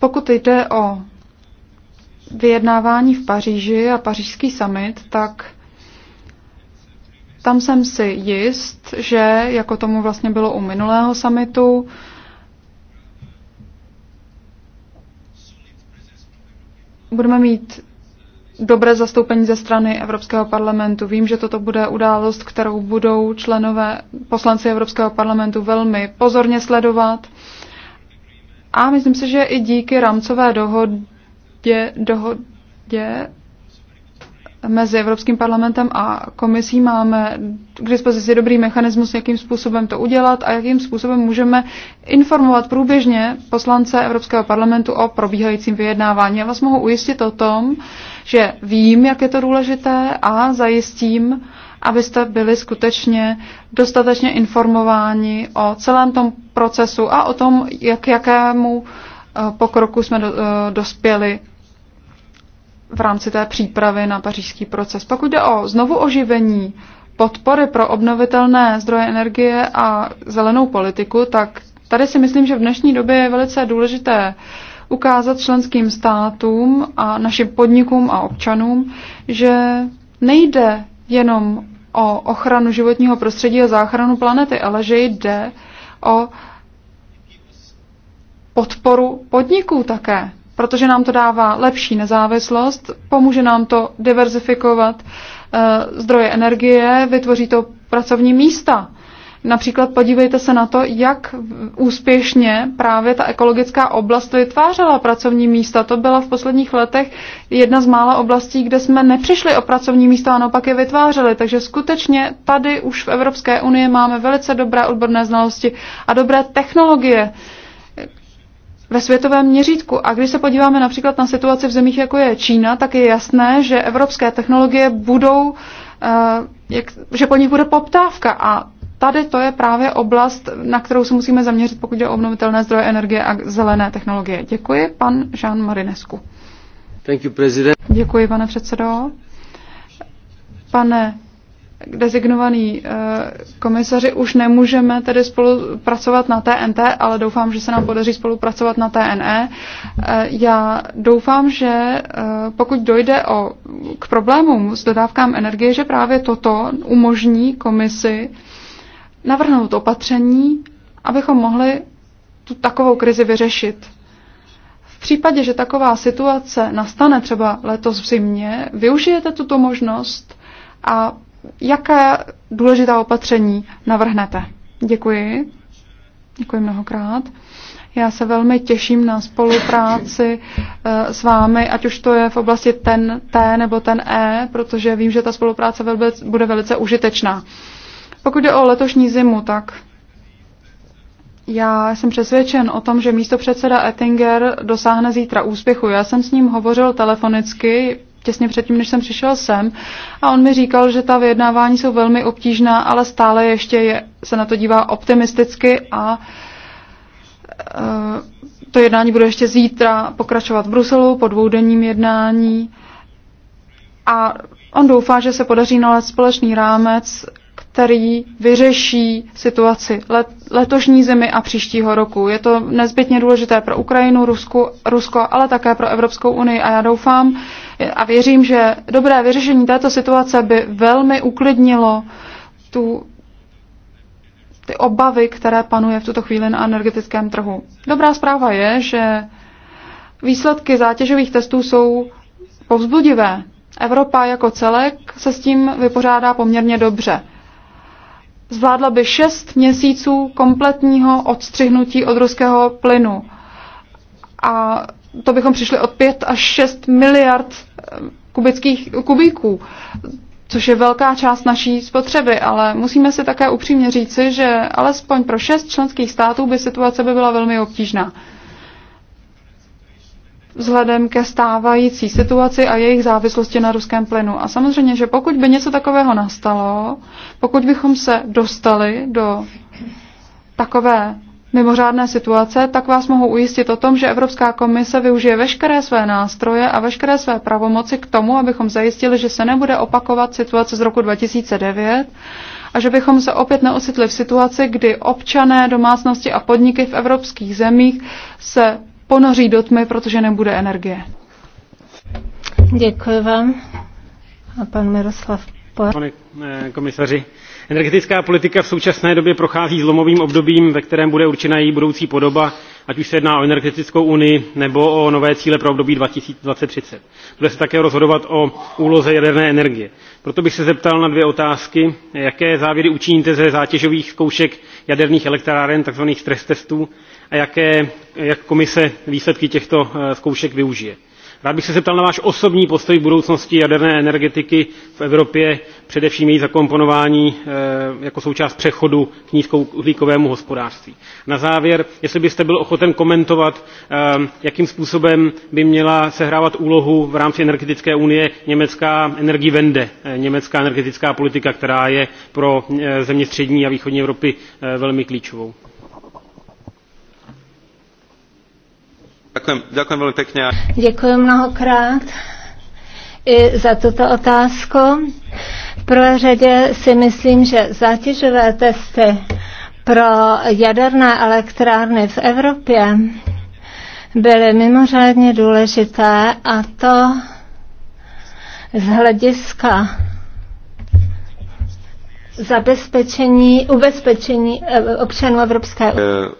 pokud jde o vyjednávání v Paříži a pařížský summit, tak tam jsem si jist, že jako tomu vlastně bylo u minulého summitu, budeme mít dobré zastoupení ze strany Evropského parlamentu. Vím, že toto bude událost, kterou budou členové poslanci Evropského parlamentu velmi pozorně sledovat. A myslím si, že i díky rámcové dohodě je dohodě mezi Evropským parlamentem a komisí máme k dispozici dobrý mechanismus, jakým způsobem to udělat a jakým způsobem můžeme informovat průběžně poslance Evropského parlamentu o probíhajícím vyjednávání. Já vás mohu ujistit o tom, že vím, jak je to důležité a zajistím, abyste byli skutečně dostatečně informováni o celém tom procesu a o tom, jak jakému eh, pokroku jsme eh, dospěli v rámci té přípravy na pařížský proces. Pokud jde o znovu oživení podpory pro obnovitelné zdroje energie a zelenou politiku, tak tady si myslím, že v dnešní době je velice důležité ukázat členským státům a našim podnikům a občanům, že nejde jenom o ochranu životního prostředí a záchranu planety, ale že jde o podporu podniků také protože nám to dává lepší nezávislost, pomůže nám to diverzifikovat eh, zdroje energie, vytvoří to pracovní místa. Například podívejte se na to, jak úspěšně právě ta ekologická oblast vytvářela pracovní místa. To byla v posledních letech jedna z mála oblastí, kde jsme nepřišli o pracovní místa, a naopak je vytvářeli. Takže skutečně tady už v Evropské unii máme velice dobré odborné znalosti a dobré technologie. Uh, ve světovém měřítku. A když se podíváme například na situaci v zemích, jako je Čína, tak je jasné, že evropské technologie budou, eh, jak, že po nich bude poptávka a tady to je právě oblast, na kterou se musíme zaměřit, pokud jde o obnovitelné zdroje energie a zelené technologie. Děkuji, pan Jean Marinescu. Thank you, Děkuji, pane předsedo. Pane designovaný eh, komisaři už nemůžeme tedy spolupracovat na TNT, ale doufám, že se nám podaří spolupracovat na TNE. Eh, já doufám, že eh, pokud dojde o, k problémům s dodávkám energie, že právě toto umožní komisi navrhnout opatření, abychom mohli tu takovou krizi vyřešit. V případě, že taková situace nastane třeba letos v zimě, využijete tuto možnost a jaká důležitá opatření navrhnete. Děkuji. Děkuji mnohokrát. Já se velmi těším na spolupráci eh, s vámi, ať už to je v oblasti ten T nebo ten E, protože vím, že ta spolupráce bude velice užitečná. Pokud jde o letošní zimu, tak já jsem přesvědčen o tom, že místo předseda Ettinger dosáhne zítra úspěchu. Já jsem s ním hovořil telefonicky těsně předtím, než jsem přišel sem. A on mi říkal, že ta vyjednávání jsou velmi obtížná, ale stále ještě je, se na to dívá optimisticky a e, to jednání bude ještě zítra pokračovat v Bruselu po dvoudenním jednání. A on doufá, že se podaří nalézt společný rámec, který vyřeší situaci let, letošní zimy a příštího roku. Je to nezbytně důležité pro Ukrajinu, Rusku, Rusko, ale také pro Evropskou unii a já doufám, a věřím, že dobré vyřešení této situace by velmi uklidnilo tu, ty obavy, které panuje v tuto chvíli na energetickém trhu. Dobrá zpráva je, že výsledky zátěžových testů jsou povzbudivé. Evropa jako celek se s tím vypořádá poměrně dobře. Zvládla by šest měsíců kompletního odstřihnutí od ruského plynu. A to bychom přišli od 5 až 6 miliard eh, kubických kubíků, což je velká část naší spotřeby, ale musíme si také upřímně říci, že alespoň pro 6 členských států by situace by byla velmi obtížná. Vzhledem ke stávající situaci a jejich závislosti na ruském plynu. A samozřejmě, že pokud by něco takového nastalo, pokud bychom se dostali do takové mimořádné situace, tak vás mohu ujistit o tom, že Evropská komise využije veškeré své nástroje a veškeré své pravomoci k tomu, abychom zajistili, že se nebude opakovat situace z roku 2009 a že bychom se opět neocitli v situaci, kdy občané, domácnosti a podniky v evropských zemích se ponoří do tmy, protože nebude energie. Děkuji vám. A pan Miroslav Por. Pane eh, komisaři, energetická politika v současné době prochází zlomovým obdobím ve kterém bude určena její budoucí podoba ať už se jedná o energetickou unii nebo o nové cíle pro období. two thousand and thirty bude se také rozhodovat o úloze jaderné energie. proto bych se zeptal na dvě otázky jaké závěry učiníte ze zátěžových zkoušek jaderných elektráren tzv. stress testů a jaké, jak komise výsledky těchto eh, zkoušek využije. rád bych se zeptal na váš osobní postoj k budoucnosti jaderné energetiky v evropě především její zakomponování eh, jako součást přechodu k nízkouhlíkovému hospodářství. na závěr jestli byste byl ochoten komentovat eh, jakým způsobem by měla sehrávat úlohu v rámci energetické unie německá energiewende eh, německá energetická politika která je pro země střední a východní evropy velmi klíčovou. Děkuji ďakujem veľmi mnohokrát i za tuto otázku. V prvé řadě si myslím, že zátěžové testy pro jaderné elektrárny v Evropě byly mimořádně důležité a to z hlediska zabezpečení, ubezpečení eh, občanů Evropské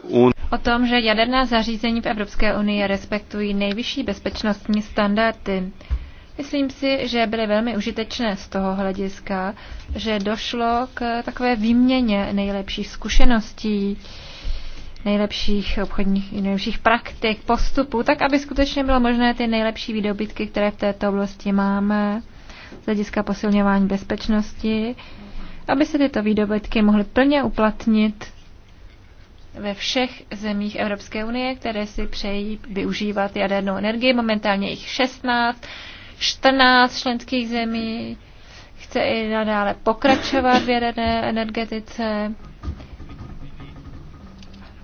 unie. O tom, že jaderná zařízení v Evropské unii respektují nejvyšší bezpečnostní standardy. Myslím si, že byly velmi užitečné z toho hlediska, že došlo k takové výměně nejlepších zkušeností, nejlepších obchodních, nejlepších praktik, postupů, tak aby skutečně bylo možné ty nejlepší výdobytky, které v této oblasti máme, z hlediska posilňování bezpečnosti, aby se tyto výdobytky mohly plně uplatnit ve všech zemích Evropské unie, které si přejí využívat jadernou energii. Momentálně jich 16 14 členských zemí chce i nadále pokračovat v jaderné energetice.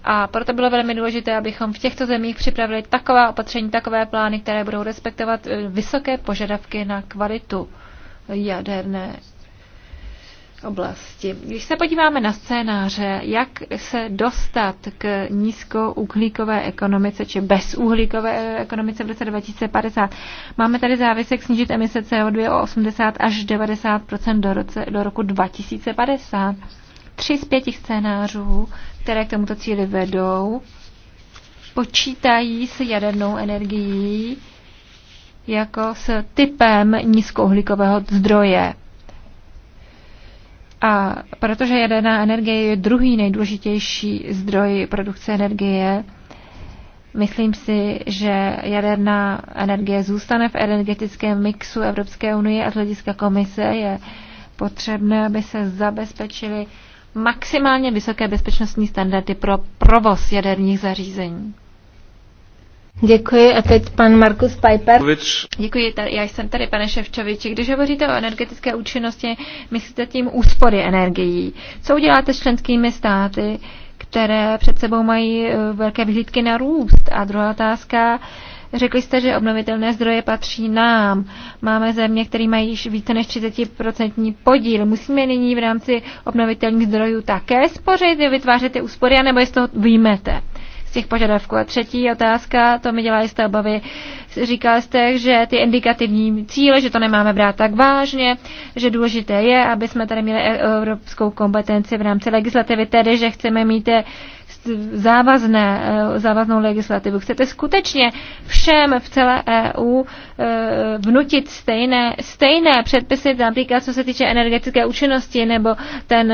A proto bylo velmi důležité, abychom v těchto zemích připravili taková opatření, takové plány, které budou respektovat eh, vysoké požadavky na kvalitu jaderné oblasti. Když se podíváme na scénáře, jak se dostat k nízkouhlíkové ekonomice či bezuhlíkové ekonomice v roce 2050, máme tady závisek snížit emise CO2 o 80 až 90 do, roce, do roku 2050. Tři z pěti scénářů, které k tomuto cíli vedou, počítají s jadernou energií jako s typem nízkouhlíkového zdroje. A protože jaderná energie je druhý nejdůležitější zdroj produkce energie, myslím si, že jaderná energie zůstane v energetickém mixu Evropské unie a z hlediska komise je potřebné, aby se zabezpečily maximálně vysoké bezpečnostní standardy pro provoz jaderních zařízení. Děkuji a teď pan Markus Piper. Děkuji, já jsem tady, pane Ševčoviči. Když hovoříte o energetické účinnosti, myslíte tím úspory energií. Co uděláte s členskými státy, které před sebou mají e, velké vyhlídky na růst? A druhá otázka, Řekli jste, že obnovitelné zdroje patří nám. Máme země, které mají již více než 30% podíl. Musíme nyní v rámci obnovitelných zdrojů také spořit, vytvářet ty úspory, anebo jestli to toho výjmete? těch požadavků. A třetí otázka, to mi dělá jisté obavy. Říkal jste, že ty indikativní cíle, že to nemáme brát tak vážně, že důležité je, aby jsme tady měli evropskou kompetenci v rámci legislativy, tedy, že chceme mít eh, závazné, eh, závaznou legislativu. Chcete skutečně všem v celé EU eh, vnutit stejné, stejné předpisy, například co se týče energetické účinnosti nebo ten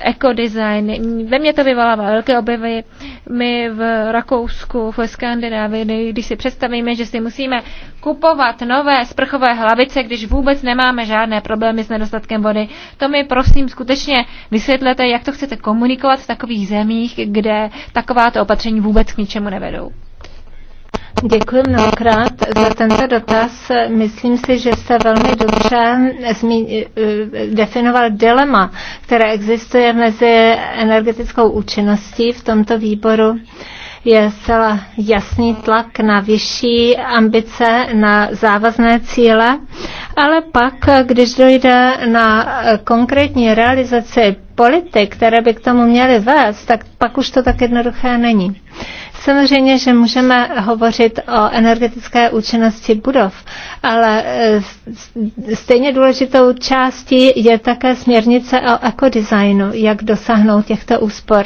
ekodesign. Ve mně to vyvolává velké objevy. My v Rakousku, v Skandinávii, když si představíme, že si musíme kupovat nové sprchové hlavice, když vůbec nemáme žádné problémy s nedostatkem vody, to mi prosím skutečně vysvětlete, jak to chcete komunikovat v takových zemích, kde takováto opatření vůbec k ničemu nevedou. Děkuji mnohokrát za tento dotaz. Myslím si, že jste velmi dobře eh, definoval dilema, které existuje mezi energetickou účinností v tomto výboru je zcela jasný tlak na vyšší ambice, na závazné cíle, ale pak, když dojde na konkrétní realizaci politik, které by k tomu měly vést, tak pak už to tak jednoduché není. Samozřejmě, že můžeme hovořit o energetické účinnosti budov, ale eh, stejně důležitou částí je také směrnice o ekodesignu, jak dosáhnout těchto úspor.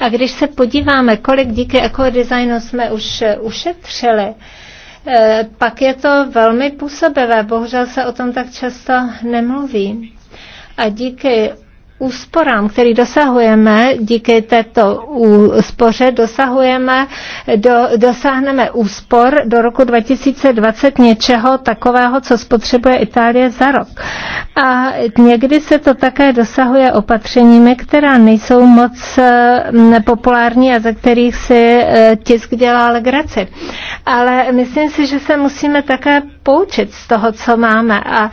A když se podíváme, kolik díky ekodesignu jsme už eh, ušetřili, eh, pak je to velmi působivé. Bohužel se o tom tak často nemluví. A díky úsporám, který dosahujeme díky této úspoře, dosahujeme, do, dosáhneme úspor do roku 2020 něčeho takového, co spotřebuje Itálie za rok. A někdy se to také dosahuje opatřeními, která nejsou moc nepopulární eh, a za kterých si eh, tisk dělá legraci. Ale myslím si, že se musíme také poučit z toho, co máme. A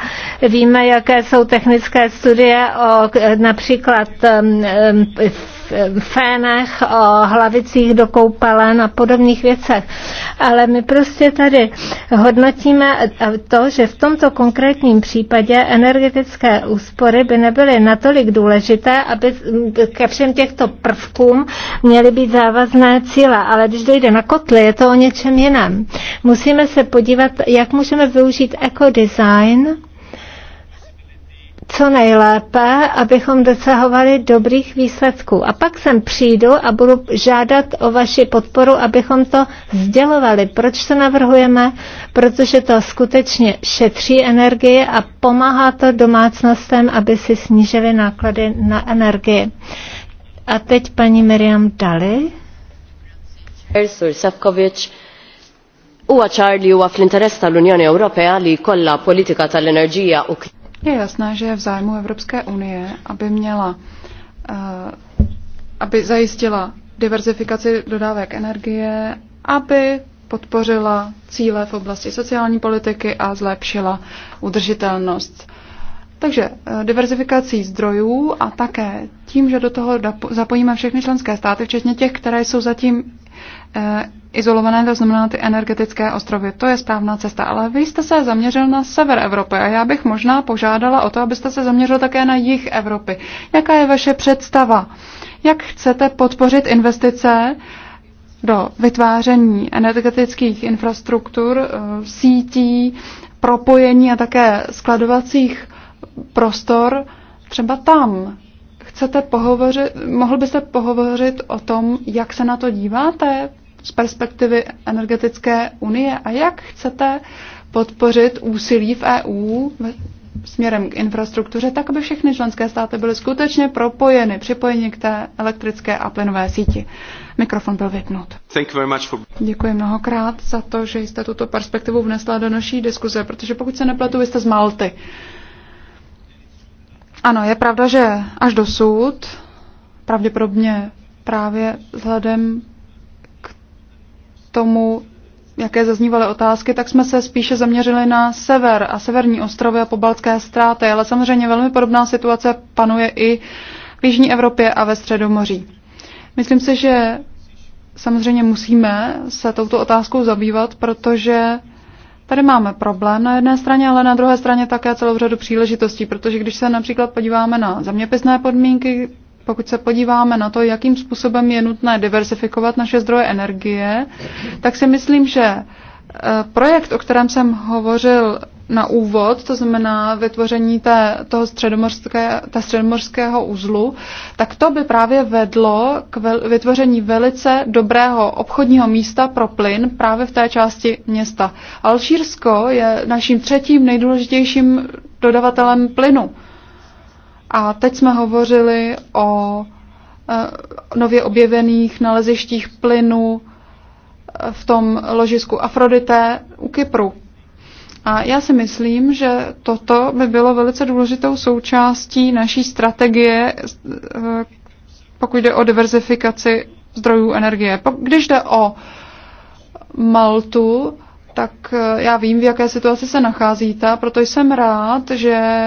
víme, jaké jsou technické studie o na například fénech, o hlavicích do koupelen a podobných věcech. Ale my prostě tady hodnotíme to, že v tomto konkrétním případě energetické úspory by nebyly natolik důležité, aby ke všem těchto prvkům měly být závazné cíle. Ale když dojde na kotly, je to o něčem jiném. Musíme se podívat, jak můžeme využít ekodesign co nejlépe, abychom dosahovali dobrých výsledků. A pak sem přijdu a budu žádat o vaši podporu, abychom to sdělovali. Proč to navrhujeme? Protože to skutečně šetří energie a pomáhá to domácnostem, aby si snížili náklady na energii. A teď paní Miriam Dali. Safkovič, huwa ċar li huwa fl-interess tal-Unjoni Ewropea li jkollha politika tal-enerġija u je jasné, že je v zájmu Evropské unie, aby měla, eh, aby zajistila diverzifikaci dodávek energie, aby podpořila cíle v oblasti sociální politiky a zlepšila udržitelnost. Takže eh, diverzifikací zdrojů a také tím, že do toho zapojíme všechny členské státy, včetně těch, které jsou zatím eh, izolované, to znamená ty energetické ostrovy. To je správná cesta, ale vy jste se zaměřil na sever Evropy a já bych možná požádala o to, abyste se zaměřil také na jih Evropy. Jaká je vaše představa? Jak chcete podpořit investice do vytváření energetických infrastruktur, eh, sítí, propojení a také skladovacích prostor třeba tam? Chcete pohovořit, mohl byste pohovořit o tom, jak se na to díváte? z perspektivy energetické unie a jak chcete podpořit úsilí v EU směrem k infrastruktuře, tak aby všechny členské státy byly skutečně propojeny, připojeny k té elektrické a plynové síti. Mikrofon byl vypnut. For... Děkuji mnohokrát za to, že jste tuto perspektivu vnesla do naší diskuze, protože pokud se nepletu, vy jste z Malty. Ano, je pravda, že až dosud, pravděpodobně právě vzhledem tomu, jaké zaznívaly otázky, tak jsme se spíše zaměřili na sever a severní ostrovy a pobaltské ztráty, ale samozřejmě velmi podobná situace panuje i v Jižní Evropě a ve Středomoří. Myslím si, že samozřejmě musíme se touto otázkou zabývat, protože tady máme problém na jedné straně, ale na druhé straně také celou řadu příležitostí, protože když se například podíváme na zeměpisné podmínky, pokud se podíváme na to, jakým způsobem je nutné diversifikovat naše zdroje energie, tak si myslím, že eh, projekt, o kterém jsem hovořil na úvod, to znamená vytvoření té, toho středomorské, té středomorského uzlu, tak to by právě vedlo k vytvoření velice dobrého obchodního místa pro plyn právě v té části města. Alžírsko je naším třetím nejdůležitějším dodavatelem plynu. A teď jsme hovořili o eh, nově objevených nalezištích plynu eh, v tom ložisku Afrodité u Kypru. A já si myslím, že toto by bylo velice důležitou součástí naší strategie, eh, pokud jde o diverzifikaci zdrojů energie. Když jde o Maltu, tak já vím, v jaké situaci se nacházíte, proto jsem rád, že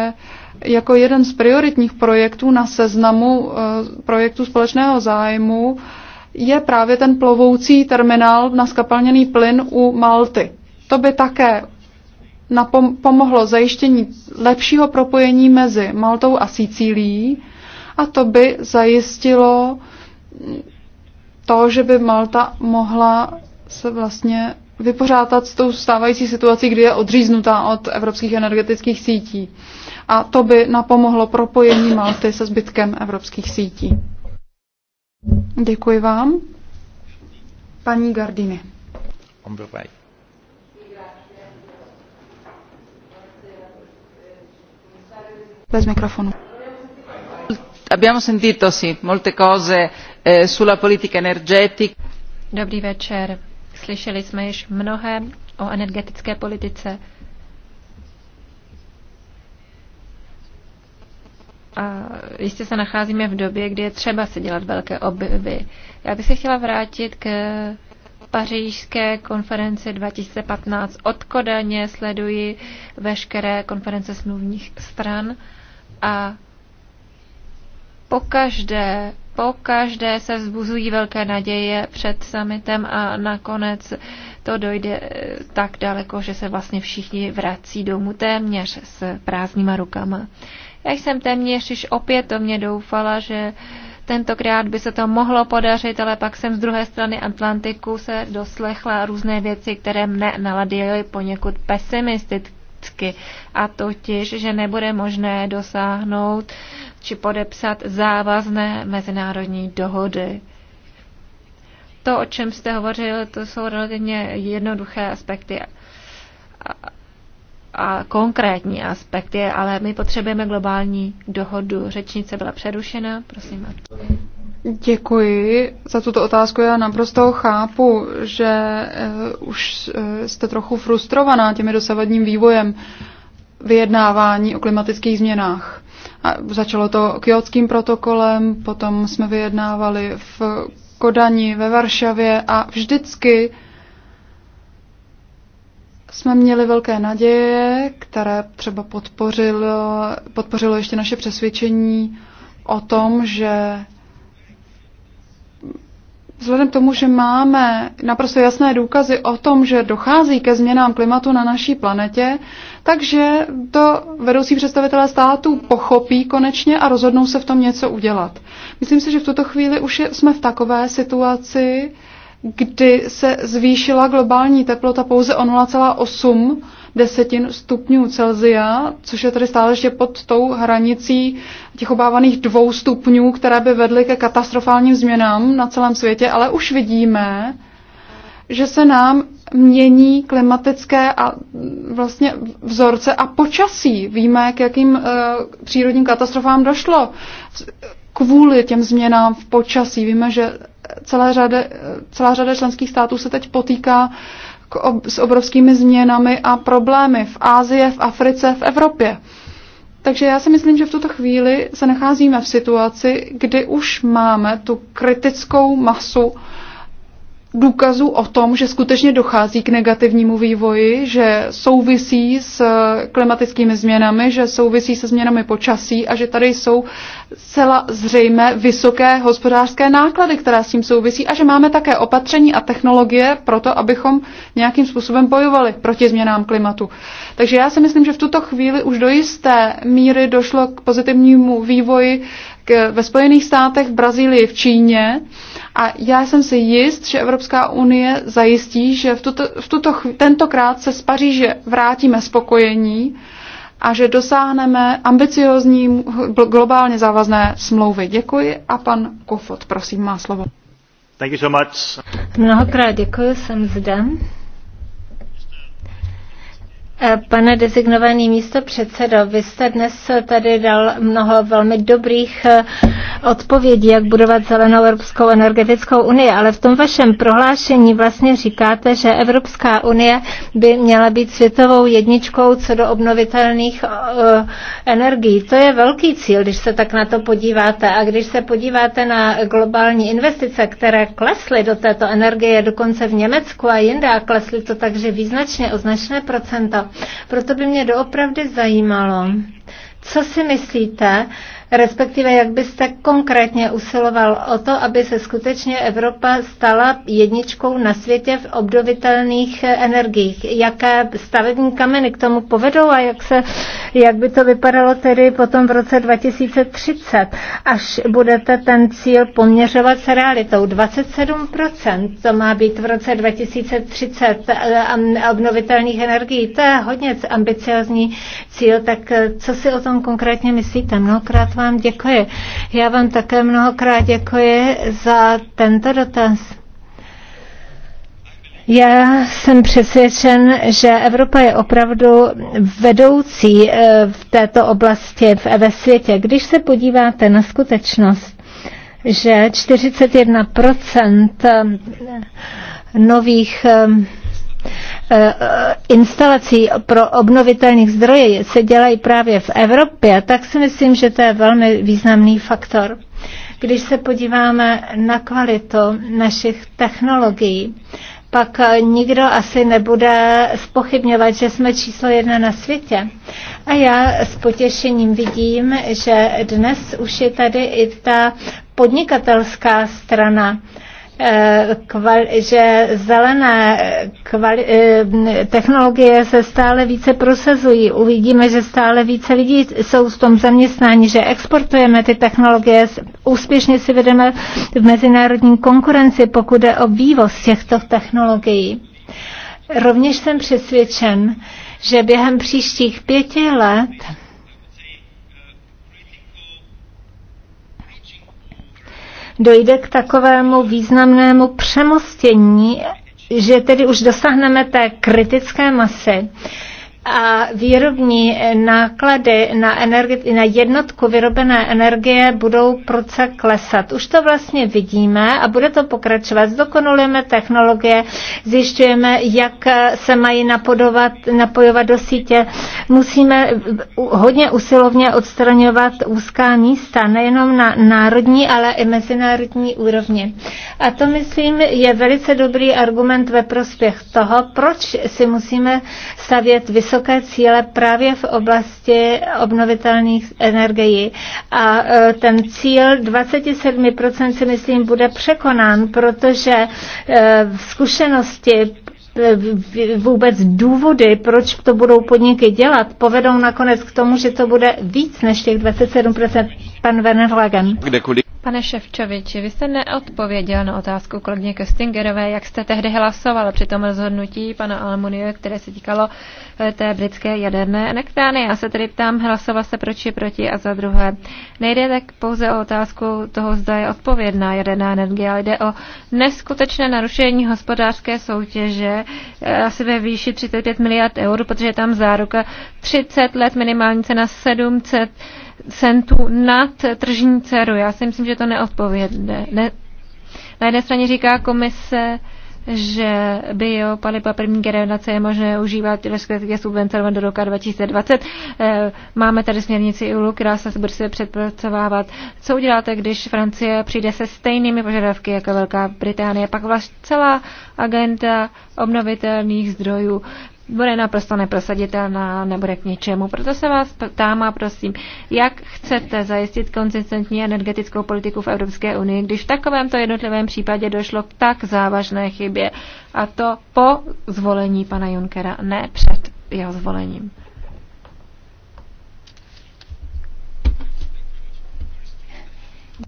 jako jeden z prioritních projektů na seznamu eh, projektu společného zájmu je právě ten plovoucí terminál na skapalněný plyn u Malty. To by také pomohlo zajištění lepšího propojení mezi Maltou a Sicílií a to by zajistilo to, že by Malta mohla se vlastně vypořádat s tou stávající situací, kdy je odříznutá od evropských energetických sítí. A to by napomohlo propojení Malty se zbytkem evropských sítí. Děkuji vám. Paní Gardiny. Bez mikrofonu. Abbiamo sentito sì, molte cose eh, sulla politica energetica. Dobrý večer. Slyšeli jsme již mnohé o energetické politice. A jistě se nacházíme v době, kdy je třeba se dělat velké objevy. Já bych se chtěla vrátit k pařížské konferenci 2015. Od Kodaně sleduji veškeré konference smluvních stran a pokaždé, pokaždé se vzbuzují velké naděje před summitem a nakonec to dojde eh, tak daleko, že se vlastně všichni vrací domů téměř s prázdnýma rukama. Já jsem téměř již opětovně doufala, že tentokrát by se to mohlo podařit, ale pak jsem z druhé strany Atlantiku se doslechla různé věci, které mne naladily poněkud pesimisticky. A totiž, že nebude možné dosáhnout či podepsat závazné mezinárodní dohody. To, o čem jste hovořil, to jsou relativně jednoduché aspekty a konkrétní aspekty, ale my potřebujeme globální dohodu. Řečnice byla přerušena, prosím. Děkuji za tuto otázku. Já naprosto chápu, že uh, už uh, jste trochu frustrovaná těmi dosavadním vývojem vyjednávání o klimatických změnách. A začalo to kyotským protokolem, potom jsme vyjednávali v Kodani, ve Varšavě a vždycky jsme měli velké naděje, které třeba podpořilo, podpořilo ještě naše přesvědčení o tom, že Vzhledem k tomu, že máme naprosto jasné důkazy o tom, že dochází ke změnám klimatu na naší planetě, takže to vedoucí představitelé států pochopí konečně a rozhodnou se v tom něco udělat. Myslím si, že v tuto chvíli už jsme v takové situaci, kdy se zvýšila globální teplota pouze o desetin stupňů Celzia, což je tady stále ještě pod tou hranicí těch obávaných dvou stupňů, které by vedly ke katastrofálním změnám na celém světě, ale už vidíme, že se nám mění klimatické a vlastně vzorce a počasí. Víme, k jakým uh, přírodním katastrofám došlo kvůli těm změnám v počasí. Víme, že celá řada, eh, celá řada členských států se teď potýká k ob- s obrovskými změnami a problémy v Ázii, v Africe, v Evropě. Takže já si myslím, že v tuto chvíli se nacházíme v situaci, kdy už máme tu kritickou masu důkazů o tom, že skutečně dochází k negativnímu vývoji, že souvisí s eh, klimatickými změnami, že souvisí se změnami počasí a že tady jsou zcela zřejmé vysoké hospodářské náklady, které s tím souvisí a že máme také opatření a technologie pro to, abychom nějakým způsobem bojovali proti změnám klimatu. Takže já si myslím, že v tuto chvíli už do jisté míry došlo k pozitivnímu vývoji k, ve Spojených státech, v Brazílii, v Číně. A já jsem si jist, že Evropská unie zajistí, že v tuto, v tuto, tentokrát se z Paříže vrátíme spokojení a že dosáhneme ambiciozní globálně závazné smlouvy. Děkuji a pan Kofot, prosím, má slovo. Thank you so much. Mnohokrát děkuji, jsem zde. Pane designovaný místo předsedo, vy jste dnes tady dal mnoho velmi dobrých eh, odpovědí, jak budovat zelenou Evropskou energetickou unii, ale v tom vašem prohlášení vlastně říkáte, že Evropská unie by měla být světovou jedničkou co do obnovitelných uh, energií. To je velký cíl, když se tak na to podíváte. A když se podíváte na globální investice, které klesly do této energie, dokonce v Německu a jinde a klesly to takže význačně o značné procento, proto by mě doopravdy zajímalo, co si myslíte, respektive jak byste konkrétně usiloval o to, aby se skutečně Evropa stala jedničkou na světě v obdovitelných eh, energiích. Jaké stavební kameny k tomu povedou a jak, se, jak by to vypadalo tedy potom v roce 2030, až budete ten cíl poměřovat s realitou. 27% to má být v roce 2030 eh, obnovitelných energií. To je hodně ambiciozní cíl, tak eh, co si o tom konkrétně myslíte? Mnohokrát vám vám děkuji. Já vám také mnohokrát děkuji za tento dotaz. Já jsem přesvědčen, že Evropa je opravdu vedoucí eh, v této oblasti ve světě. Když se podíváte na skutečnost, že 41 eh, nových eh, Eh, eh, instalací pro obnovitelných zdroje se dělají právě v Evropě, tak si myslím, že to je velmi významný faktor. Když se podíváme na kvalitu našich technologií, pak eh, nikdo asi nebude spochybňovat, že jsme číslo jedna na světě. A já s potěšením vidím, že dnes už je tady i ta podnikatelská strana Eh, že zelené eh, eh, technologie se stále více prosazují. Uvidíme, že stále více lidí jsou v tom zaměstnání, že exportujeme ty technologie, úspěšně si vedeme v mezinárodní konkurenci, pokud jde o vývoz těchto technologií. Rovněž jsem přesvědčen, že během příštích pěti let dojde k takovému významnému přemostění, že tedy už dosáhneme té kritické masy, a výrobní eh, náklady na, energi- na jednotku vyrobené energie budou proce klesat. Už to vlastně vidíme a bude to pokračovat. Zdokonalujeme technologie, zjišťujeme, jak eh, se mají napodovat, napojovat do sítě. Musíme eh, hodně usilovně odstraňovat úzká místa, nejenom na národní, ale i mezinárodní úrovni. A to, myslím, je velice dobrý argument ve prospěch toho, proč si musíme stavět vysoké vysoké cíle právě v oblasti obnovitelných energií. A e, ten cíl 27% si myslím bude překonán, protože e, zkušenosti e, vůbec důvody, proč to budou podniky dělat, povedou nakonec k tomu, že to bude víc než těch 27%. Pan Werner Lagen. Pane Ševčoviči, vy jste neodpověděl na otázku kolegyně Köstingerové, jak jste tehdy hlasoval při tom rozhodnutí pana Almunie, které se týkalo eh, té britské jaderné elektrárny. Já se tedy ptám, hlasoval se proč je proti a za druhé. Nejde tak pouze o otázku toho, zda je odpovědná jaderná energie, ale jde o neskutečné narušení hospodářské soutěže eh, asi ve výši 35 miliard eur, protože je tam záruka 30 let minimální cena 700 centů nad tržní dceru. Já si myslím, že to neodpovědne. Ne. Na jedné straně říká komise, že biopaliva první generace je možné užívat respektive subvencovat do roku 2020. Eh, máme tady směrnici EU, která se bude předpracovávat. Co uděláte, když Francie přijde se stejnými požadavky jako Velká Británie? Pak vlastně celá agenda obnovitelných zdrojů bude naprosto neprosaditelná, nebude k ničemu. Proto se vás ptám a prosím, jak chcete zajistit konzistentní energetickou politiku v Evropské unii, když v takovémto jednotlivém případě došlo k tak závažné chybě a to po zvolení pana Junckera, ne před jeho zvolením.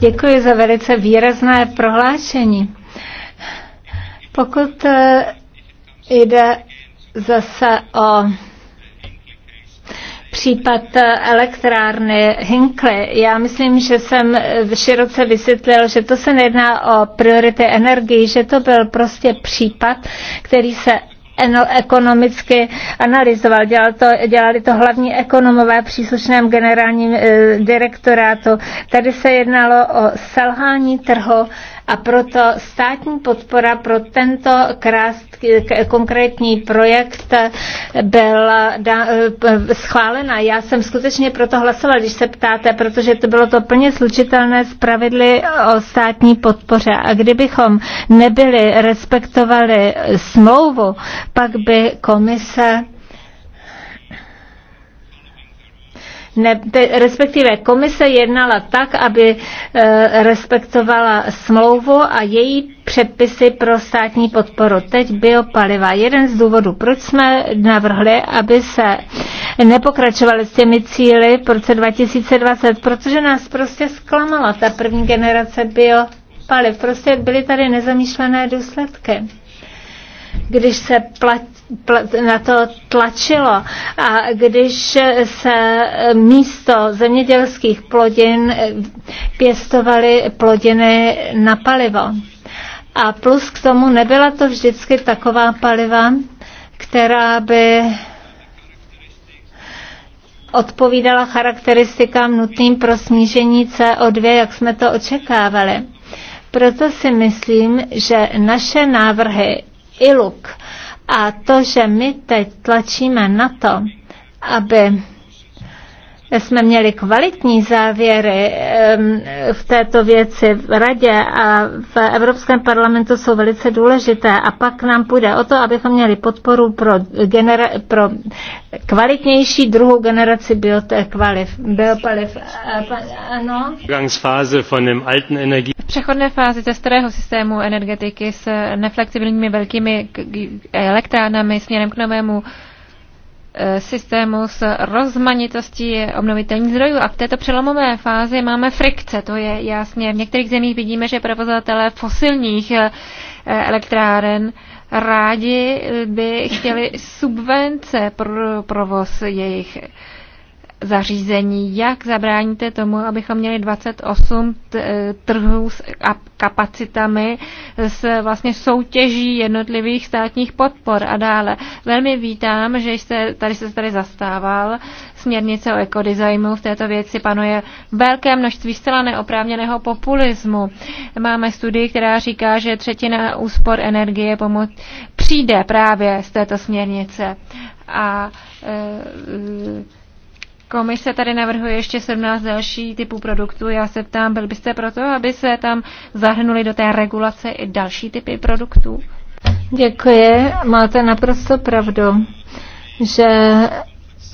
Děkuji za velice výrazné prohlášení. Pokud eh, jde zase o případ elektrárny Hinkley. Já myslím, že jsem široce vysvětlil, že to se nejedná o priority energii, že to byl prostě případ, který se ekonomicky analyzoval. Dělal to, dělali to hlavní ekonomové příslušném generálním e, direktorátu. Tady se jednalo o selhání trhu a proto státní podpora pro tento krás, konkrétní projekt byla da, eh, schválena. Já jsem skutečně proto hlasovala, když se ptáte, protože to bylo to plně slučitelné s pravidly o státní podpoře. A kdybychom nebyli respektovali smlouvu, pak by komise ne, respektive komise jednala tak, aby eh, respektovala smlouvu a její předpisy pro státní podporu. Teď biopaliva. Jeden z důvodů, proč jsme navrhli, aby se nepokračovali s těmi cíly v roce 2020, protože nás prostě zklamala ta první generace biopaliv. Prostě byly tady nezamýšlené důsledky když se platí na to tlačilo. A když se místo zemědělských plodin eh, pěstovaly plodiny na palivo. A plus k tomu nebyla to vždycky taková paliva, která by odpovídala charakteristikám nutným pro snížení CO2, jak jsme to očekávali. Proto si myslím, že naše návrhy ILUK a to, že my teď tlačíme na to, aby jsme měli kvalitní závěry v této věci v Radě a v Evropském parlamentu jsou velice důležité a pak nám půjde o to, abychom měli podporu pro, genera- pro kvalitnější druhou generaci biopaliv. biopaliv. Ano? V přechodné fázi ze starého systému energetiky s neflexibilními velkými elektrárnami směrem k novému Eh, systému s rozmanitostí obnovitelných zdrojů. A v této přelomové fázi máme frikce, to je jasně. V některých zemích vidíme, že provozovatelé fosilních eh, elektráren rádi by chtěli subvence pro provoz jejich zařízení, jak zabráníte tomu, abychom měli 28 trhů s kapacitami s vlastně soutěží jednotlivých státních podpor a dále. Velmi vítám, že jste, tady se tady zastával směrnice o ekodesignu. V této věci panuje velké množství zcela neoprávněného populismu. Máme studii, která říká, že třetina úspor energie pomoc přijde právě z této směrnice. A e, Komise tady navrhuje ještě 17 další typů produktů. Já se ptám, byl byste proto, aby se tam zahrnuli do té regulace i další typy produktů? Děkuji, máte naprosto pravdu, že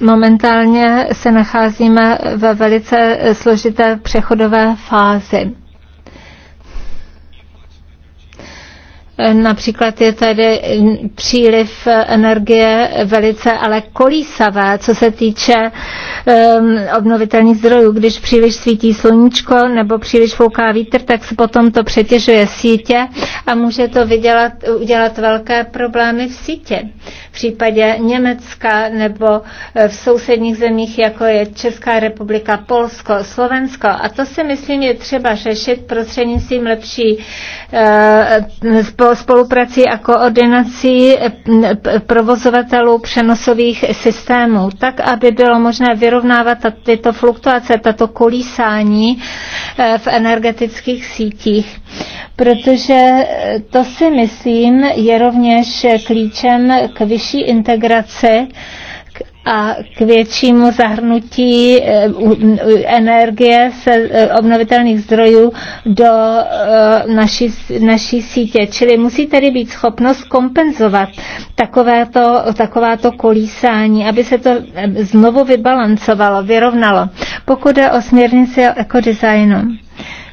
momentálně se nacházíme ve velice složité přechodové fázi. Například je tady příliv energie velice ale kolísavé, co se týče um, obnovitelných zdrojů. Když příliš svítí sluníčko nebo příliš fouká vítr, tak se potom to přetěžuje sítě a může to vydělat, udělat velké problémy v sítě. V případě Německa nebo eh, v sousedních zemích, jako je Česká republika, Polsko, Slovensko. A to si myslím je třeba řešit prostřednictvím lepší uh, o spolupráci a koordinací provozovatelů přenosových systémů, tak, aby bylo možné vyrovnávat tyto fluktuace, tato kolísání e, v energetických sítích. Protože e, to si myslím je rovněž klíčem k vyšší integraci a k většímu zahrnutí eh, energie z eh, obnovitelných zdrojů do eh, naší, naší sítě. Čili musí tady být schopnost kompenzovat takovéto, takováto kolísání, aby se to znovu vybalancovalo, vyrovnalo. Pokud je o směrnici o ekodesignu.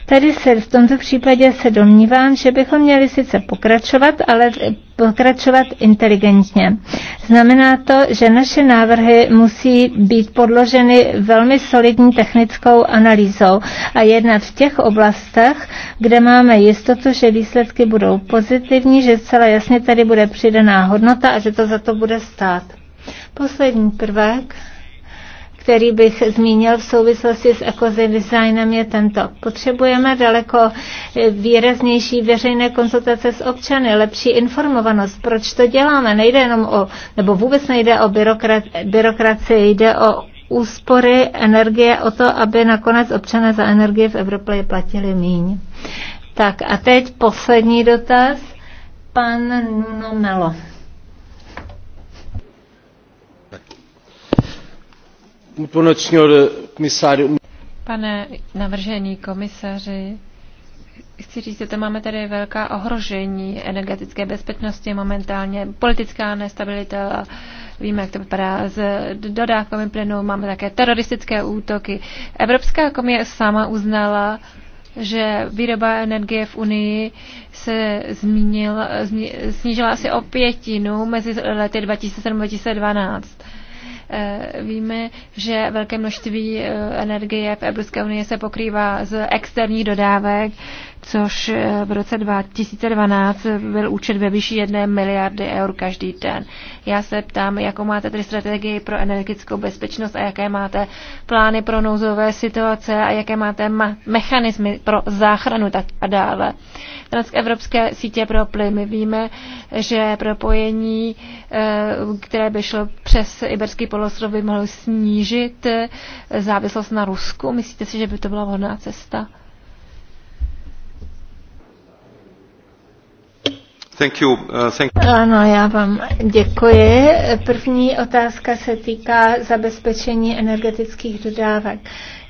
Tady se v tomto případě se domnívám, že bychom měli sice pokračovat, ale pokračovat inteligentně. Znamená to, že naše návrhy musí být podloženy velmi solidní technickou analýzou a jednat v těch oblastech, kde máme jistotu, že výsledky budou pozitivní, že zcela jasně tady bude přidaná hodnota a že to za to bude stát. Poslední prvek který bych zmínil v souvislosti s ekodesignem, je tento. Potřebujeme daleko eh, výraznější veřejné konzultace s občany, lepší informovanost. Proč to děláme? Nejde jenom o, nebo vůbec nejde o byrokra- byrokracii, jde o úspory energie, o to, aby nakonec občané za energie v Evropě platili míň. Tak a teď poslední dotaz. Pan Nuno Melo. Pane navržený komisaři, chci říct, že to máme tady velká ohrožení energetické bezpečnosti momentálně, politická nestabilita, víme, jak to vypadá s dodávkami plynu, máme také teroristické útoky. Evropská komise sama uznala, že výroba energie v Unii se zmínil, snížila asi o pětinu mezi lety 2007-2012. Eh, víme, že velké množství eh, energie v Evropské unii se pokrývá z externích dodávek, což eh, v roce 2012 byl účet ve výši jedné miliardy eur každý den. Já se ptám, jakou máte tedy strategii pro energetickou bezpečnost a jaké máte plány pro nouzové situace a jaké máte mechanismy pro záchranu tak a dále. Transevropské sítě pro plyn. My víme, že propojení, eh, které by šlo přes Iberský polostrov, by mohlo snížit eh, závislost na Rusku. Myslíte si, že by to byla vhodná cesta? Thank you. Uh, thank you. Ano, já vám děkuji. První otázka se týká zabezpečení energetických dodávek.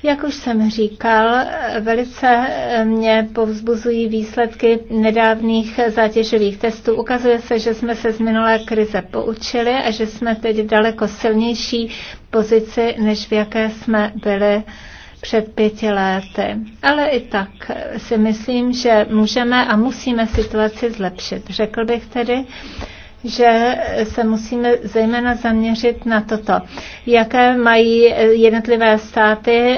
Jak už jsem říkal, velice mě povzbuzují výsledky nedávných zátěžových testů. Ukazuje se, že jsme se z minulé krize poučili a že jsme teď v daleko silnější pozici, než v jaké jsme byli uh, před pěti lety. Ale i tak si myslím, že můžeme a musíme situaci zlepšit. Řekl bych tedy, že se musíme zejména zaměřit na toto, jaké mají jednotlivé státy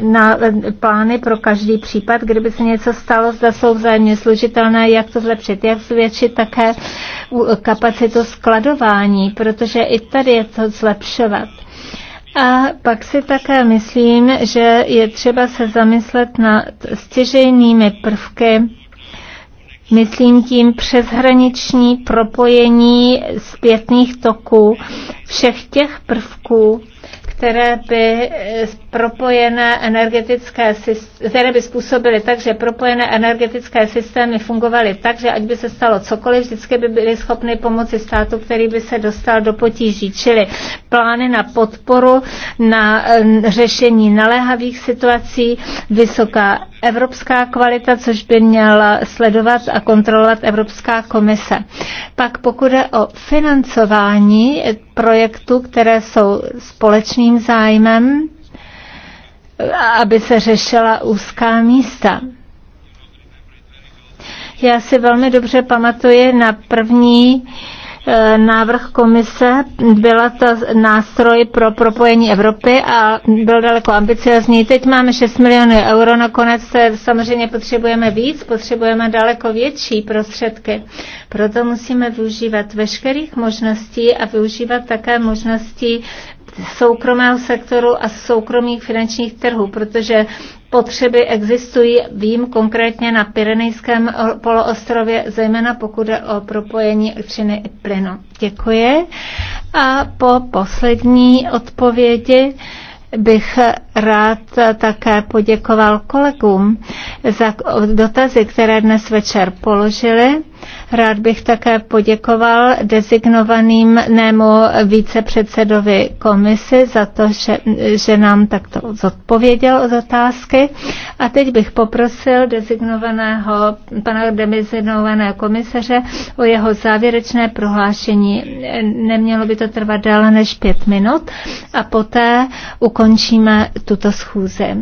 na plány pro každý případ, kdyby se něco stalo, zda jsou vzájemně služitelné, jak to zlepšit, jak zvětšit také kapacitu skladování, protože i tady je to zlepšovat. A pak si také myslím, že je třeba se zamyslet nad stěžejnými prvky Myslím tím přeshraniční propojení zpětných toků všech těch prvků, které by propojené energetické které by způsobily tak, že propojené energetické systémy fungovaly tak, že ať by se stalo cokoliv, vždycky by byly schopny pomoci státu, který by se dostal do potíží. Čili plány na podporu, na eh, řešení naléhavých situací, vysoká evropská kvalita, což by měla sledovat a kontrolovat Evropská komise. Pak pokud je o financování, projektů, které jsou společným zájmem, aby se řešila úzká místa. Já si velmi dobře pamatuji na první uh, E, návrh komise byla to nástroj pro propojení Evropy a byl daleko ambiciozní. Teď máme 6 milionů euro, nakonec samozřejmě potřebujeme víc, potřebujeme daleko větší prostředky. Proto musíme využívat veškerých možností a využívat také možností soukromého sektoru a soukromých finančních trhů, protože potřeby existují, vím konkrétně na Pyrenejském poloostrově, zejména pokud je o propojení elektřiny i plynu. Děkuji. A po poslední odpovědi bych rád také poděkoval kolegům za dotazy, které dnes večer položili Rád bych také poděkoval designovaným nému vícepředsedovi komisy za to, že, že nám takto zodpověděl od otázky. A teď bych poprosil designovaného, pana designovaného komisaře o jeho závěrečné prohlášení. Nemělo by to trvat déle než pět minut a poté ukončíme tuto schůzi.